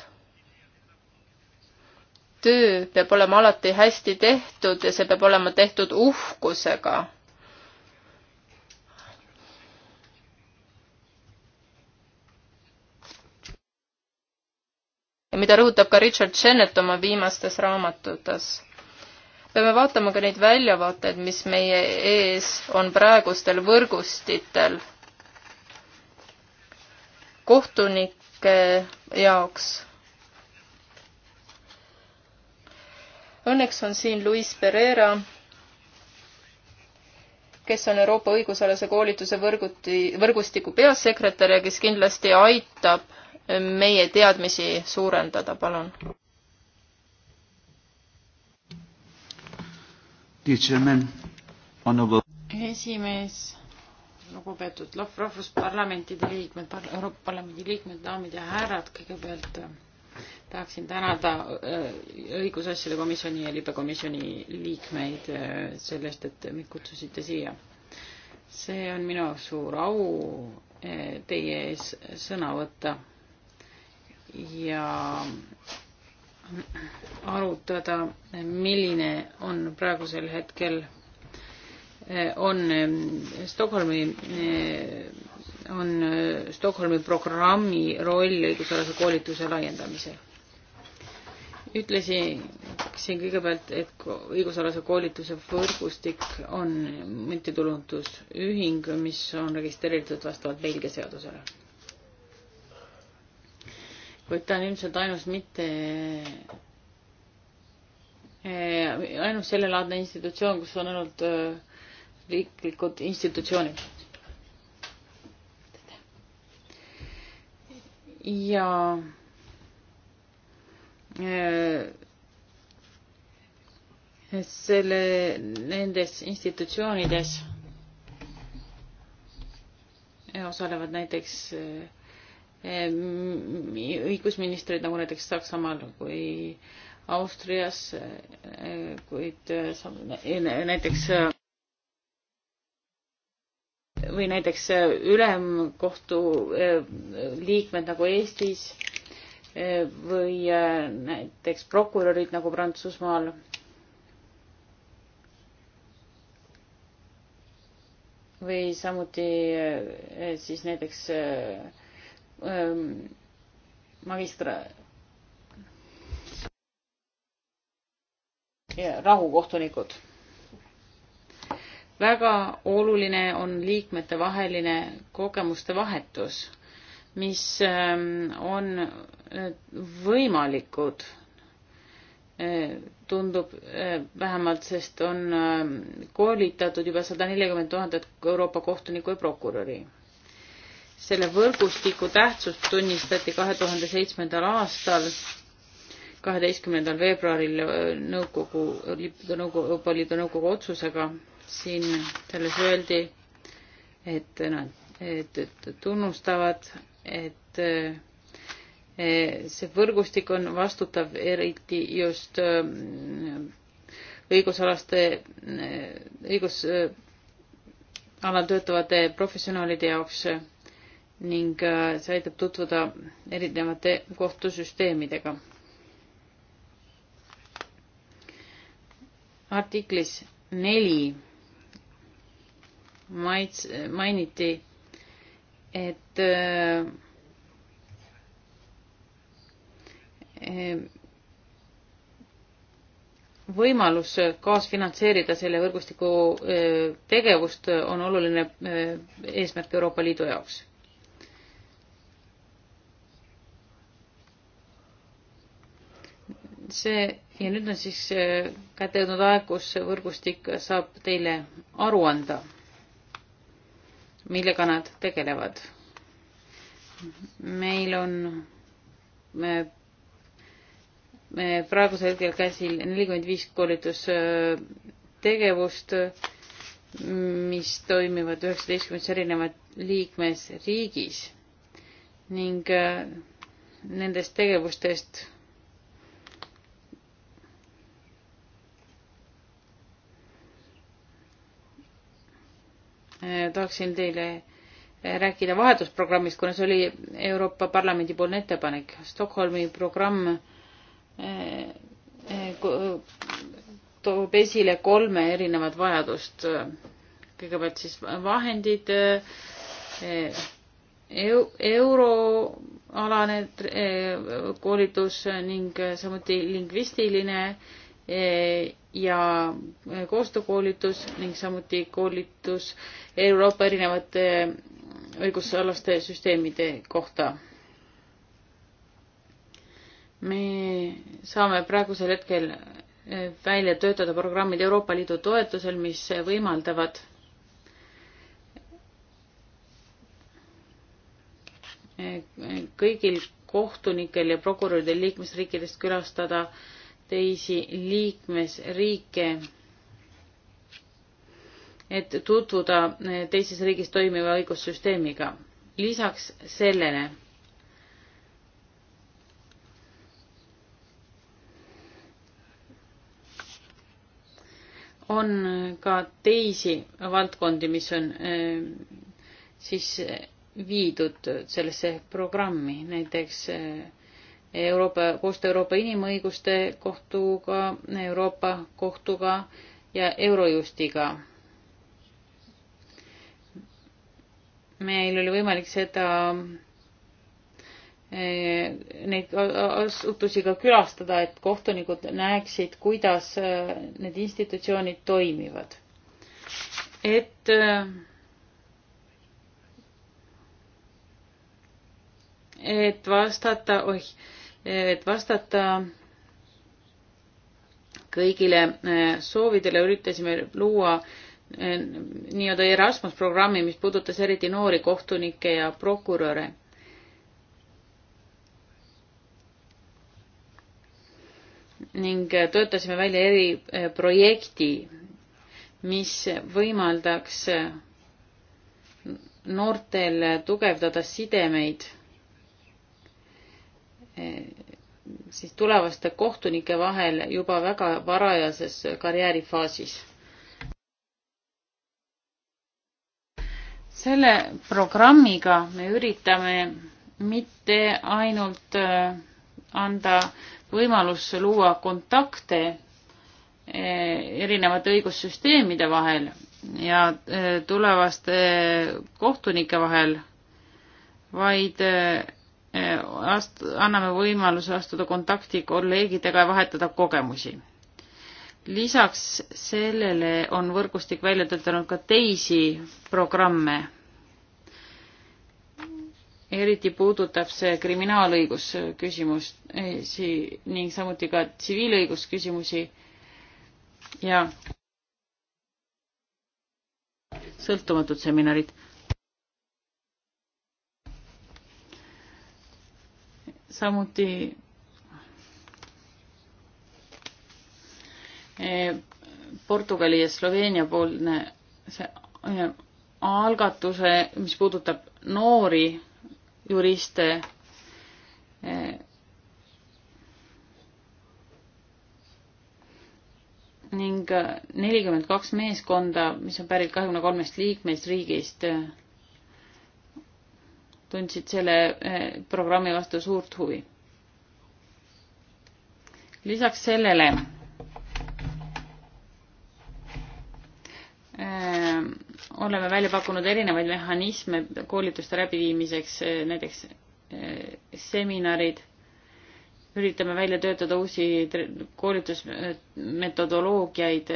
töö peab olema alati hästi tehtud ja see peab olema tehtud uhkusega. ja mida rõhutab ka Richard Sennett oma viimastes raamatutes peame vaatama ka neid väljavaateid, mis meie ees on praegustel võrgustitel kohtunike jaoks. Õnneks on siin Luis Pereira, kes on Euroopa õigusalase koolituse võrguti, võrgustiku peasekretär ja kes kindlasti aitab meie teadmisi suurendada, palun. esimees, lugupeetud rahvusparlamentide liikmed, Euroopa Parlamendi liikmed, daamid ja härrad, kõigepealt äh, tahaksin tänada äh, õigusasjade komisjoni ja libekomisjoni liikmeid äh, sellest, et mind kutsusite siia. see on minu suur au teie ees sõna võtta ja arutada, milline on praegusel hetkel, eh, on eh, Stockholmi, eh, on Stockholmi programmi roll õigusalase koolituse laiendamisel. ütlesin siin kõigepealt, et õigusalase koolituse võrgustik on mittetulundusühing, mis on registreeritud vastavalt Belgia seadusele kuid ta on ilmselt ainus mitte, eh, ainus sellelaadne institutsioon, kus on olnud eh, riiklikud institutsioonid. ja eh, selle, nendes institutsioonides osalevad näiteks äh, õigusministreid nagu näiteks Saksamaal kui Austrias, eh, kuid eh, eh, näiteks või näiteks ülemkohtu liikmed nagu Eestis või näiteks prokurörid nagu Prantsusmaal. või samuti siis näiteks Ehm, magistra- ja rahukohtunikud. väga oluline on liikmete vaheline kogemuste vahetus, mis ehm, on eh, võimalikud, eh, tundub eh, vähemalt, sest on ehm, koolitatud juba sada nelikümmend tuhandet Euroopa kohtunikku ja prokuröri selle võrgustiku tähtsust tunnistati kahe tuhande seitsmendal aastal, kaheteistkümnendal veebruaril nõukogu, Liidu Nõukogu, Euroopa Liidu Nõukogu otsusega. siin selles öeldi, et nad, et, et tunnustavad, et e, see võrgustik on vastutav eriti just e, õigusalaste, e, õigus alal töötavate professionaalide jaoks ning äh, see aitab tutvuda erinevate kohtusüsteemidega. artiklis neli maits-, mainiti, et äh, äh, võimalus kaasfinantseerida selle võrgustiku tegevust on oluline eesmärk Euroopa Liidu jaoks see ja nüüd on siis äh, kätte jõudnud aeg, kus võrgustik saab teile aru anda, millega nad tegelevad. meil on, me, me praegusel hetkel käsil nelikümmend viis koolitustegevust, mis toimivad üheksateistkümnes erinevat liikmesriigis ning äh, nendest tegevustest Eh, tahaksin teile eh, rääkida vahetusprogrammist, kuna see oli Euroopa Parlamendi poolne ettepanek. Stockholmi programm eh, toob esile kolme erinevat vajadust. kõigepealt siis vahendid, euroalane koolitus ning samuti lingvistiline ja koostöökoolitus ning samuti koolitus Euroopa erinevate õigusalaste süsteemide kohta. me saame praegusel hetkel eh, välja töötada programmid Euroopa Liidu toetusel, mis võimaldavad eh, kõigil kohtunikel ja prokuröridel liikmesriikidest külastada äh, teisi liikmesriike, et tutvuda eh, teises riigis toimiva õigussüsteemiga. lisaks sellele on ka teisi valdkondi, mis on eh, siis eh, viidud sellesse programmi, näiteks äh, Euroopa, koostöö Euroopa Inimõiguste Kohtuga, Euroopa Kohtuga ja Eurojustiga. meil oli võimalik seda, eh, neid asutusi ka külastada, et kohtunikud näeksid, kuidas eh, need institutsioonid toimivad. et eh, et vastata, oih et vastata kõigile eh, soovidele üritasime luua eh, nii-öelda Erasmus programmi, mis puudutas eriti noori kohtunikke ja prokuröre. ning eh, töötasime välja eriprojekti, mis võimaldaks noortel tugevdada sidemeid Eh, siis tulevaste kohtunike vahel juba väga varajases karjäärifaasis. selle programmiga me üritame mitte ainult eh, anda võimalus luua kontakte eh, erinevate õigussüsteemide vahel ja tulevaste kohtunike vahel, vaid Eh, ast-, anname võimaluse astuda kontakti kolleegidega ja vahetada kogemusi. lisaks sellele on võrgustik välja töötanud ka teisi programme. eriti puudutab see kriminaalõigusküsimust eh, ning samuti ka tsiviilõigusküsimusi ja sõltumatud seminarid samuti eh, Portugali ja Sloveenia poolne see eh, algatuse, mis puudutab noori juriste, eh, ning nelikümmend kaks meeskonda, mis on pärit kahekümne kolmest liikmesriigist tundsid selle eh, programmi vastu suurt huvi. lisaks sellele eh, oleme välja pakkunud erinevaid mehhanisme koolituste läbiviimiseks, eh, näiteks seminarid, üritame välja töötada uusi koolitusmetodoloogiaid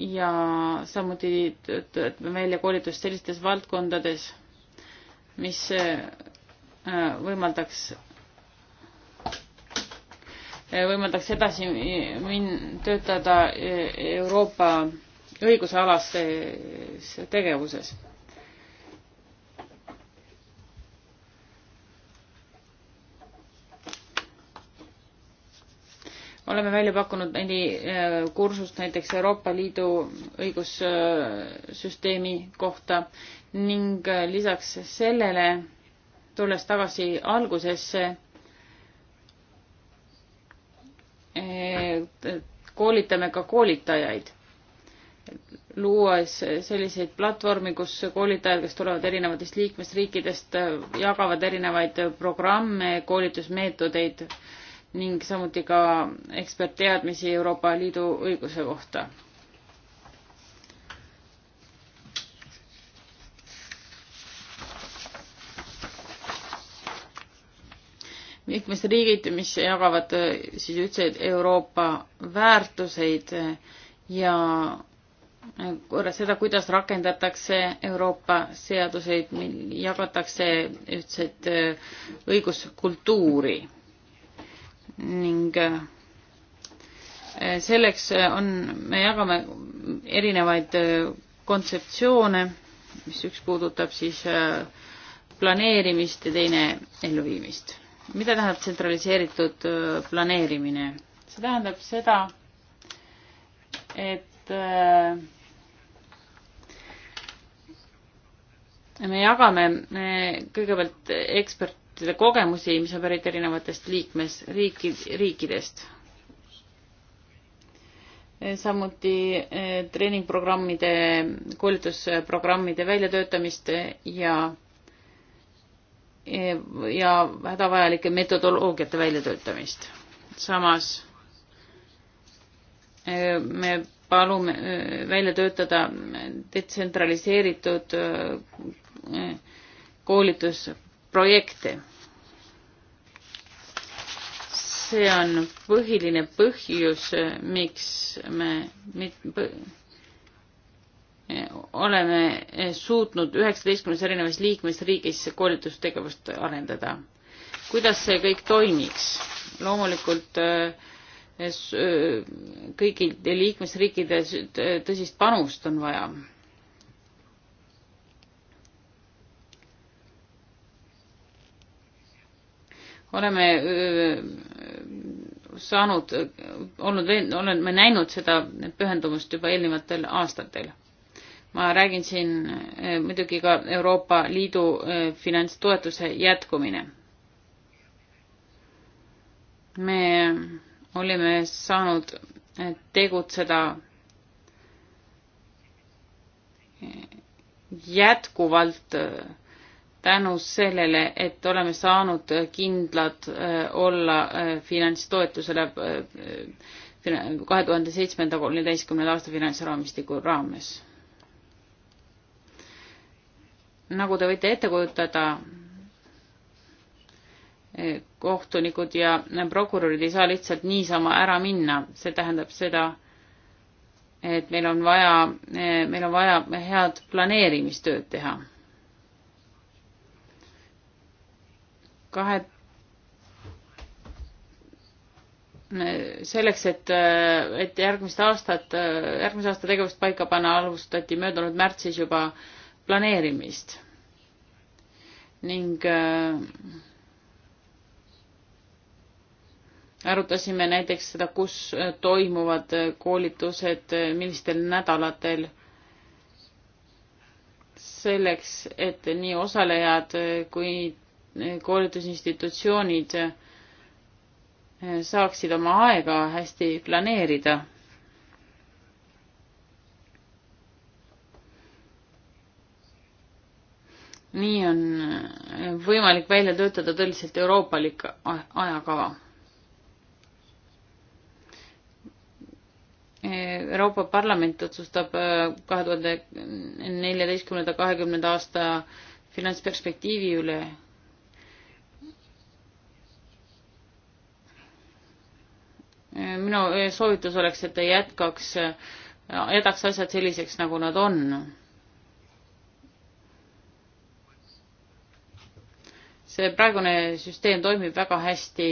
ja samuti välja koolitust sellistes valdkondades, mis äh, võimaldaks, äh, võimaldaks edasi min-, töötada äh, Euroopa õigusealases tegevuses oleme välja pakkunud neli äh, kursust näiteks Euroopa Liidu õigussüsteemi kohta ning äh, lisaks sellele, tulles tagasi algusesse, koolitame ka koolitajaid, luues selliseid platvormi, kus koolitajad, kes tulevad erinevatest liikmesriikidest, äh, jagavad erinevaid programme, koolitusmeetodeid ning samuti ka ekspertteadmisi Euroopa Liidu õiguse kohta. liikmesriigid, mis jagavad äh, siis üldse Euroopa väärtuseid äh, ja äh, korra seda, kuidas rakendatakse Euroopa seaduseid, jagatakse ühtset õiguskultuuri ning äh, selleks äh, on, me jagame erinevaid äh, kontseptsioone, mis üks puudutab siis planeerimist ja teine elluviimist. mida tähendab tsentraliseeritud planeerimine? see tähendab seda, et me jagame kõigepealt ekspert, kogemusi, mis on pärit erinevatest liikmesriikid, riikidest. samuti eh, treeningprogrammide, koolitusprogrammide väljatöötamist ja eh, ja hädavajalike metodoloogiate väljatöötamist. samas eh, me palume välja töötada detsentraliseeritud koolitusprojekte see on põhiline põhjus, miks me mit, põ, oleme suutnud üheksateistkümnes erinevas liikmesriigis koolitustegevust arendada. kuidas see kõik toimiks? loomulikult äh, äh, kõigil liikmesriikide tõsist panust on vaja oleme äh, saanud, olnud, olen, me näinud seda pühendumust juba eelnevatel aastatel. ma räägin siin eh, muidugi ka Euroopa Liidu eh, finantstoetuse jätkumine. me olime saanud eh, tegutseda jätkuvalt äh, tänu sellele, et oleme saanud kindlad äh, olla äh, finantstoetusele äh, kahe tuhande seitsmenda kolmeteistkümnenda aasta finantsraamistiku raames. nagu te võite ette kujutada, kohtunikud ja prokurörid ei saa lihtsalt niisama ära minna, see tähendab seda, et meil on vaja, meil on vaja head planeerimistööd teha kahe, selleks, et, et järgmist aastat, järgmise aasta tegevust paika panna, alustati möödunud märtsis juba planeerimist ning äh, arutasime näiteks seda, kus toimuvad koolitused, millistel nädalatel, selleks, et nii osalejad kui koolitusinstitutsioonid eh, saaksid oma aega hästi planeerida. nii on eh, võimalik välja töötada tõeliselt euroopalik ajakava. Eh, Euroopa Parlament otsustab kahe tuhande neljateistkümnenda, kahekümnenda aasta finantsperspektiivi üle minu eh, soovitus oleks, et ta jätkaks, eh, jätaks asjad selliseks, nagu nad on. see praegune süsteem toimib väga hästi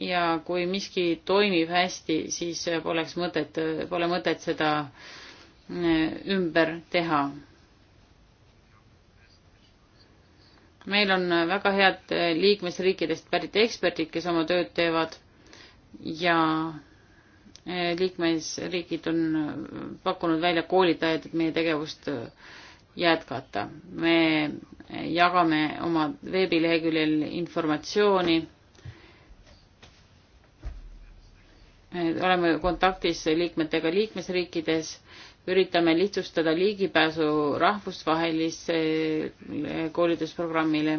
ja kui miski toimib hästi, siis poleks mõtet, pole mõtet seda eh, ümber teha. meil on väga head liikmesriikidest pärit eksperdid, kes oma tööd teevad ja eh, liikmesriigid on eh, pakkunud välja koolitajad, et meie tegevust eh, jätkata. me jagame oma veebileheküljel informatsiooni. oleme kontaktis liikmetega liikmesriikides, üritame lihtsustada ligipääsu rahvusvahelisele koolitusprogrammile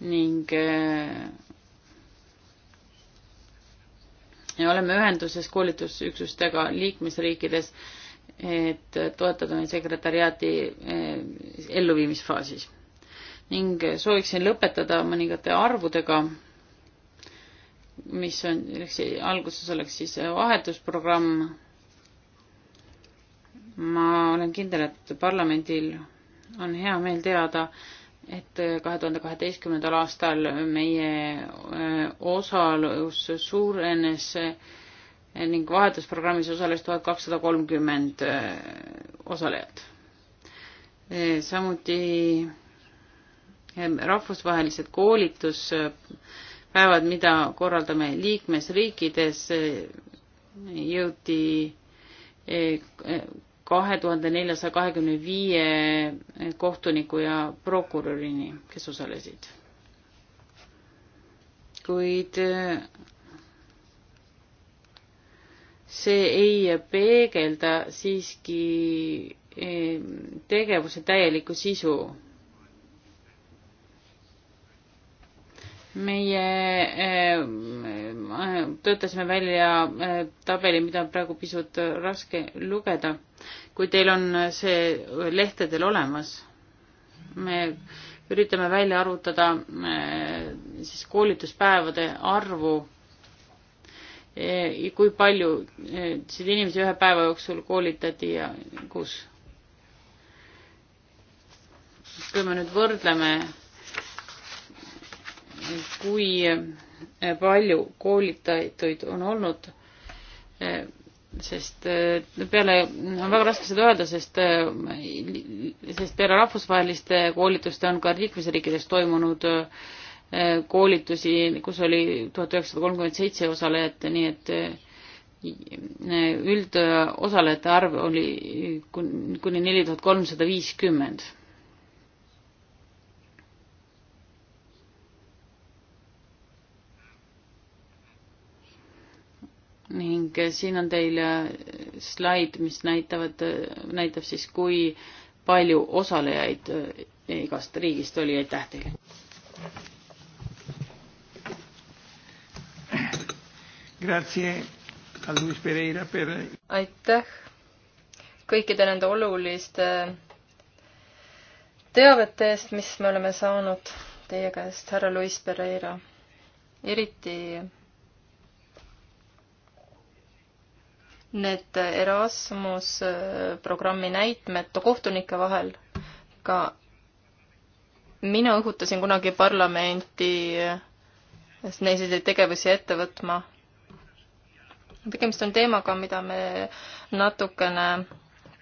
ning ja oleme ühenduses koolitusüksustega liikmesriikides, et toetada neid sekretäriaadi eh, elluviimisfaasis. ning sooviksin lõpetada mõningate arvudega, mis on, alguses oleks siis vahetusprogramm. ma olen kindel, et parlamendil on hea meel teada, et äh, kahe tuhande kaheteistkümnendal aastal meie äh, osalus suurenes äh, ning vahetusprogrammis osales tuhat kakssada kolmkümmend osalejat. samuti rahvusvahelised koolituspäevad, mida korraldame liikmesriikides, jõuti kahe tuhande neljasaja kahekümne viie kohtuniku ja prokurörini, kes osalesid. kuid äh, see ei peegelda siiski äh, tegevuse täielikku sisu. meie äh, töötasime välja tabeli, mida on praegu pisut raske lugeda kui teil on see lehtedel olemas. me üritame välja arvutada eh, siis koolituspäevade arvu, eh, kui palju eh, siis inimesi ühe päeva jooksul koolitati ja kus. kui me nüüd võrdleme, kui palju koolitajaid on olnud sest äh, peale, on väga raske seda öelda, sest, äh, sest peale rahvusvaheliste koolituste on ka liikmesriikides toimunud äh, koolitusi, kus oli tuhat üheksasada kolmkümmend seitse osalejat, nii et üldosalejate arv oli kuni neli tuhat kolmsada viiskümmend ning eh, siin on teil eh, slaid, mis näitavad, eh, näitab siis, kui palju osalejaid igast riigist oli, aitäh teile. aitäh kõikide nende oluliste teavete eest, mis me oleme saanud teie käest, härra Luis Pereira. eriti need Erasmus äh, programmi näitmed kohtunike vahel ka mina õhutasin kunagi parlamenti selliseid äh, tegevusi ette võtma. tegemist on teemaga, mida me natukene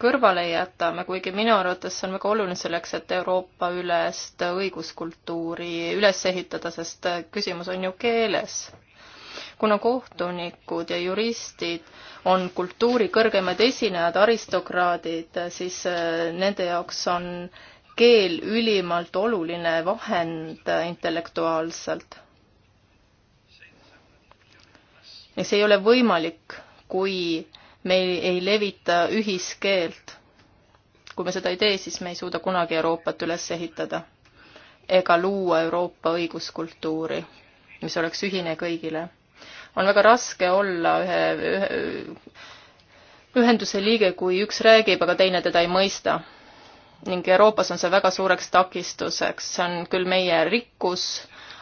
kõrvale jätame, kuigi minu arvates see on väga oluline selleks, et Euroopa ülest õiguskultuuri üles ehitada, sest äh, küsimus on ju keeles kuna kohtunikud ja juristid on kultuuri kõrgemad esinejad, aristokraadid, siis äh, nende jaoks on keel ülimalt oluline vahend äh, intellektuaalselt. ja see ei ole võimalik, kui me ei levita ühiskeelt. kui me seda ei tee, siis me ei suuda kunagi Euroopat üles ehitada ega luua Euroopa õiguskultuuri, mis oleks ühine kõigile on väga raske olla ühe, ühe ühenduse liige, kui üks räägib, aga teine teda ei mõista. ning Euroopas on see väga suureks takistuseks, see on küll meie rikkus,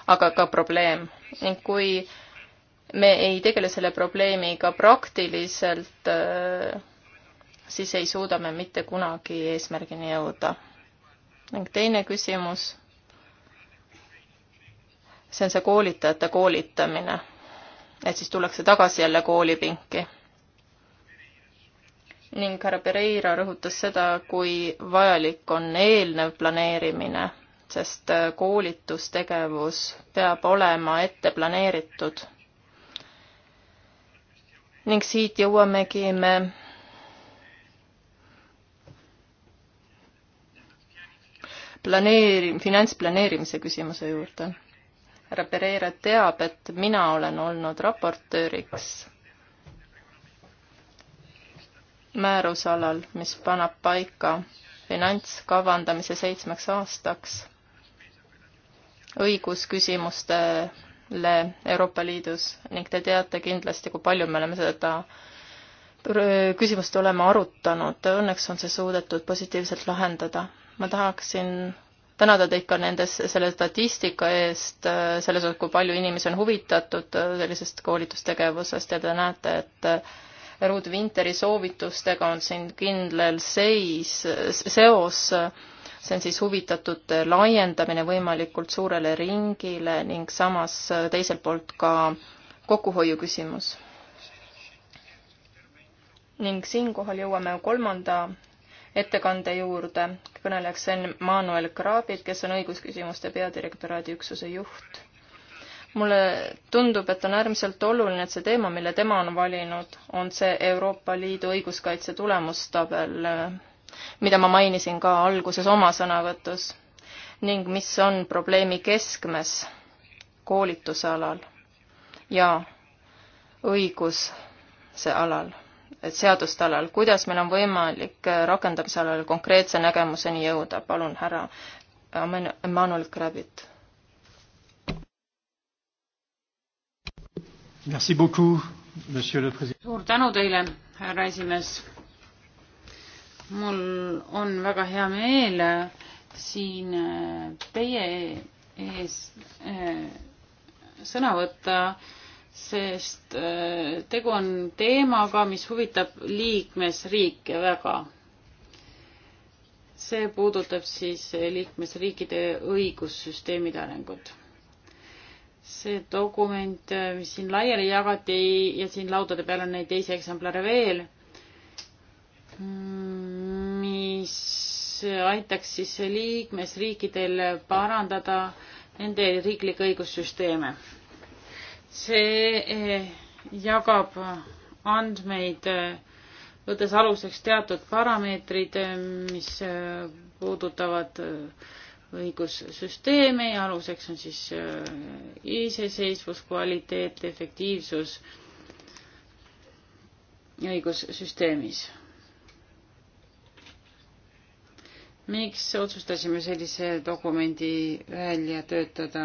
aga ka probleem. ning kui me ei tegele selle probleemiga praktiliselt, siis ei suuda me mitte kunagi eesmärgini jõuda. ning teine küsimus, see on see koolitajate koolitamine et siis tullakse tagasi jälle koolipinki. ning härra Pereira rõhutas seda, kui vajalik on eelnev planeerimine, sest äh, koolitustegevus peab olema ette planeeritud. ning siit jõuamegi me planeeri-, finantsplaneerimise küsimuse juurde härra Pereira teab, et mina olen olnud raportööriks määrusalal, mis paneb paika finantskavandamise seitsmeks aastaks õigusküsimustele Euroopa Liidus ning te teate kindlasti, kui palju me oleme seda küsimust oleme arutanud, õnneks on see suudetud positiivselt lahendada. ma tahaksin tänada teid ka nendes, selle statistika eest, selles osas, kui palju inimesi on huvitatud äh, sellisest koolitustegevusest ja te näete, et äh, Ruud Winteri soovitustega on siin kindlal seis, seos, see on siis huvitatute laiendamine võimalikult suurele ringile ning samas äh, teiselt poolt ka kokkuhoiu küsimus. ning siinkohal jõuame kolmanda ettekande juurde. kõnelejaks on Manuel Kraabit, kes on õigusküsimuste peadirektoraadi üksuse juht. mulle tundub, et on äärmiselt oluline, et see teema, mille tema on valinud, on see Euroopa Liidu õiguskaitse tulemustabel, mida ma mainisin ka alguses oma sõnavõtus ning mis on probleemi keskmes koolituse alal ja õiguse alal seaduste alal, kuidas meil on võimalik rakendamise alal konkreetse nägemuseni jõuda, palun härra Emmanuel Krabit. suur tänu teile, härra esimees. mul on väga hea meel siin äh, teie ees äh, sõna võtta sest äh, tegu on teemaga, mis huvitab liikmesriike väga. see puudutab siis liikmesriikide õigussüsteemide arengut. see dokument, äh, mis siin laiali jagati ja siin laudade peal on neid teisi eksemplare veel, mm, mis aitaks siis liikmesriikidel parandada nende riiklikke õigussüsteeme see eh, jagab andmeid, eh, võttes aluseks teatud parameetrid, eh, mis puudutavad õigussüsteemi, aluseks on siis iseseisvus, kvaliteet, efektiivsus õigussüsteemis. miks otsustasime sellise dokumendi välja töötada?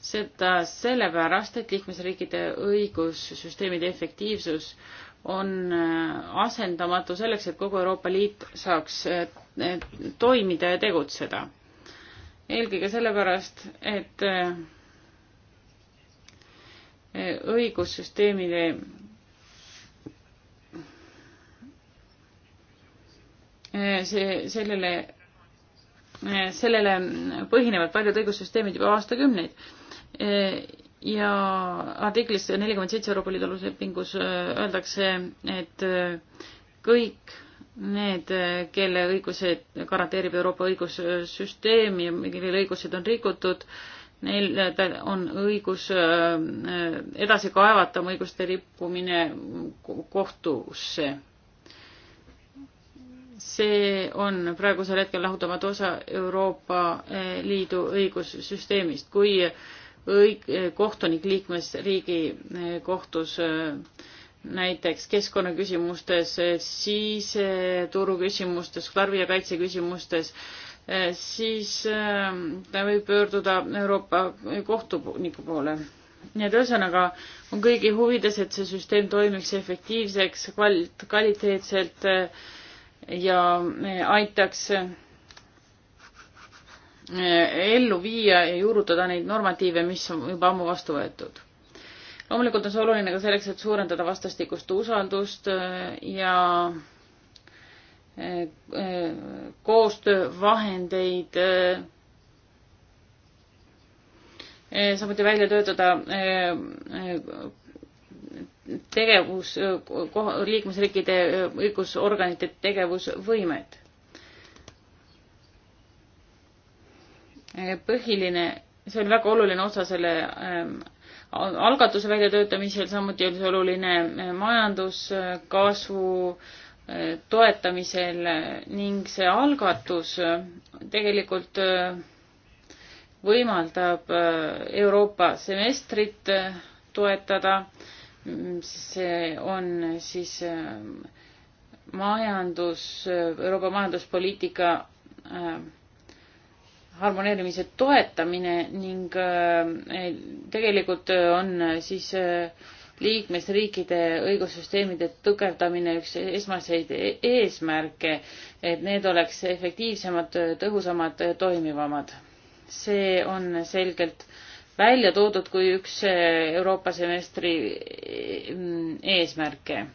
seda sellepärast, et liikmesriikide õigussüsteemide efektiivsus on äh, asendamatu selleks, et kogu Euroopa Liit saaks äh, toimida ja tegutseda. eelkõige sellepärast, et äh, õigussüsteemide see, sellele, sellele põhinevad paljud õigussüsteemid juba aastakümneid ja artiklis nelikümmend seitse Euroopa Liidu aluslepingus äh, öeldakse, et äh, kõik need, äh, kelle õigused garanteerib Euroopa õigussüsteem ja kellel õigused on rikutud, neil on õigus edasi kaevata oma õiguste rikkumine kohtusse. see on praegusel hetkel lahutamatu osa Euroopa Liidu õigussüsteemist. kui õig-, kohtunik liikmesriigi eh, kohtus eh, näiteks keskkonnaküsimustes, eh, siseturu küsimustes, tarbijakaitse küsimustes, siis ta võib pöörduda Euroopa kohtuniku poole. nii et ühesõnaga on kõigi huvides, et see süsteem toimiks efektiivseks, kvaliteetselt ja aitaks ellu viia ja juurutada neid normatiive, mis on juba ammu vastu võetud. loomulikult on see oluline ka selleks, et suurendada vastastikust usaldust äh, ja äh, äh, koostöövahendeid, samuti välja töötada tegevus, liikmesriikide õigusorganite tegevusvõimet Eh, põhiline, see oli väga oluline osa selle ehm, algatuse väljatöötamisel, samuti oli see oluline eh, majanduskasvu eh, toetamisel ning see algatus tegelikult võimaldab Euroopa semestrit toetada. Mm, see on siis majandus, Euroopa majanduspoliitika harmoneerimise toetamine ning äh, tegelikult on siis äh, liikmesriikide õigussüsteemide tugevdamine üks esmaseid e-, eesmärke, et need oleks efektiivsemad, tõhusamad, toimivamad. see on selgelt välja toodud kui üks äh, Euroopa semestri eesmärke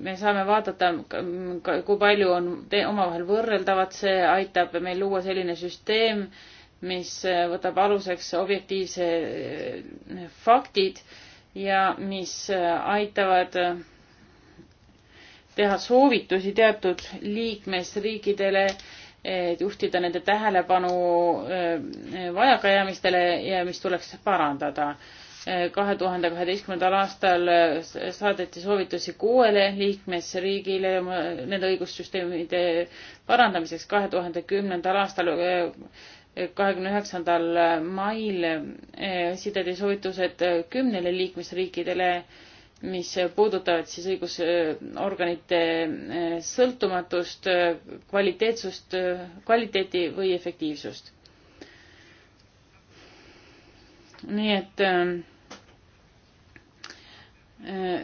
me saame vaadata, kui palju on omavahel võrreldavad, see aitab meil luua selline süsteem, mis võtab aluseks objektiivse eh, faktid ja mis aitavad teha soovitusi teatud liikmesriikidele, et juhtida nende tähelepanu eh, vajakajäämistele ja mis tuleks parandada kahe tuhande kaheteistkümnendal aastal saadeti soovitusi kuuele liikmesriigile nende õigussüsteemide parandamiseks. kahe tuhande kümnendal aastal, kahekümne üheksandal mail eh, esitati soovitused kümnele liikmesriikidele, mis puudutavad siis õigusorganite eh, sõltumatust, kvaliteetsust, kvaliteeti või efektiivsust. nii et äh,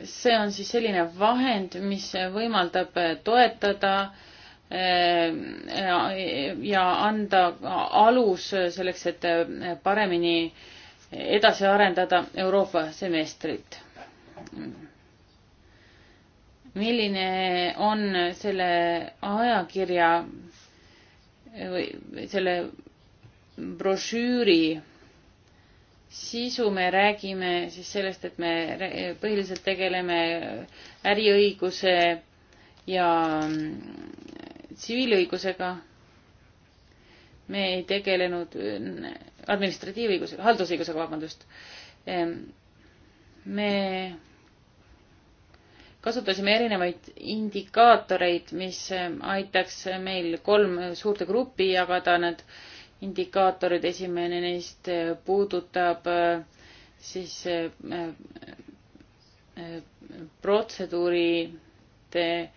see on siis selline vahend, mis võimaldab toetada eh, ja anda alus selleks, et paremini edasi arendada Euroopa semestrit. milline on selle ajakirja või selle brošüüri sisu me räägime siis sellest, et me põhiliselt tegeleme äriõiguse ja mm, tsiviilõigusega. me ei tegelenud mm, administratiivõigusega, haldusõigusega, vabandust. Ehm, me kasutasime erinevaid indikaatoreid, mis mm, aitaks meil kolm suurde gruppi jagada nad äh, indikaatorid, esimene neist äh, puudutab äh, siis äh, protseduuride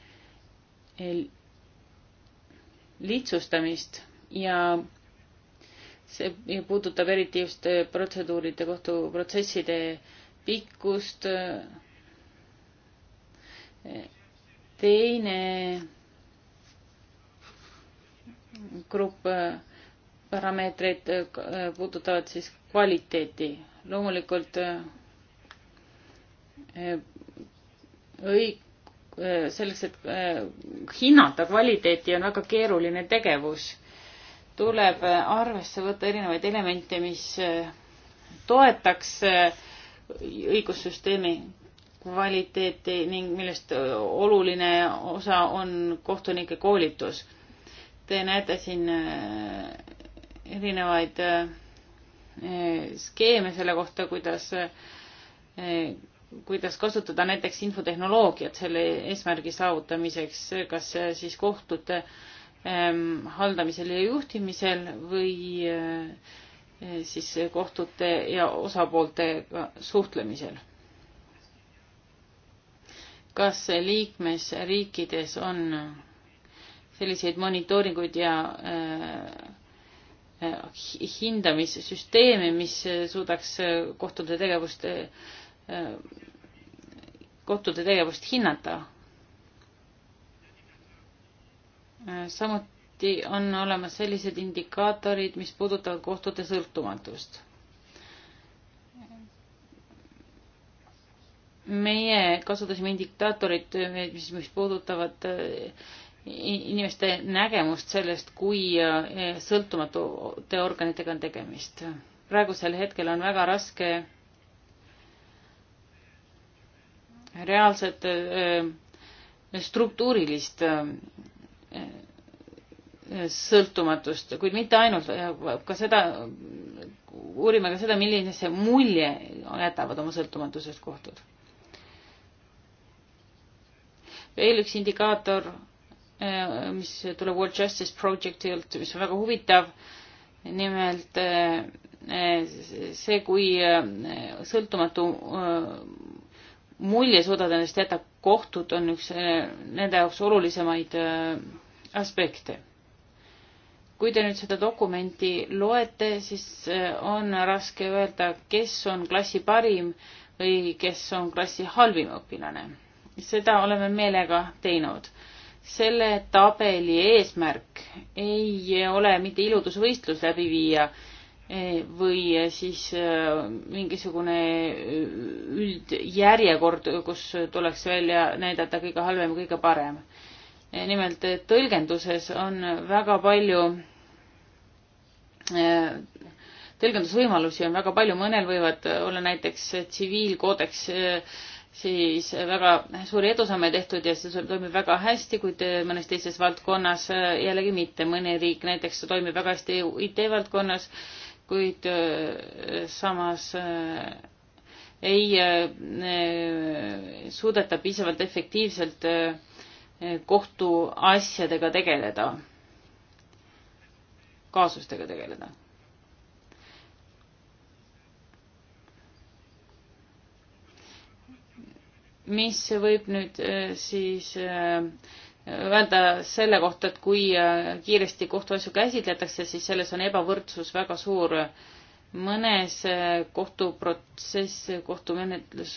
lihtsustamist ja see puudutab eriti just protseduuride kohtuprotsesside pikkust. teine grupp parameetrid eh, eh, puudutavad siis kvaliteeti. loomulikult eh, õig-, selleks, et hinnata kvaliteeti, on väga keeruline tegevus. tuleb arvesse võtta erinevaid elemente, mis toetaks õigussüsteemi kvaliteeti ning millest oluline osa on kohtunike koolitus. Te näete siin erinevaid äh, äh, skeeme selle kohta, kuidas, äh, kuidas kasutada näiteks infotehnoloogiat selle eesmärgi saavutamiseks, kas siis kohtute ähm, haldamisel ja juhtimisel või siis kohtute ja osapooltega suhtlemisel. kas liikmesriikides on selliseid monitooringuid ja äh, hindamissüsteemi, mis suudaks kohtute tegevust, kohtute tegevust hinnata. samuti on olemas sellised indikaatorid, mis puudutavad kohtute sõltumatust. meie kasutasime indikaatorid, mis, mis puudutavad äh, inimeste nägemust sellest, kui eh, sõltumatute organitega on tegemist. praegusel hetkel on väga raske reaalset eh, struktuurilist eh, sõltumatust, kuid mitte ainult, ka seda, uurime ka seda, milline see mulje jätavad oma sõltumatusest kohtud. veel üks indikaator Äh, mis tuleb World Justice Projectilt, mis on väga huvitav. nimelt äh, äh, see, kui sõltumatu mulje suudad endast jätta, kohtud on üks nende jaoks olulisemaid aspekte. kui te nüüd seda dokumenti loete, siis on raske öelda, kes on klassi parim või kes on klassi halvim õpilane. seda oleme meelega teinud selle tabeli eesmärk ei ole mitte iludusvõistlus läbi viia e, või siis e, mingisugune e, üldjärjekord, kus tuleks välja näidata kõige halvem, kõige parem. nimelt tõlgenduses on väga palju, tõlgendusvõimalusi on väga palju, mõnel võivad olla näiteks tsiviilkoodeks siis väga suuri edusamme tehtud ja see toimib väga hästi, kuid mõnes teises valdkonnas jällegi mitte. mõni riik näiteks toimib väga hästi IT valdkonnas, kuid äh, samas äh, ei äh, suudeta piisavalt efektiivselt kohtuasjadega tegeleda, kaasustega tegeleda mis võib nüüd äh, siis äh, öelda selle kohta, et kui äh, kiiresti kohtuasju käsitletakse, siis selles on ebavõrdsus väga suur. mõnes kohtuprotsess, kohtumenetlus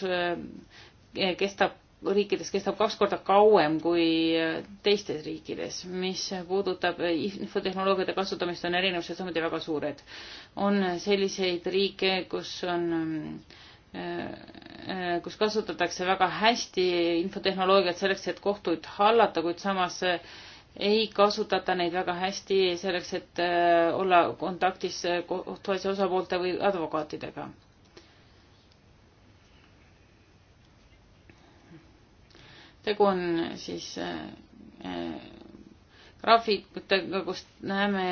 kestab, riikides kestab kaks korda kauem kui teistes riikides. mis puudutab infotehnoloogiate kasutamist, on erinevused samuti väga suured. on selliseid riike, kus on äh, Äh, äh, kus kasutatakse väga hästi infotehnoloogiat selleks, et kohtuid hallata, kuid samas äh, ei kasutata neid väga hästi selleks, et olla kontaktis kohtuasja osapoolte või advokaatidega. tegu on siis graafikutega, kust näeme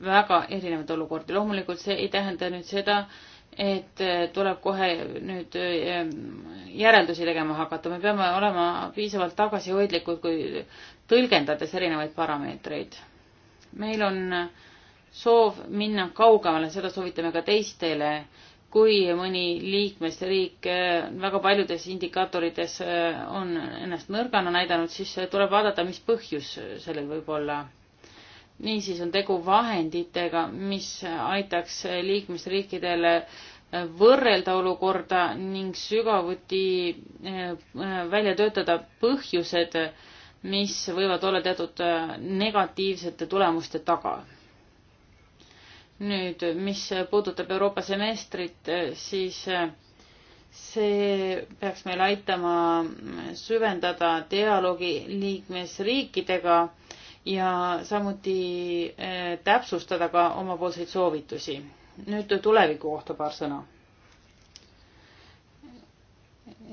väga erinevaid olukordi. loomulikult see ei tähenda nüüd seda, et äh, tuleb kohe nüüd ähm, järeldusi tegema hakata, me peame olema piisavalt tagasihoidlikud, kui tõlgendades erinevaid parameetreid. meil on äh, soov minna kaugemale, seda soovitame ka teistele, kui mõni liikmesriik äh, väga paljudes indikaatorites on ennast nõrgana näidanud, siis tuleb vaadata, mis põhjus sellel võib olla niisiis on tegu vahenditega, mis aitaks liikmesriikidele võrrelda olukorda ning sügavuti eh, välja töötada põhjused, mis võivad olla teatud eh, negatiivsete tulemuste taga. nüüd, mis puudutab Euroopa semestrit, eh, siis see peaks meil aitama süvendada dialoogi liikmesriikidega ja samuti eh, täpsustada ka omapoolseid soovitusi. nüüd tuleviku kohta paar sõna.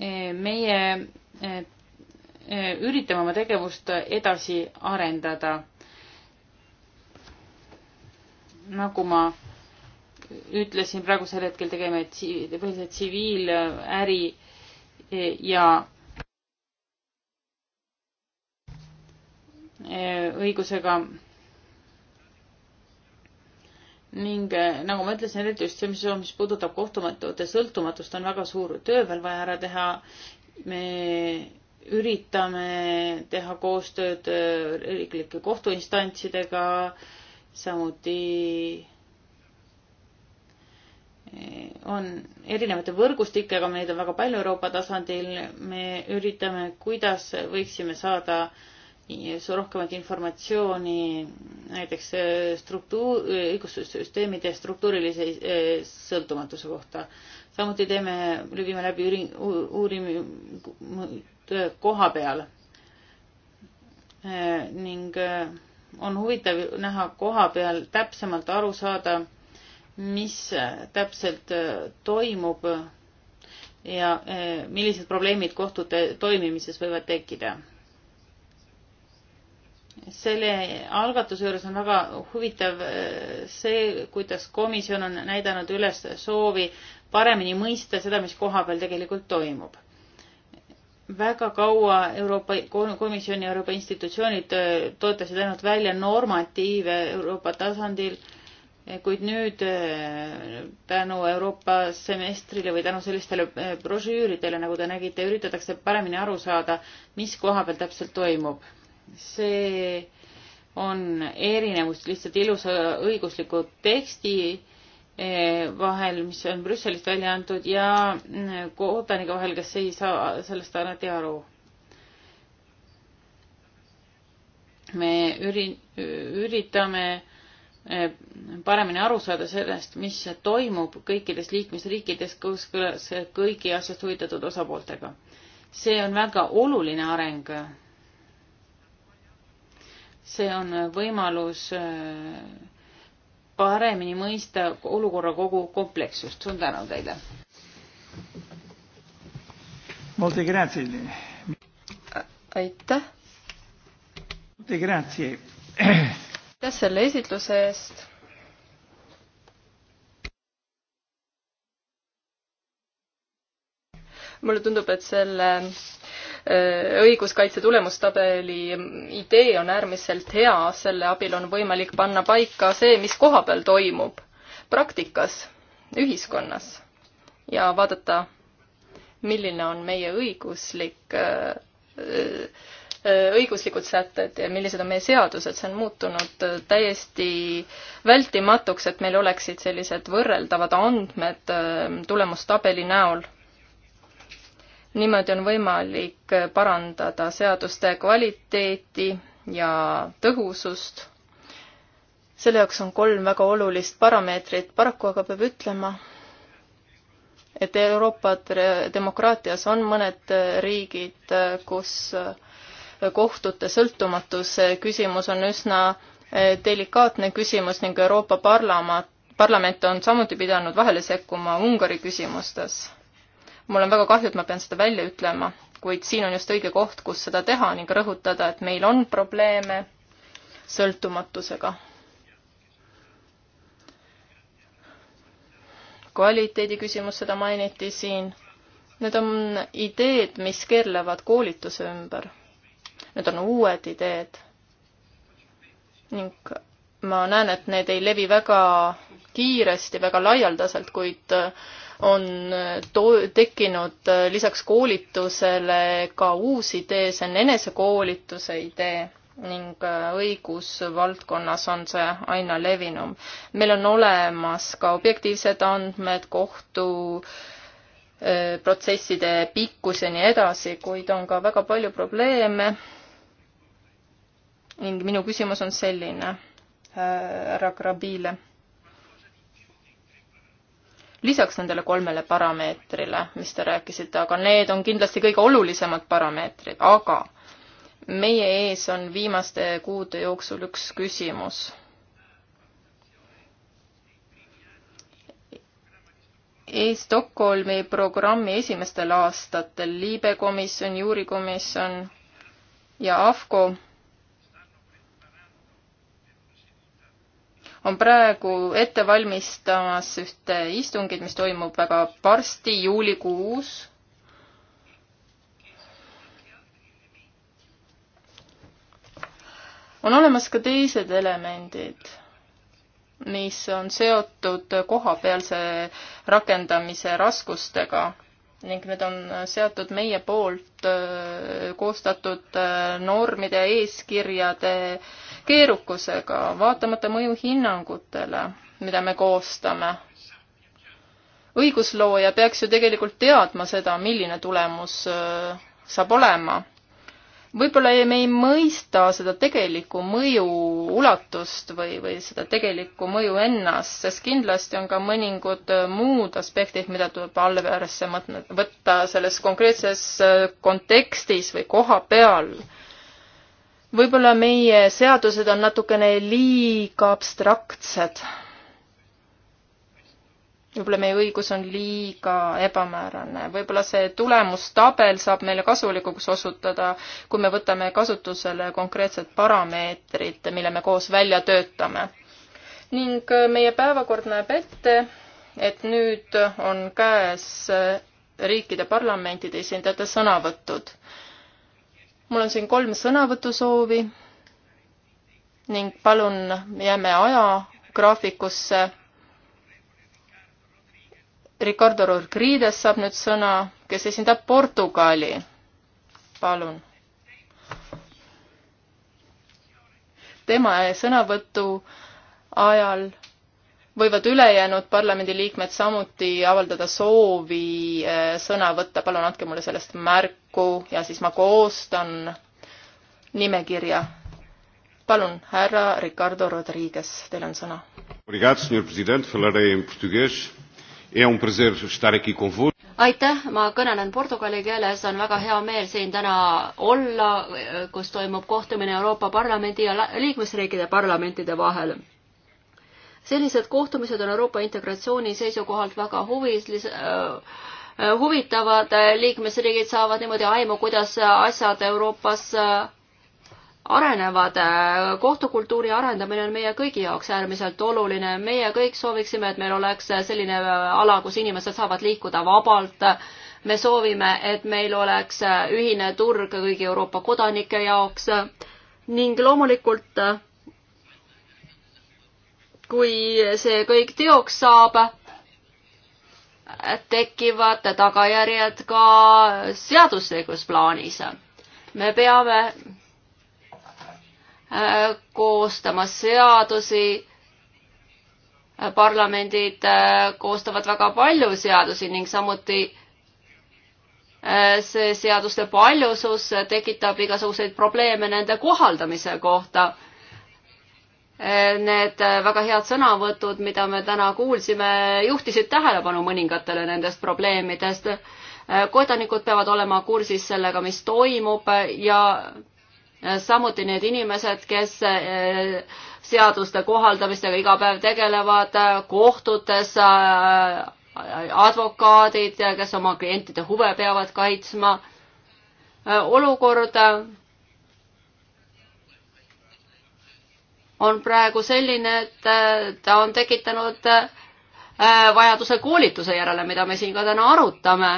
Eh, meie eh, üritame oma tegevust edasi arendada. nagu ma ütlesin, praegusel hetkel tegeme põhiliselt tsiviiläri ja õigusega. ning eh, nagu ma ütlesin, eriti just see, mis, mis puudutab kohtumatute sõltumatust, on väga suur töö veel vaja ära teha. me üritame teha koostööd eh, riiklike kohtuinstantsidega, samuti eh, on erinevate võrgustikega, meid on väga palju Euroopa tasandil, me üritame, kuidas võiksime saada äh, rohkemat informatsiooni näiteks äh, struktuur, õigussüsteemide struktuurilise äh, sõltumatuse kohta. samuti teeme, viime läbi uuring, uurimist äh, koha peal ning on huvitav näha koha peal täpsemalt aru saada, mis täpselt toimub ja millised probleemid kohtute toimimises võivad tekkida selle algatuse juures on väga huvitav äh, see, kuidas komisjon on näidanud üles soovi paremini mõista seda, mis kohapeal tegelikult toimub. väga kaua Euroopa Komisjon ja Euroopa institutsioonid äh, toetasid ainult välja normatiive Euroopa tasandil, äh, kuid nüüd tänu Euroopa semestrile või tänu sellistele brošüüridele, nagu te nägite, üritatakse paremini aru saada, mis kohapeal täpselt toimub see on erinevus lihtsalt ilusa õigusliku teksti eh, vahel, mis on Brüsselist välja antud ja mm, kodanike vahel, kes ei saa sellest alati aru. me üri-, üritame eh, paremini aru saada sellest, mis toimub kõikides liikmesriikides kooskõlas kõigi asjast huvitatud osapooltega. see on väga oluline areng see on äh, võimalus äh, paremini mõista olukorra kogu komplekssust. suur tänu teile. aitäh. aitäh selle esitluse eest. mulle tundub, et selle Äh, õiguskaitse tulemustabeli idee on äärmiselt hea, selle abil on võimalik panna paika see, mis koha peal toimub praktikas, ühiskonnas ja vaadata, milline on meie õiguslik, äh, äh, õiguslikud sätted ja millised on meie seadused, see on muutunud täiesti vältimatuks, et meil oleksid sellised võrreldavad andmed tulemustabeli näol niimoodi on võimalik parandada seaduste kvaliteeti ja tõhusust. selle jaoks on kolm väga olulist parameetrit, paraku aga peab ütlema, et Euroopa demokraatias on mõned riigid, kus kohtute sõltumatuse küsimus on üsna delikaatne küsimus ning Euroopa parlament, parlament on samuti pidanud vahele sekkuma Ungari küsimustes mul on väga kahju, et ma pean seda välja ütlema, kuid siin on just õige koht, kus seda teha ning rõhutada, et meil on probleeme sõltumatusega. kvaliteedi küsimus, seda mainiti siin. Need on ideed, mis keerlevad koolituse ümber. Need on uued ideed. ning ma näen, et need ei levi väga kiiresti, väga laialdaselt, kuid on äh, to-, tekkinud äh, lisaks koolitusele ka uus idee, see on enesekoolituse idee ning äh, õigusvaldkonnas on see aina levinum. meil on olemas ka objektiivsed andmed kohtu protsesside pikkus ja nii edasi, kuid on ka väga palju probleeme. ning minu küsimus on selline härra Grabile lisaks nendele kolmele parameetrile, mis te rääkisite, aga need on kindlasti kõige olulisemad parameetrid, aga meie ees on viimaste kuude jooksul üks küsimus. E-Stockholmi programmi esimestel aastatel Liibe komisjon, Juurikomisjon ja AFCO on praegu ette valmistamas ühte istungit, mis toimub väga varsti, juulikuus. on olemas ka teised elemendid, mis on seotud kohapealse rakendamise raskustega ning need on äh, seotud meie poolt äh, koostatud äh, normide ja eeskirjade keerukusega, vaatamata mõjuhinnangutele, mida me koostame. õiguslooja peaks ju tegelikult teadma seda, milline tulemus saab olema võib-olla me ei mõista seda tegelikku mõju ulatust või, või seda tegelikku mõju ennast, sest kindlasti on ka mõningad äh, muud aspektid, mida tuleb allveeresse võtta selles konkreetses äh, kontekstis või koha peal. võib-olla meie seadused on natukene liiga abstraktsed võib-olla meie õigus on liiga ebamäärane, võib-olla see tulemustabel saab meile kasulikuks osutada, kui me võtame kasutusele konkreetsed parameetrid, mille me koos välja töötame. ning äh, meie päevakord näeb ette, et nüüd on käes äh, riikide parlamentide esindajate sõnavõtud. mul on siin kolm sõnavõtusoovi ning palun jääme ajagraafikusse Ricardo Rodriguez saab nüüd sõna, kes esindab Portugali. palun. tema sõnavõtu ajal võivad ülejäänud parlamendiliikmed samuti avaldada soovi eh, sõna võtta, palun andke mulle sellest märku ja siis ma koostan nimekirja. palun, härra Ricardo Rodriguez, teil on sõna. Obrigado, senhor president, falarei em portugues Um aitäh, ma kõnelen portugali keeles, on väga hea meel siin täna olla, eh, kus toimub kohtumine Euroopa Parlamendi ja liikmesriikide parlamentide vahel. sellised kohtumised on Euroopa integratsiooni seisukohalt väga huvilis- äh,, huvitavad, liikmesriigid saavad niimoodi aimu, kuidas asjad Euroopas äh, arenevad. Äh, kohtukultuuri arendamine on meie kõigi jaoks äärmiselt oluline. meie kõik sooviksime, et meil oleks selline äh, ala, kus inimesed saavad liikuda vabalt. me soovime, et meil oleks äh, ühine turg kõigi Euroopa kodanike jaoks ning loomulikult kui see kõik teoks saab, tekivad tagajärjed ka seaduslikus plaanis. me peame koostama seadusi. parlamendid äh, koostavad väga palju seadusi ning samuti äh, see seaduste paljusus tekitab igasuguseid probleeme nende kohaldamise kohta. Äh, need väga head sõnavõtud, mida me täna kuulsime, juhtisid tähelepanu mõningatele nendest probleemidest kodanikud peavad olema kursis sellega, mis toimub ja samuti need inimesed, kes eh, seaduste kohaldamistega iga päev tegelevad kohtutes, eh, advokaadid, kes oma klientide huve peavad kaitsma. olukord eh, on praegu selline, et ta on tekitanud vajaduse koolituse järele, mida me siin ka täna arutame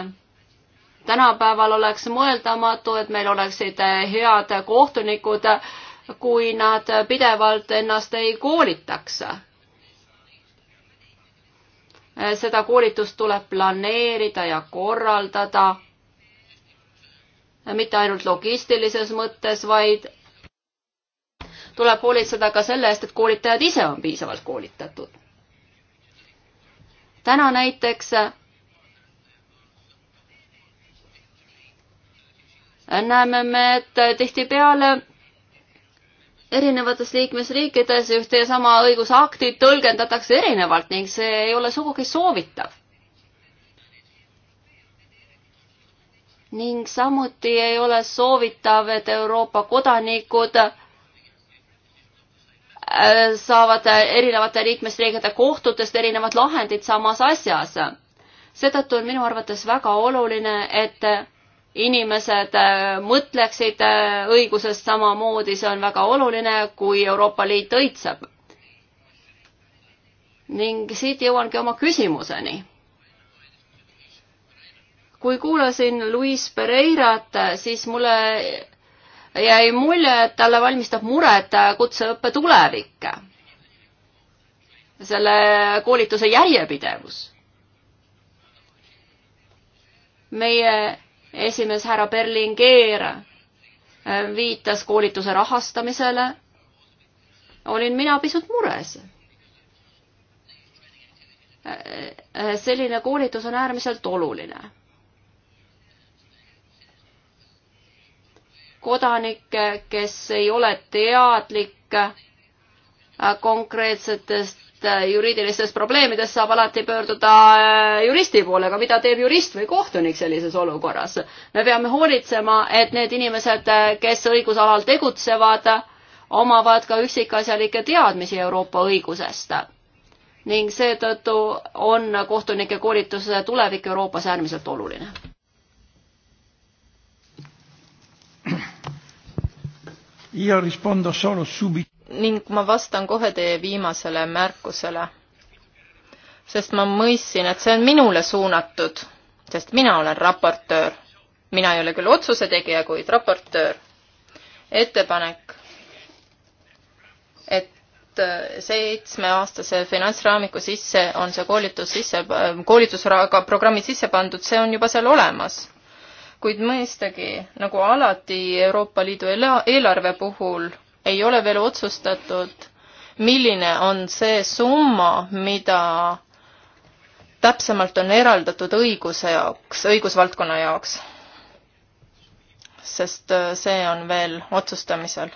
tänapäeval oleks mõeldamatu, et meil oleksid eh, head kohtunikud, kui nad pidevalt ennast ei koolitaks. Eh, seda koolitust tuleb planeerida ja korraldada eh, mitte ainult logistilises mõttes, vaid tuleb hoolitseda ka selle eest, et koolitajad ise on piisavalt koolitatud. täna näiteks näeme me, et tihtipeale erinevates liikmesriikides ühte ja sama õigusakti tõlgendatakse erinevalt ning see ei ole sugugi soovitav. ning samuti ei ole soovitav, et Euroopa kodanikud äh, saavad erinevate liikmesriikide kohtutest erinevad lahendid samas asjas. seetõttu on minu arvates väga oluline, et inimesed äh, mõtleksid äh, õigusest samamoodi, see on väga oluline, kui Euroopa Liit õitseb. ning siit jõuangi oma küsimuseni. kui kuulasin Luis Pereirat, siis mulle jäi mulje, et talle valmistab muret kutseõppe tulevik, selle koolituse järjepidevus. meie esimees härra Berlingeer äh, viitas koolituse rahastamisele, olin mina pisut mures. Äh, äh, selline koolitus on äärmiselt oluline kodanikke, kes ei ole teadlik konkreetsetest Äh, juriidilistest probleemidest saab alati pöörduda äh, juristi poole, aga mida teeb jurist või kohtunik sellises olukorras? me peame hoolitsema, et need inimesed, äh, kes õigusalal tegutsevad, omavad ka üksikasjalikke teadmisi Euroopa õigusest. ning seetõttu on kohtunike koolituse tulevik Euroopas äärmiselt oluline. Io rispondo solo subito ning ma vastan kohe teie viimasele märkusele, sest ma mõistsin, et see on minule suunatud, sest mina olen raportöör. mina ei ole küll otsuse tegija, kuid raportöör. ettepanek, et seitsmeaastase finantsraamiku sisse on see koolitus sisse, koolitusprogrammid sisse pandud, see on juba seal olemas. kuid mõistagi, nagu alati Euroopa Liidu eelarve puhul ei ole veel otsustatud, milline on see summa, mida täpsemalt on eraldatud õiguse jaoks, õigusvaldkonna jaoks. sest äh, see on veel otsustamisel.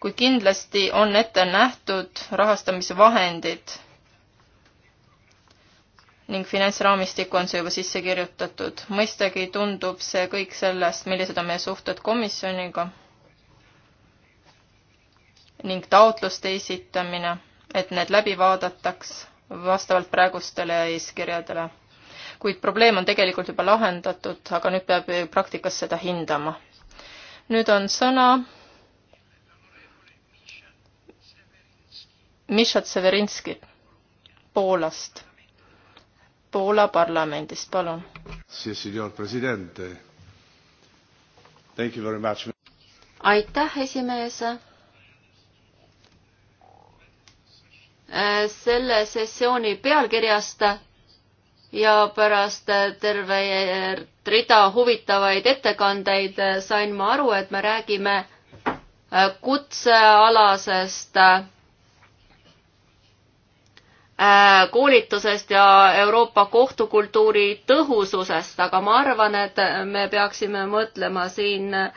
kuid kindlasti on ette nähtud rahastamisvahendid ning finantsraamistikku on see juba sisse kirjutatud. mõistagi tundub see kõik sellest, millised on meie suhted komisjoniga ning taotluste esitamine, et need läbi vaadataks vastavalt praegustele eeskirjadele. kuid probleem on tegelikult juba lahendatud, aga nüüd peab praktikas seda hindama. nüüd on sõna Mishat Severinski Poolast Poola parlamendist, palun. aitäh, esimees äh, selle sessiooni pealkirjast ja pärast terve rida huvitavaid ettekandeid sain ma aru, et me räägime kutsealasest Äh, koolitusest ja Euroopa kohtukultuuri tõhususest, aga ma arvan, et me peaksime mõtlema siin äh,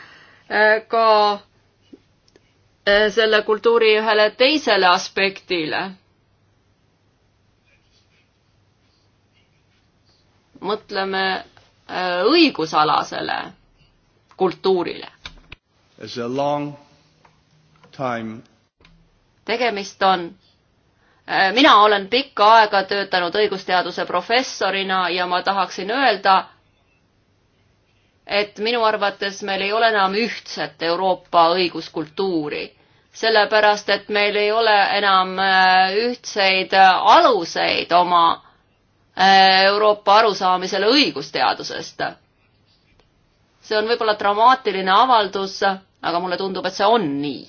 ka äh, selle kultuuri ühele teisele aspektile. mõtleme õigusalasele kultuurile. tegemist on Äh, mina olen pikka aega töötanud õigusteaduse professorina ja ma tahaksin öelda, et minu arvates meil ei ole enam ühtset Euroopa õiguskultuuri, sellepärast et meil ei ole enam äh, ühtseid äh, aluseid oma Euroopa arusaamisele õigusteadusest. see on võib-olla dramaatiline avaldus, aga mulle tundub, et see on nii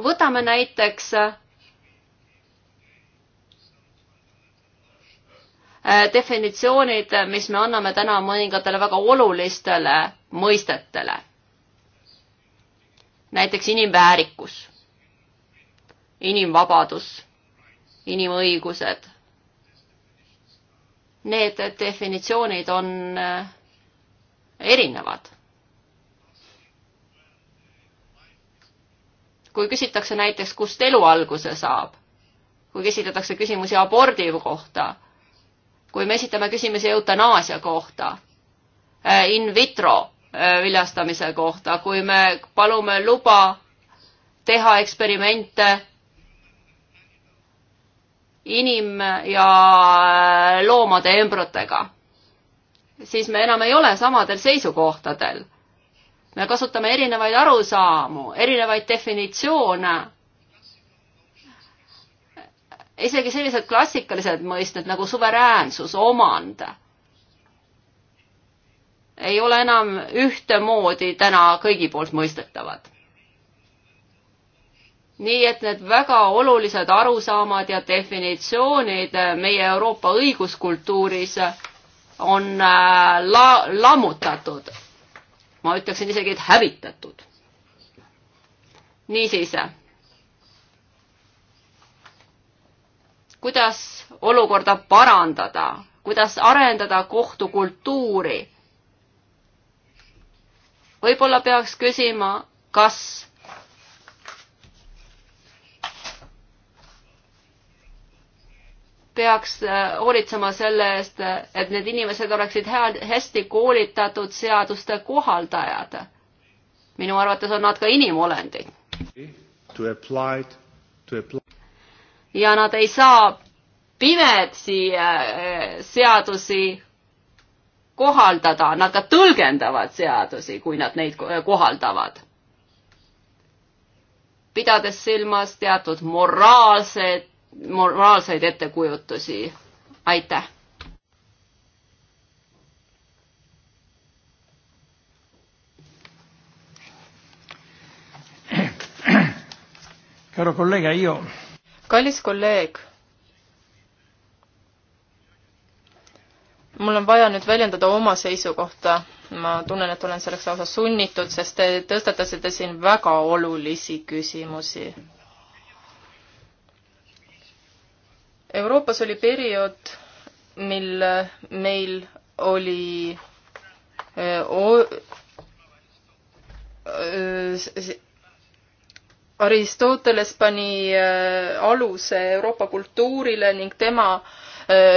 võtame näiteks äh, definitsioonid, mis me anname täna mõningatele väga olulistele mõistetele. näiteks inimväärikus, inimvabadus, inimõigused. Need definitsioonid on äh, erinevad. kui küsitakse näiteks, kust elu alguse saab, kui esitatakse küsimusi abordi kohta, kui me esitame küsimusi eutanaasia kohta, eh, in vitro eh, viljastamise kohta, kui me palume luba teha eksperimente inim- ja eh, loomade embrutega, siis me enam ei ole samadel seisukohtadel me kasutame erinevaid arusaamu, erinevaid definitsioone. isegi sellised klassikalised mõisted nagu suveräänsus, omand ei ole enam ühtemoodi täna kõigi poolt mõistetavad. nii et need väga olulised arusaamad ja definitsioonid meie Euroopa õiguskultuuris on äh, la-, lammutatud ma ütleksin isegi, et hävitatud. niisiis. kuidas olukorda parandada, kuidas arendada kohtukultuuri? võib-olla peaks küsima, kas peaks äh, hoolitsema selle eest, et need inimesed oleksid hea, hästi koolitatud seaduste kohaldajad. minu arvates on nad ka inimolendid. ja nad ei saa pimedsi äh, seadusi kohaldada, nad ka tõlgendavad seadusi, kui nad neid kohaldavad. pidades silmas teatud moraalset moraalseid ettekujutusi. aitäh! Caro collega, io... kallis kolleeg, mul on vaja nüüd väljendada oma seisukohta. ma tunnen, et olen selleks lausa sunnitud, sest te tõstatasite siin väga olulisi küsimusi Euroopas oli periood, mil meil oli o, Aristoteles pani aluse Euroopa kultuurile ning tema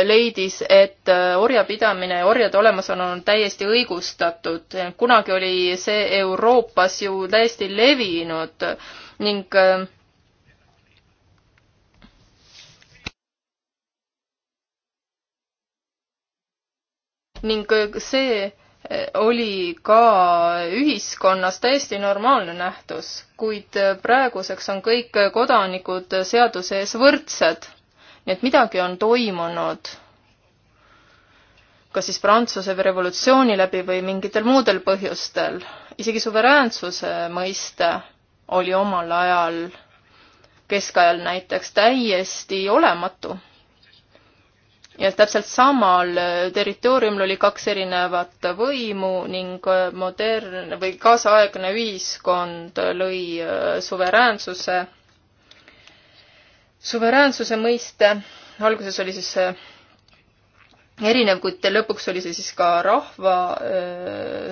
leidis, et orjapidamine ja orjade olemasolu on täiesti õigustatud. kunagi oli see Euroopas ju täiesti levinud ning äh, ning see eh, oli ka ühiskonnas täiesti normaalne nähtus, kuid eh, praeguseks on kõik kodanikud seaduse ees võrdsed. nii et midagi on toimunud, kas siis Prantsuse revolutsiooni läbi või mingitel muudel põhjustel. isegi suveräänsuse mõiste oli omal ajal, keskajal näiteks, täiesti olematu ja täpselt samal äh, territooriumil oli kaks erinevat võimu ning äh, modernne või kaasaegne ühiskond lõi äh, suveräänsuse, suveräänsuse mõiste, alguses oli siis erinev, kuid lõpuks oli see siis ka rahva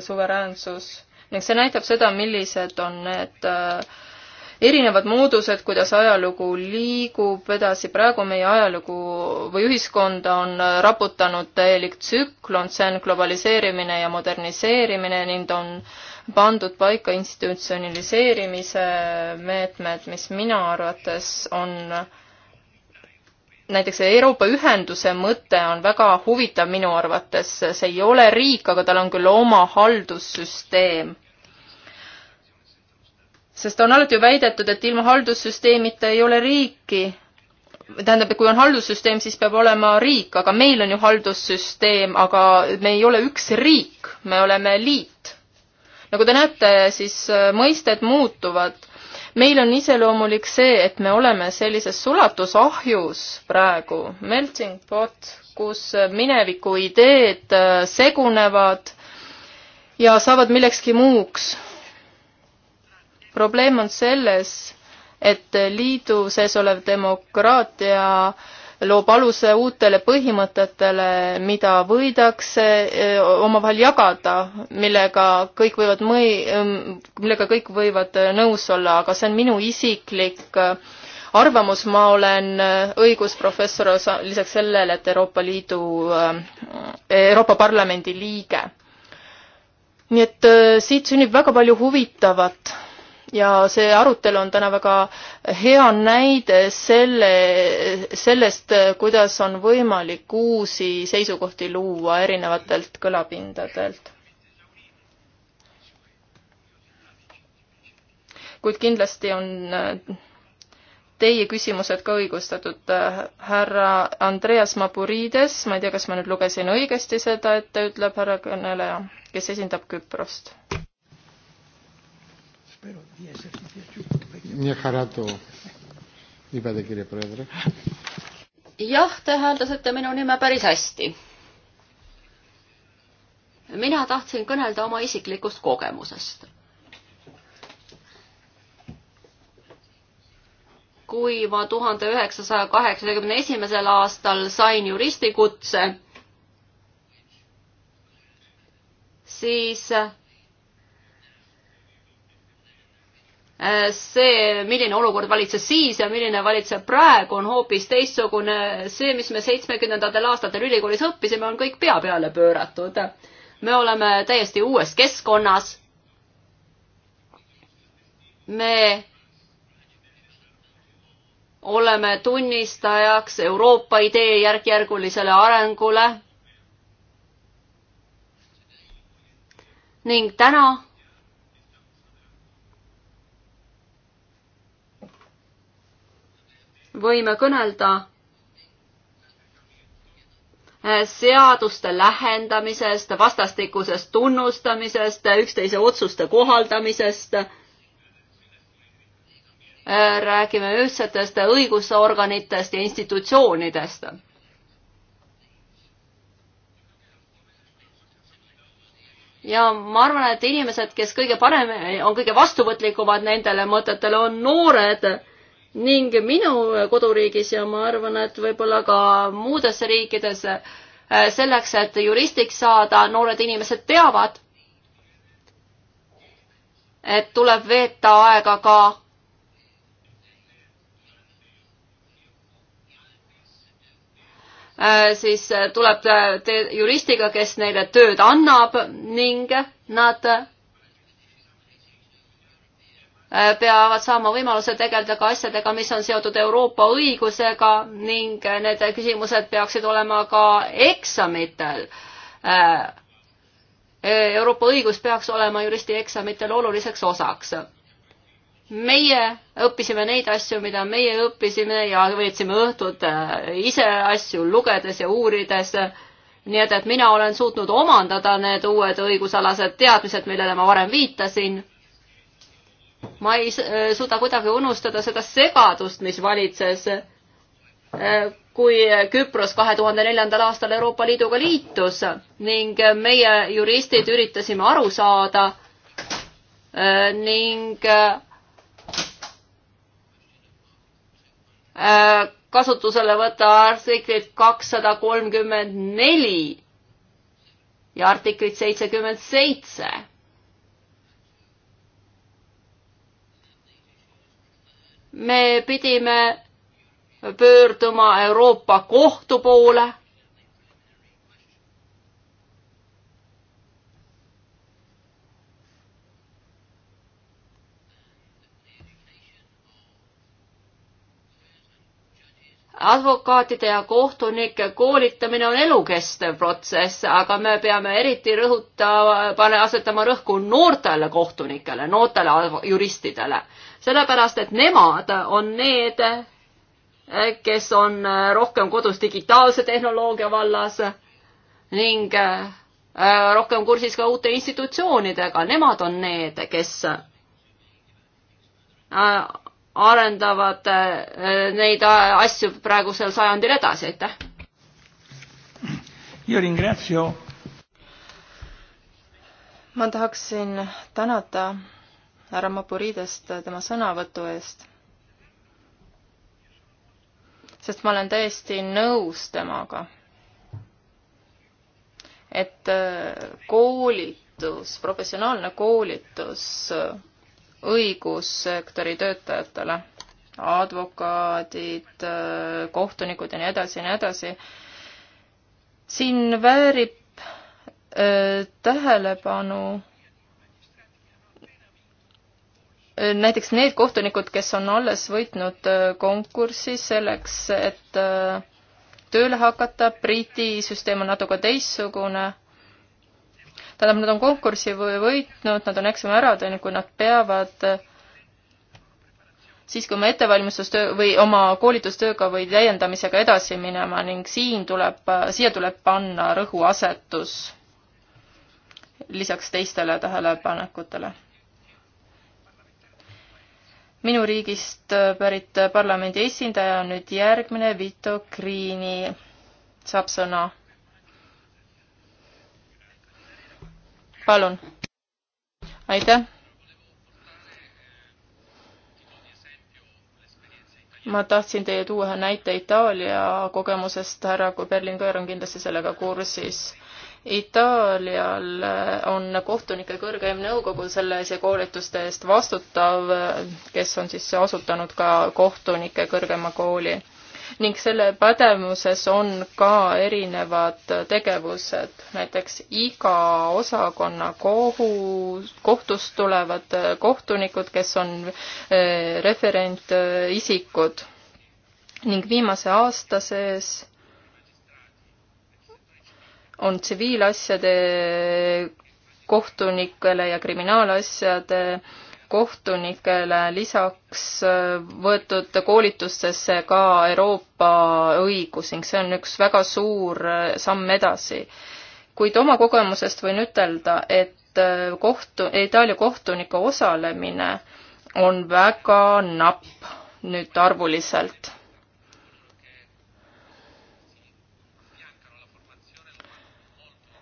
suveräänsus ning see näitab seda, millised on need äh, erinevad moodused, kuidas ajalugu liigub edasi, praegu meie ajalugu või ühiskonda on raputanud täielik tsüklon, see on globaliseerimine ja moderniseerimine ning on pandud paika institutsionaliseerimise meetmed, mis minu arvates on näiteks Euroopa Ühenduse mõte on väga huvitav minu arvates, see ei ole riik, aga tal on küll oma haldussüsteem sest on alati ju väidetud, et ilma haldussüsteemita ei ole riiki. tähendab, et kui on haldussüsteem, siis peab olema riik, aga meil on ju haldussüsteem, aga me ei ole üks riik, me oleme liit. nagu te näete, siis äh, mõisted muutuvad. meil on iseloomulik see, et me oleme sellises sulatusahjus praegu, melting pot, kus mineviku ideed äh, segunevad ja saavad millekski muuks probleem on selles, et liidu sees olev demokraatia loob aluse uutele põhimõtetele, mida võidakse e, omavahel jagada, millega kõik võivad mõi-, millega kõik võivad nõus olla, aga see on minu isiklik e, arvamus, ma olen õigusprofessor lisaks sellele, et Euroopa Liidu, e, Euroopa Parlamendi liige. nii et siit sünnib väga palju huvitavat ja see arutelu on täna väga hea näide selle, sellest, kuidas on võimalik uusi seisukohti luua erinevatelt kõlapindadelt. kuid kindlasti on teie küsimused ka õigustatud. härra Andreas Maburides, ma ei tea, kas ma nüüd lugesin õigesti seda ette, ütleb härra kõneleja, kes esindab Küprost. Μια χαρά το είπατε κύριε Πρόεδρε. Jah, te hääldasite minu nime päris hästi. mina tahtsin kõnelda oma isiklikust kogemusest. kui ma tuhande üheksasaja kaheksakümne esimesel aastal sain juristikutse, siis Äh, see, milline olukord valitses siis ja milline valitseb praegu, on hoopis teistsugune. see, mis me seitsmekümnendatel aastatel ülikoolis õppisime, on kõik pea peale pööratud. me oleme täiesti uues keskkonnas. me oleme tunnistajaks Euroopa idee järk-järgulisele arengule. ning täna võime kõnelda äh, seaduste lähendamisest, vastastikusest tunnustamisest, üksteise otsuste kohaldamisest. Äh, räägime ühtsetest õigusorganitest ja institutsioonidest. ja ma arvan, et inimesed, kes kõige parem, on kõige vastuvõtlikumad nendele mõtetele, on noored ning minu koduriigis ja ma arvan, et võib-olla ka muudes riikides äh, selleks, et juristiks saada, noored inimesed teavad, et tuleb veeta aega ka äh, siis äh, tuleb juristiga, kes neile tööd annab ning nad Äh, peavad saama võimaluse tegeleda ka asjadega, mis on seotud Euroopa õigusega ning äh, need küsimused peaksid olema ka eksamitel. Äh, Euroopa õigus peaks olema juristi eksamitel oluliseks osaks. meie õppisime neid asju, mida meie õppisime ja veetsime õhtud ise asju lugedes ja uurides. nii et, et mina olen suutnud omandada need uued õigusalased teadmised, millele ma varem viitasin ma ei äh, suuda kuidagi unustada seda segadust, mis valitses, äh, kui Küpros kahe tuhande neljandal aastal Euroopa Liiduga liitus ning meie juristid üritasime aru saada äh, ning kasutusele võtta artiklit kakssada kolmkümmend neli ja artiklit seitsekümmend seitse me pidime pöörduma Euroopa Kohtu poole advokaatide ja kohtunike koolitamine on elukestev protsess, aga me peame eriti rõhutama, pane, asetama rõhku noortele kohtunikele, noortele juristidele, sellepärast et nemad on need, kes on rohkem kodus digitaalse tehnoloogia vallas ning äh, rohkem kursis ka uute institutsioonidega, nemad on need, kes äh, arendavad äh, neid äh, asju praegusel sajandil edasi, aitäh! ma tahaksin tänada härra Mapuridest tema sõnavõtu eest, sest ma olen täiesti nõus temaga, et äh, koolitus, professionaalne koolitus õigussektori töötajatele, advokaadid, kohtunikud ja nii edasi ja nii edasi. siin väärib öö, äh, tähelepanu äh, näiteks need kohtunikud, kes on alles võitnud äh, konkursi selleks, et tööle hakata, Briti süsteem on natuke teistsugune tähendab, nad on konkursi või võitnud, nad on eksami ära teinud, kui nad peavad siis, kui oma ettevalmistustöö või oma koolitustööga või täiendamisega edasi minema ning siin tuleb, siia tuleb panna rõhuasetus lisaks teistele tähelepanekutele. minu riigist pärit parlamendi esindaja on nüüd järgmine, Vito Kriini saab sõna palun. aitäh. ma tahtsin teie tuua ühe näite Itaalia kogemusest, härra Berlinguer on kindlasti sellega kursis Itaalial on kohtunike kõrgeim nõukogu selle koolituste eest vastutav, kes on siis asutanud ka kohtunike kõrgema kooli ning selle pädevuses on ka erinevad tegevused, näiteks iga osakonna kohus, kohtust tulevad eh, kohtunikud, kes on eh, referentisikud ning viimase aasta sees on tsiviilasjade kohtunikele ja kriminaalasjade äh, kohtunikele lisaks äh, võetud koolitustesse ka Euroopa õigus ning see on üks väga suur äh, samm edasi. kuid oma kogemusest võin ütelda, et äh, kohtu, Itaalia kohtunike osalemine on väga napp nüüd arvuliselt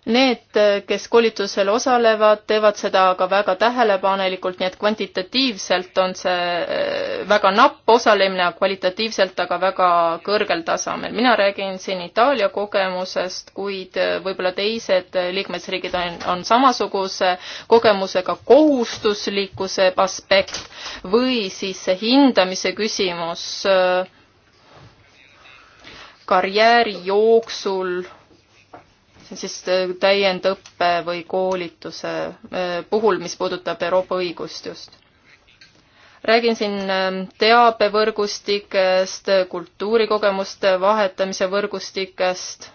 Need, kes koolitusel osalevad, teevad seda aga väga tähelepanelikult, nii et kvantitatiivselt on see äh, väga napp osalemine, kvalitatiivselt aga väga kõrgel tasemel. mina räägin siin Itaalia kogemusest, kuid äh, võib-olla teised liikmesriigid on, on samasuguse kogemusega kohustuslikkuse aspekt või siis see hindamise küsimus äh, karjääri jooksul siis äh, täiendõppe või koolituse äh, puhul, mis puudutab Euroopa õigust just. räägin siin ähm, teabevõrgustikest, kultuurikogemuste vahetamise võrgustikest,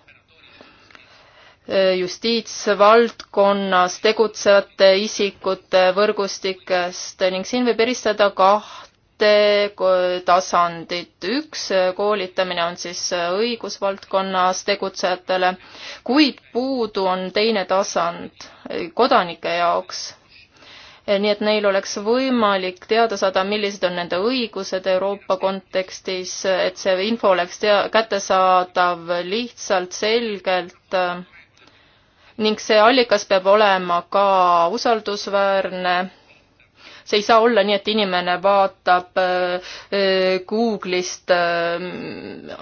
äh, justiitsvaldkonnas tegutsevate isikute võrgustikest ning siin võib eristada kah-, tasandit. üks koolitamine on siis õigusvaldkonnas tegutsejatele, kuid puudu on teine tasand kodanike jaoks. nii et neil oleks võimalik teada saada, millised on nende õigused Euroopa kontekstis, et see info oleks tea-, kättesaadav lihtsalt, selgelt ning see allikas peab olema ka usaldusväärne see ei saa olla nii, et inimene vaatab äh, äh, Google'ist äh,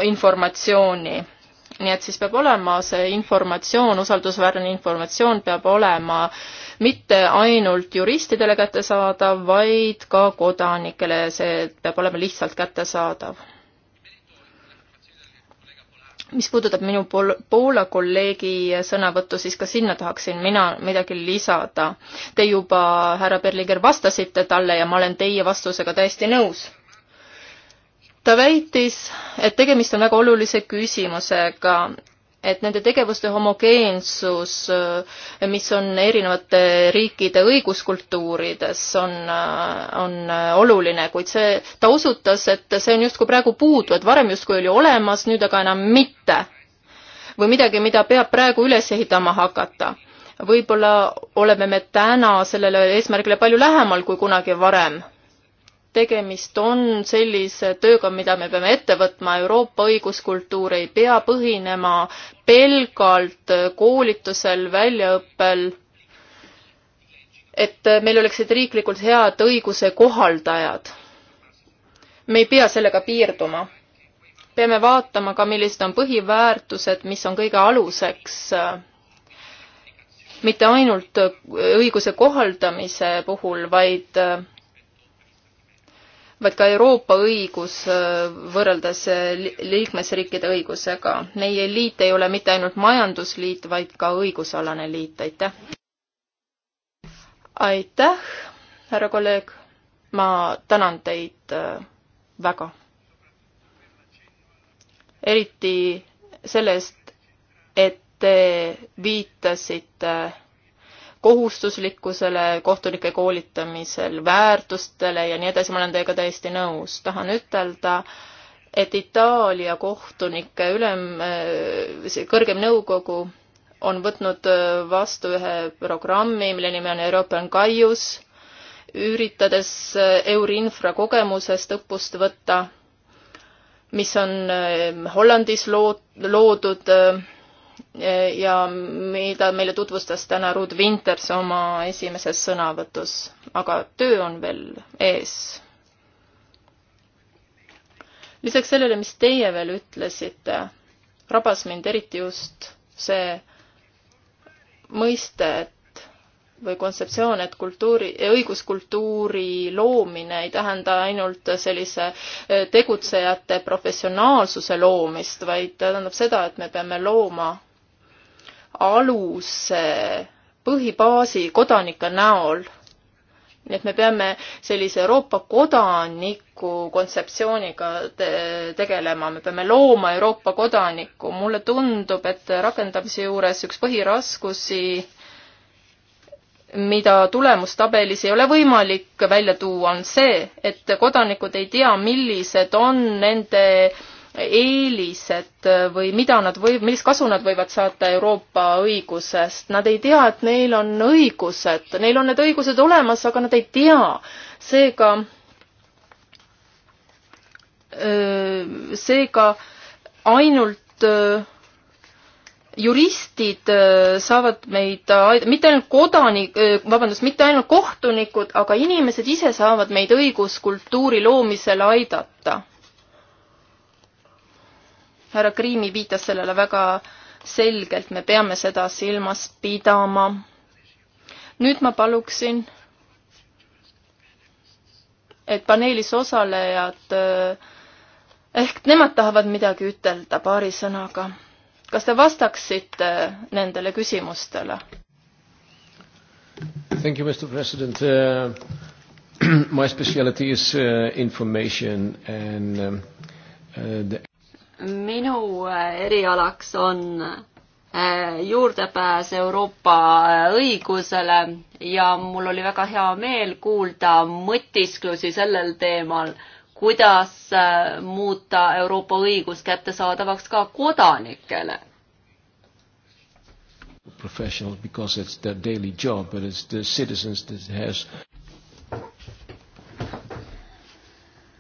informatsiooni nii et siis peab olema see informatsioon, usaldusväärne informatsioon peab olema mitte ainult juristidele kättesaadav, vaid ka kodanikele, see peab olema lihtsalt kättesaadav mis puudutab minu pool-, Poola kolleegi sõnavõttu, siis ka sinna tahaksin mina midagi lisada. Te juba, härra Berlinger, vastasite talle ja ma olen teie vastusega täiesti nõus. ta väitis, et tegemist on väga olulise küsimusega et nende tegevuste homogeensus, äh, mis on erinevate riikide õiguskultuurides, on, äh, on äh, oluline, kuid see, ta osutas, et see on justkui praegu puudu, et varem justkui oli olemas, nüüd aga enam mitte. või midagi, mida peab praegu üles ehitama hakata. võib-olla oleme me täna sellele eesmärgile palju lähemal kui kunagi varem tegemist on sellise tööga, mida me peame ette võtma, Euroopa õiguskultuur ei pea põhinema pelgalt koolitusel, väljaõppel, et meil oleksid riiklikult head õiguse kohaldajad. me ei pea sellega piirduma. peame vaatama ka, millised on põhiväärtused, mis on kõige aluseks mitte ainult õiguse kohaldamise puhul, vaid vaid ka Euroopa õigus äh, võrreldes äh, liikmesriikide õigusega. meie liit ei ole mitte ainult majandusliit, vaid ka õigusalane liit, aitäh! aitäh, härra kolleeg, ma tänan teid äh, väga. eriti selle eest, et te viitasite kohustuslikkusele, kohtunike koolitamisel, väärtustele ja nii edasi, ma olen teiega täiesti nõus. tahan ütelda, et Itaalia kohtunike ülem, äh, kõrgem nõukogu on võtnud äh, vastu ühe programmi, mille nimi on European Kaius, üritades äh, Eurinfra kogemusest õppust võtta, mis on Hollandis lood, loodud ja mida meile tutvustas täna Ruud Winters oma esimeses sõnavõtus, aga töö on veel ees. lisaks sellele, mis teie veel ütlesite, rabas mind eriti just see mõiste, et või kontseptsioon, et kultuuri, õiguskultuuri loomine ei tähenda ainult sellise eh, tegutsejate professionaalsuse loomist, vaid tähendab seda, et me peame looma aluse põhibaasi kodanike näol. nii et me peame sellise Euroopa kodaniku kontseptsiooniga te tegelema, me peame looma Euroopa kodanikku. mulle tundub, et rakendamise juures üks põhiraskusi mida tulemustabelis ei ole võimalik välja tuua, on see, et kodanikud ei tea, millised on nende eelised või mida nad või, millist kasu nad võivad saada Euroopa õigusest. Nad ei tea, et neil on õigused, neil on need õigused olemas, aga nad ei tea. seega, seega ainult öö, juristid äh, saavad meid aidata, mitte ainult kodanik, äh, vabandust, mitte ainult kohtunikud, aga inimesed ise saavad meid õiguskultuuri loomisel aidata. härra Kriimi viitas sellele väga selgelt, me peame seda silmas pidama. nüüd ma paluksin, et paneelis osalejad äh, ehk nemad tahavad midagi ütelda paari sõnaga kas te vastaksite nendele küsimustele? Thank you, Mr President uh,. My speciality is uh, information and um, uh, the... minu uh, erialaks on uh, juurdepääs Euroopa uh, õigusele ja mul oli väga hea meel kuulda mõtisklusi sellel teemal, kuidas äh, muuta Euroopa õigus kättesaadavaks ka kodanikele professionals because it's their daily job, but it's the citizens that has.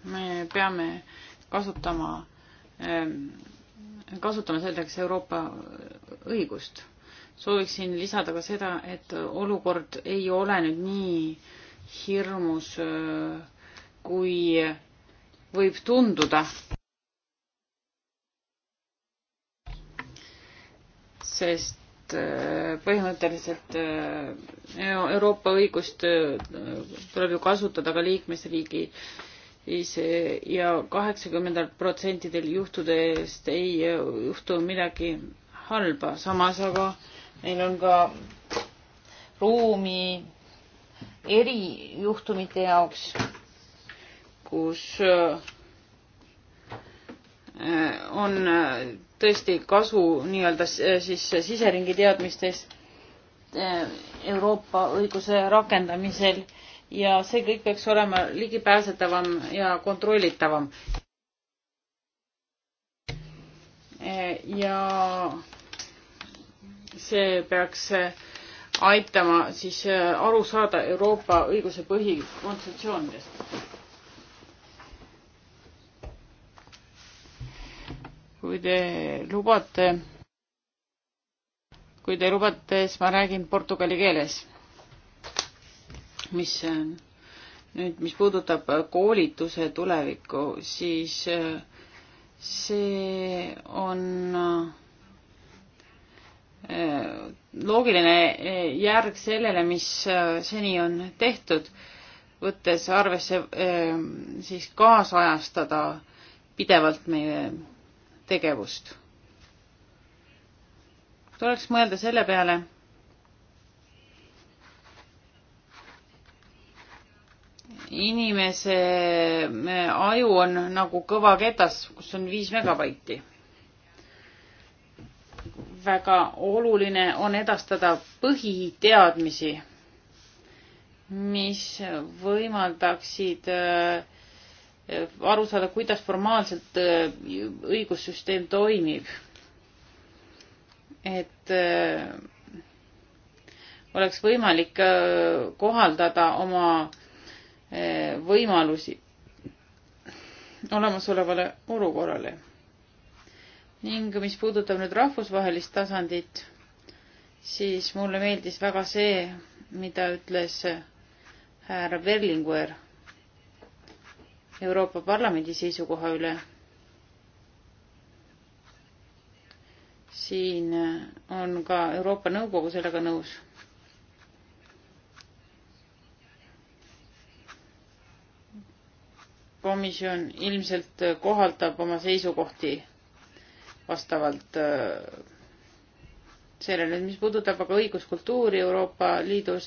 me peame kasutama, ähm, kasutama selleks Euroopa õigust. sooviksin lisada ka seda, et olukord ei ole nüüd nii hirmus, äh, kui võib tunduda. sest äh, põhimõtteliselt äh, Euroopa õigust äh, tuleb ju kasutada ka liikmesriigi ja kaheksakümnendal protsentidel juhtudest ei juhtu midagi halba, samas aga meil on ka ruumi erijuhtumite jaoks kus äh, on äh, tõesti kasu nii-öelda äh, siis siseringi teadmistes Euroopa õiguse rakendamisel ja see kõik peaks olema ligipääsetavam ja kontrollitavam. ja see peaks aitama siis aru saada Euroopa õiguse põhikontseptsioonidest kui te lubate, kui te lubate, siis ma räägin portugali keeles, mis nüüd, mis puudutab koolituse tulevikku, siis see on loogiline järg sellele, mis seni on tehtud, võttes arvesse siis kaasajastada pidevalt meie tegevust. tuleks mõelda selle peale, inimese äh, aju on nagu kõva ketas, kus on viis megabaiti. väga oluline on edastada põhiteadmisi mis võimaldaksid äh, aru saada, kuidas formaalselt äh, õigussüsteem toimib. et äh, oleks võimalik äh, kohaldada oma võimalusi olemasolevale olukorrale. ning mis puudutab nüüd rahvusvahelist tasandit, siis mulle meeldis väga see, mida ütles härra Berlinguer Euroopa Parlamendi seisukoha üle. siin on ka Euroopa Nõukogu sellega nõus. komisjon ilmselt kohaldab oma seisukohti vastavalt äh, sellele, mis puudutab aga õiguskultuuri Euroopa Liidus,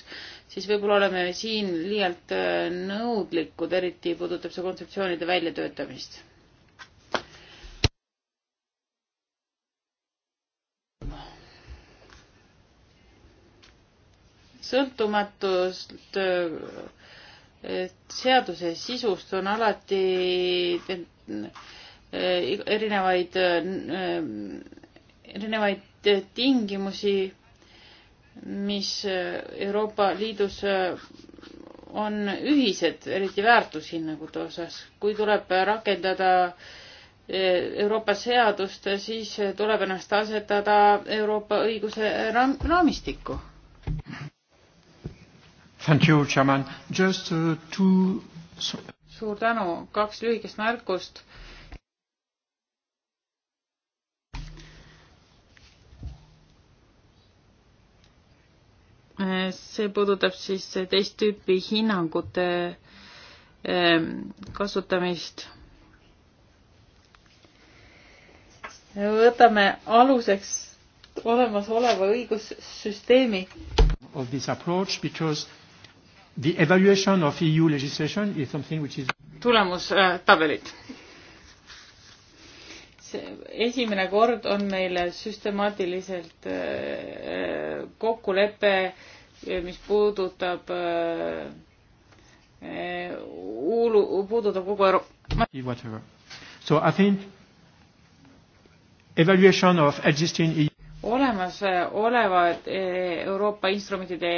siis võib-olla oleme siin liialt äh, nõudlikud, eriti puudutab see kontseptsioonide väljatöötamist. sõltumatust äh, seaduse sisust on alati äh, erinevaid, erinevaid tingimusi, mis Euroopa Liidus on ühised, eriti väärtushinnangute osas. kui tuleb rakendada e, Euroopa seadust, siis tuleb ennast asetada Euroopa õiguse raam-, raamistikku. Thank you, Chairman. Just uh, two suur tänu, kaks lühikest märkust uh, see puudutab siis teist tüüpi hinnangute ähm, kasutamist. võtame aluseks olemasoleva õigussüsteemi. Of this approach because the evaluation of EU legislation is something which is tulemustabelid äh, see esimene kord on meil süstemaatiliselt äh, kokkulepe, mis puudutab äh, Uulu, puudutab kogu Euro-. Whatever. So I think evaluation of existing e olemasolevad äh, Euroopa instrumentide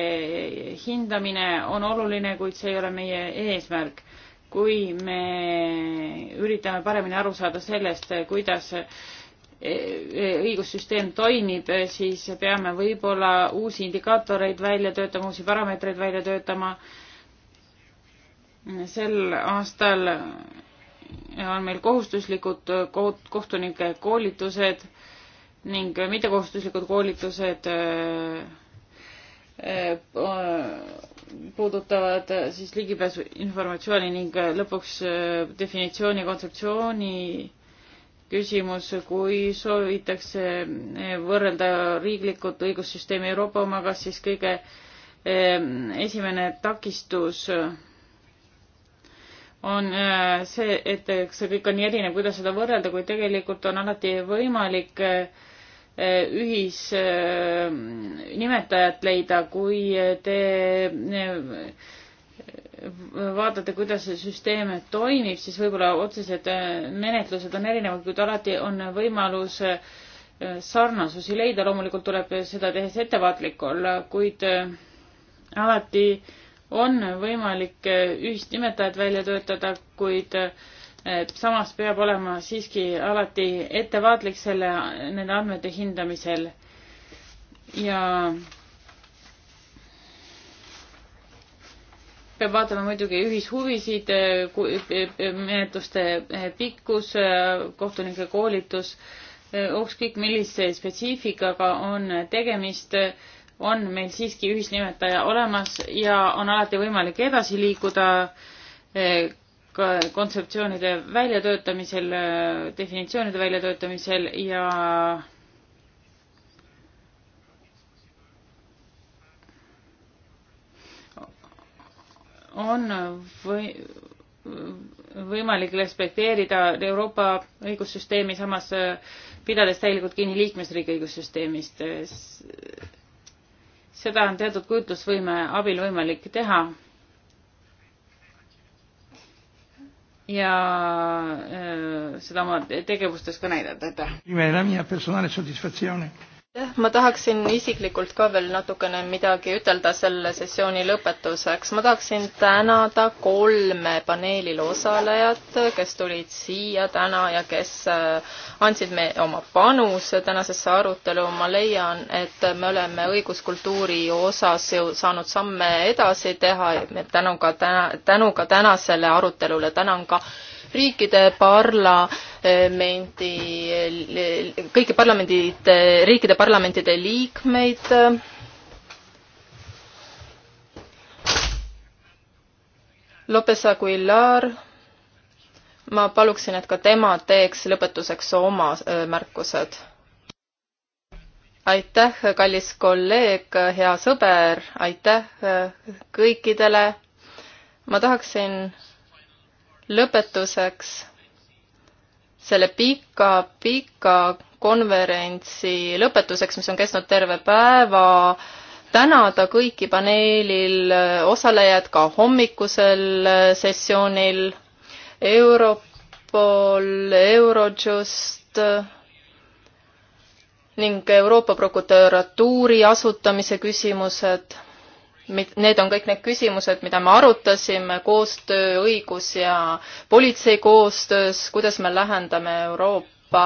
hindamine on oluline, kuid see ei ole meie eesmärk kui me üritame paremini aru saada sellest, kuidas eh, eh, õigussüsteem toimib, siis peame võib-olla uusi indikaatoreid välja töötama, uusi parameetreid välja töötama. sel aastal on meil kohustuslikud kohtunike koolitused ning mittekohustuslikud koolitused eh, puudutavad äh, siis ligipääsu informatsiooni ning äh, lõpuks äh, definitsiooni kontseptsiooni küsimus, kui soovitakse võrrelda riiklikult õigussüsteemi Euroopa omaga, siis kõige ähm, esimene takistus on see, et see kõik on nii erinev, kuidas seda võrrelda, kuid tegelikult on alati võimalik äh, ühisnimetajat äh, leida, kui te äh, vaatate, kuidas see süsteem toimib, siis võib-olla otsesed äh, menetlused on erinevad, kuid alati on võimalus sarnasusi leida, loomulikult tuleb seda tehes ettevaatlik olla, kuid alati on võimalik ühist nimetajat välja töötada, kuid äh, samas peab olema siiski alati ettevaatlik selle, nende andmete hindamisel ja peab vaatama muidugi ühishuvisid, menetluste pikkus, kohtunike koolitus, ükskõik millise spetsiifikaga on tegemist, on meil siiski ühisnimetaja olemas ja on alati võimalik edasi liikuda kontseptsioonide väljatöötamisel, definitsioonide väljatöötamisel ja on või võimalik respekteerida Euroopa õigussüsteemi, samas pidades täielikult kinni liikmesriigi õigussüsteemist. seda on teatud kujutlusvõime abil võimalik teha ja öö, äh, seda oma tegevustes ka näidata, aitäh ma tahaksin isiklikult ka veel natukene midagi ütelda selle sessiooni lõpetuseks. ma tahaksin tänada kolme paneelil osalejat, kes tulid siia täna ja kes äh, andsid me oma panuse tänasesse arutelu. ma leian, et me oleme õiguskultuuri osas ju saanud samme edasi teha ja tänu ka täna, tänu ka tänasele arutelule, tänan ka riikide parlamendi, kõiki parlamendid, riikide parlamentide liikmeid. Lopez Aguilar, ma paluksin, et ka tema teeks lõpetuseks oma märkused. aitäh, kallis kolleeg, hea sõber, aitäh kõikidele. ma tahaksin lõpetuseks selle pika-pika konverentsi lõpetuseks, mis on kestnud terve päeva, tänada kõiki paneelil osalejad ka hommikusel sessioonil Europol, Eurojust ning Euroopa prokuratuuri asutamise küsimused Need on kõik need küsimused, mida me arutasime, koostöö, õigus ja politsei koostöös, kuidas me lähendame Euroopa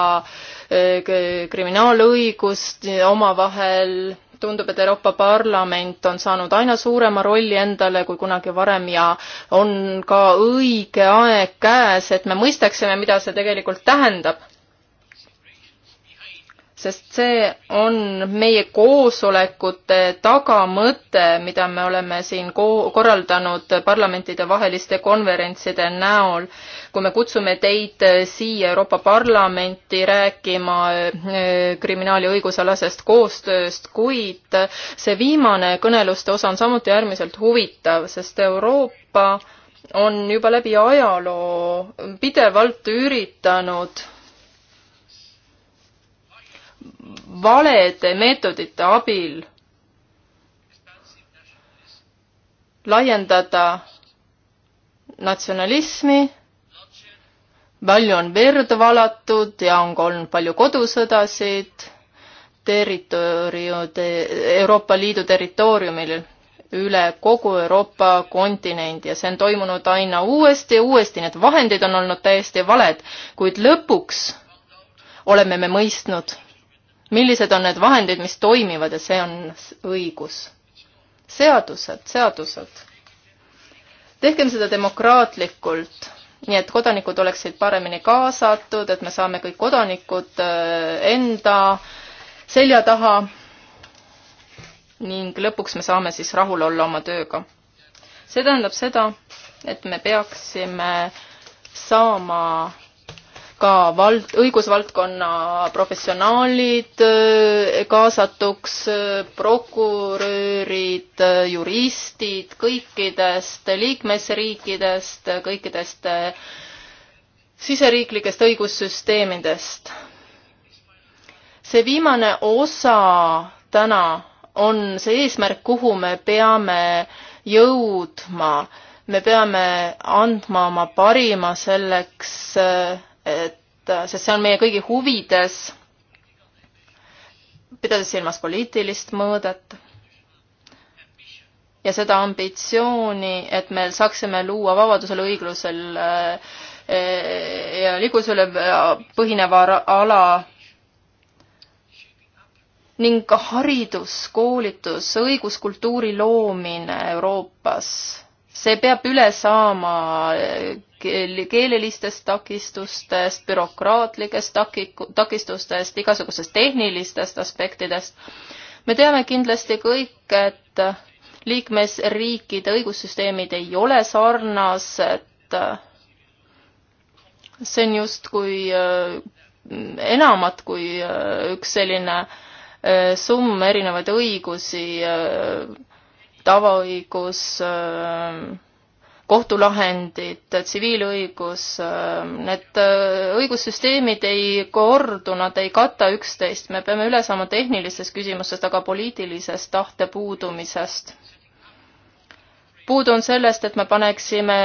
eh, kriminaalõigust omavahel, tundub, et Euroopa Parlament on saanud aina suurema rolli endale kui kunagi varem ja on ka õige aeg käes, et me mõistaksime, mida see tegelikult tähendab sest see on meie koosolekute tagamõte, mida me oleme siin ko-, korraldanud parlamentidevaheliste konverentside näol, kui me kutsume teid siia Euroopa Parlamenti rääkima äh, kriminaal- ja õigusalasest koostööst, kuid see viimane kõneluste osa on samuti äärmiselt huvitav, sest Euroopa on juba läbi ajaloo pidevalt üritanud valede meetodite abil laiendada natsionalismi, palju on verd valatud ja on ka olnud palju kodusõdasid territooriumide, Euroopa Liidu territooriumil üle kogu Euroopa kontinendi ja see on toimunud aina uuesti ja uuesti, need vahendid on olnud täiesti valed, kuid lõpuks oleme me mõistnud, millised on need vahendid, mis toimivad ja see on õigus. seadused, seadused. tehkem seda demokraatlikult, nii et kodanikud oleksid paremini kaasatud, et me saame kõik kodanikud äh, enda selja taha ning lõpuks me saame siis rahul olla oma tööga. see tähendab seda, et me peaksime saama ka vald, õigusvaldkonna professionaalid äh, kaasatuks, äh, prokurörid, äh, juristid kõikidest liikmesriikidest, kõikidest siseriiklikest õigussüsteemidest. see viimane osa täna on see eesmärk, kuhu me peame jõudma. me peame andma oma parima selleks, et, äh, sest see on meie kõigi huvides, pidades silmas poliitilist mõõdet ja seda ambitsiooni, et me saaksime luua vabadusel, õiglusel äh, ja liigusele äh, põhineva ala ning haridus, koolitus, õiguskultuuri loomine Euroopas see peab üle saama eh, keelelistest takistustest, bürokraatlikest takiku-, takistustest, igasugustest tehnilistest aspektidest. me teame kindlasti kõik, et liikmesriikide õigussüsteemid ei ole sarnased. see on justkui eh, enamat kui eh, üks selline summ erinevaid õigusi tavaõigus, äh, kohtulahendid, tsiviilõigus, äh, need äh, õigussüsteemid ei kordu, nad ei kata üksteist, me peame üle saama tehnilistest küsimustest, aga poliitilisest tahte puudumisest puudu on sellest, et me paneksime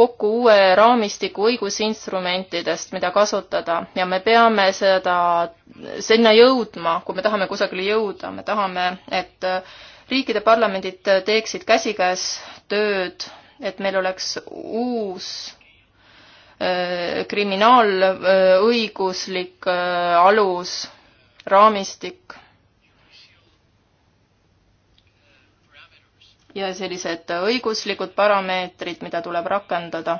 kokku uue raamistiku õigusinstrumentidest, mida kasutada ja me peame seda, sinna jõudma, kui me tahame kusagile jõuda, me tahame, et äh, riikide parlamendid äh, teeksid käsikäes tööd, et meil oleks uus äh, kriminaalõiguslik äh, alus, raamistik ja sellised õiguslikud parameetrid, mida tuleb rakendada.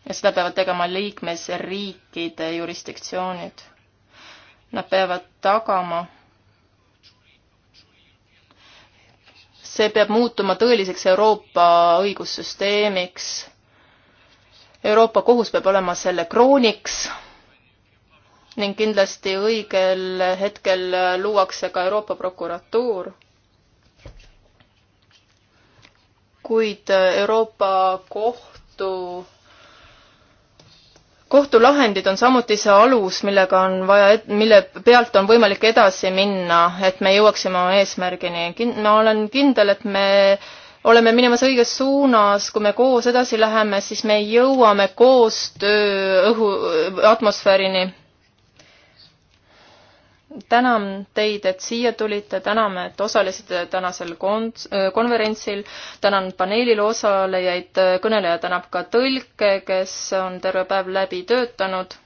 ja seda peavad tegema liikmesriikide jurisdiktsioonid. Nad peavad tagama see peab muutuma tõeliseks Euroopa õigussüsteemiks. Euroopa kohus peab olema selle krooniks ning kindlasti õigel hetkel luuakse ka Euroopa prokuratuur. kuid Euroopa kohtu kohtulahendid on samuti see alus, millega on vaja, mille pealt on võimalik edasi minna, et me jõuaksime oma eesmärgini. ma olen kindel, et me oleme minemas õiges suunas, kui me koos edasi läheme, siis me jõuame koostöö õhu, atmosfäärini, tänan teid, et siia tulite, täname, et osalesite tänasel kon-, äh, konverentsil, tänan paneelil osalejaid, kõneleja tänab ka tõlke, kes on terve päev läbi töötanud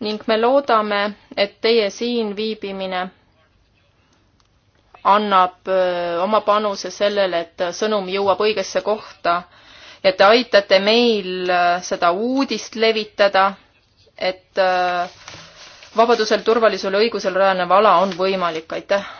ning me loodame, et teie siin viibimine annab äh, oma panuse sellele, et sõnum jõuab õigesse kohta ja te aitate meil äh, seda uudist levitada, et äh, vabadusel, turvalisusel, õigusel rajanev ala on võimalik, aitäh!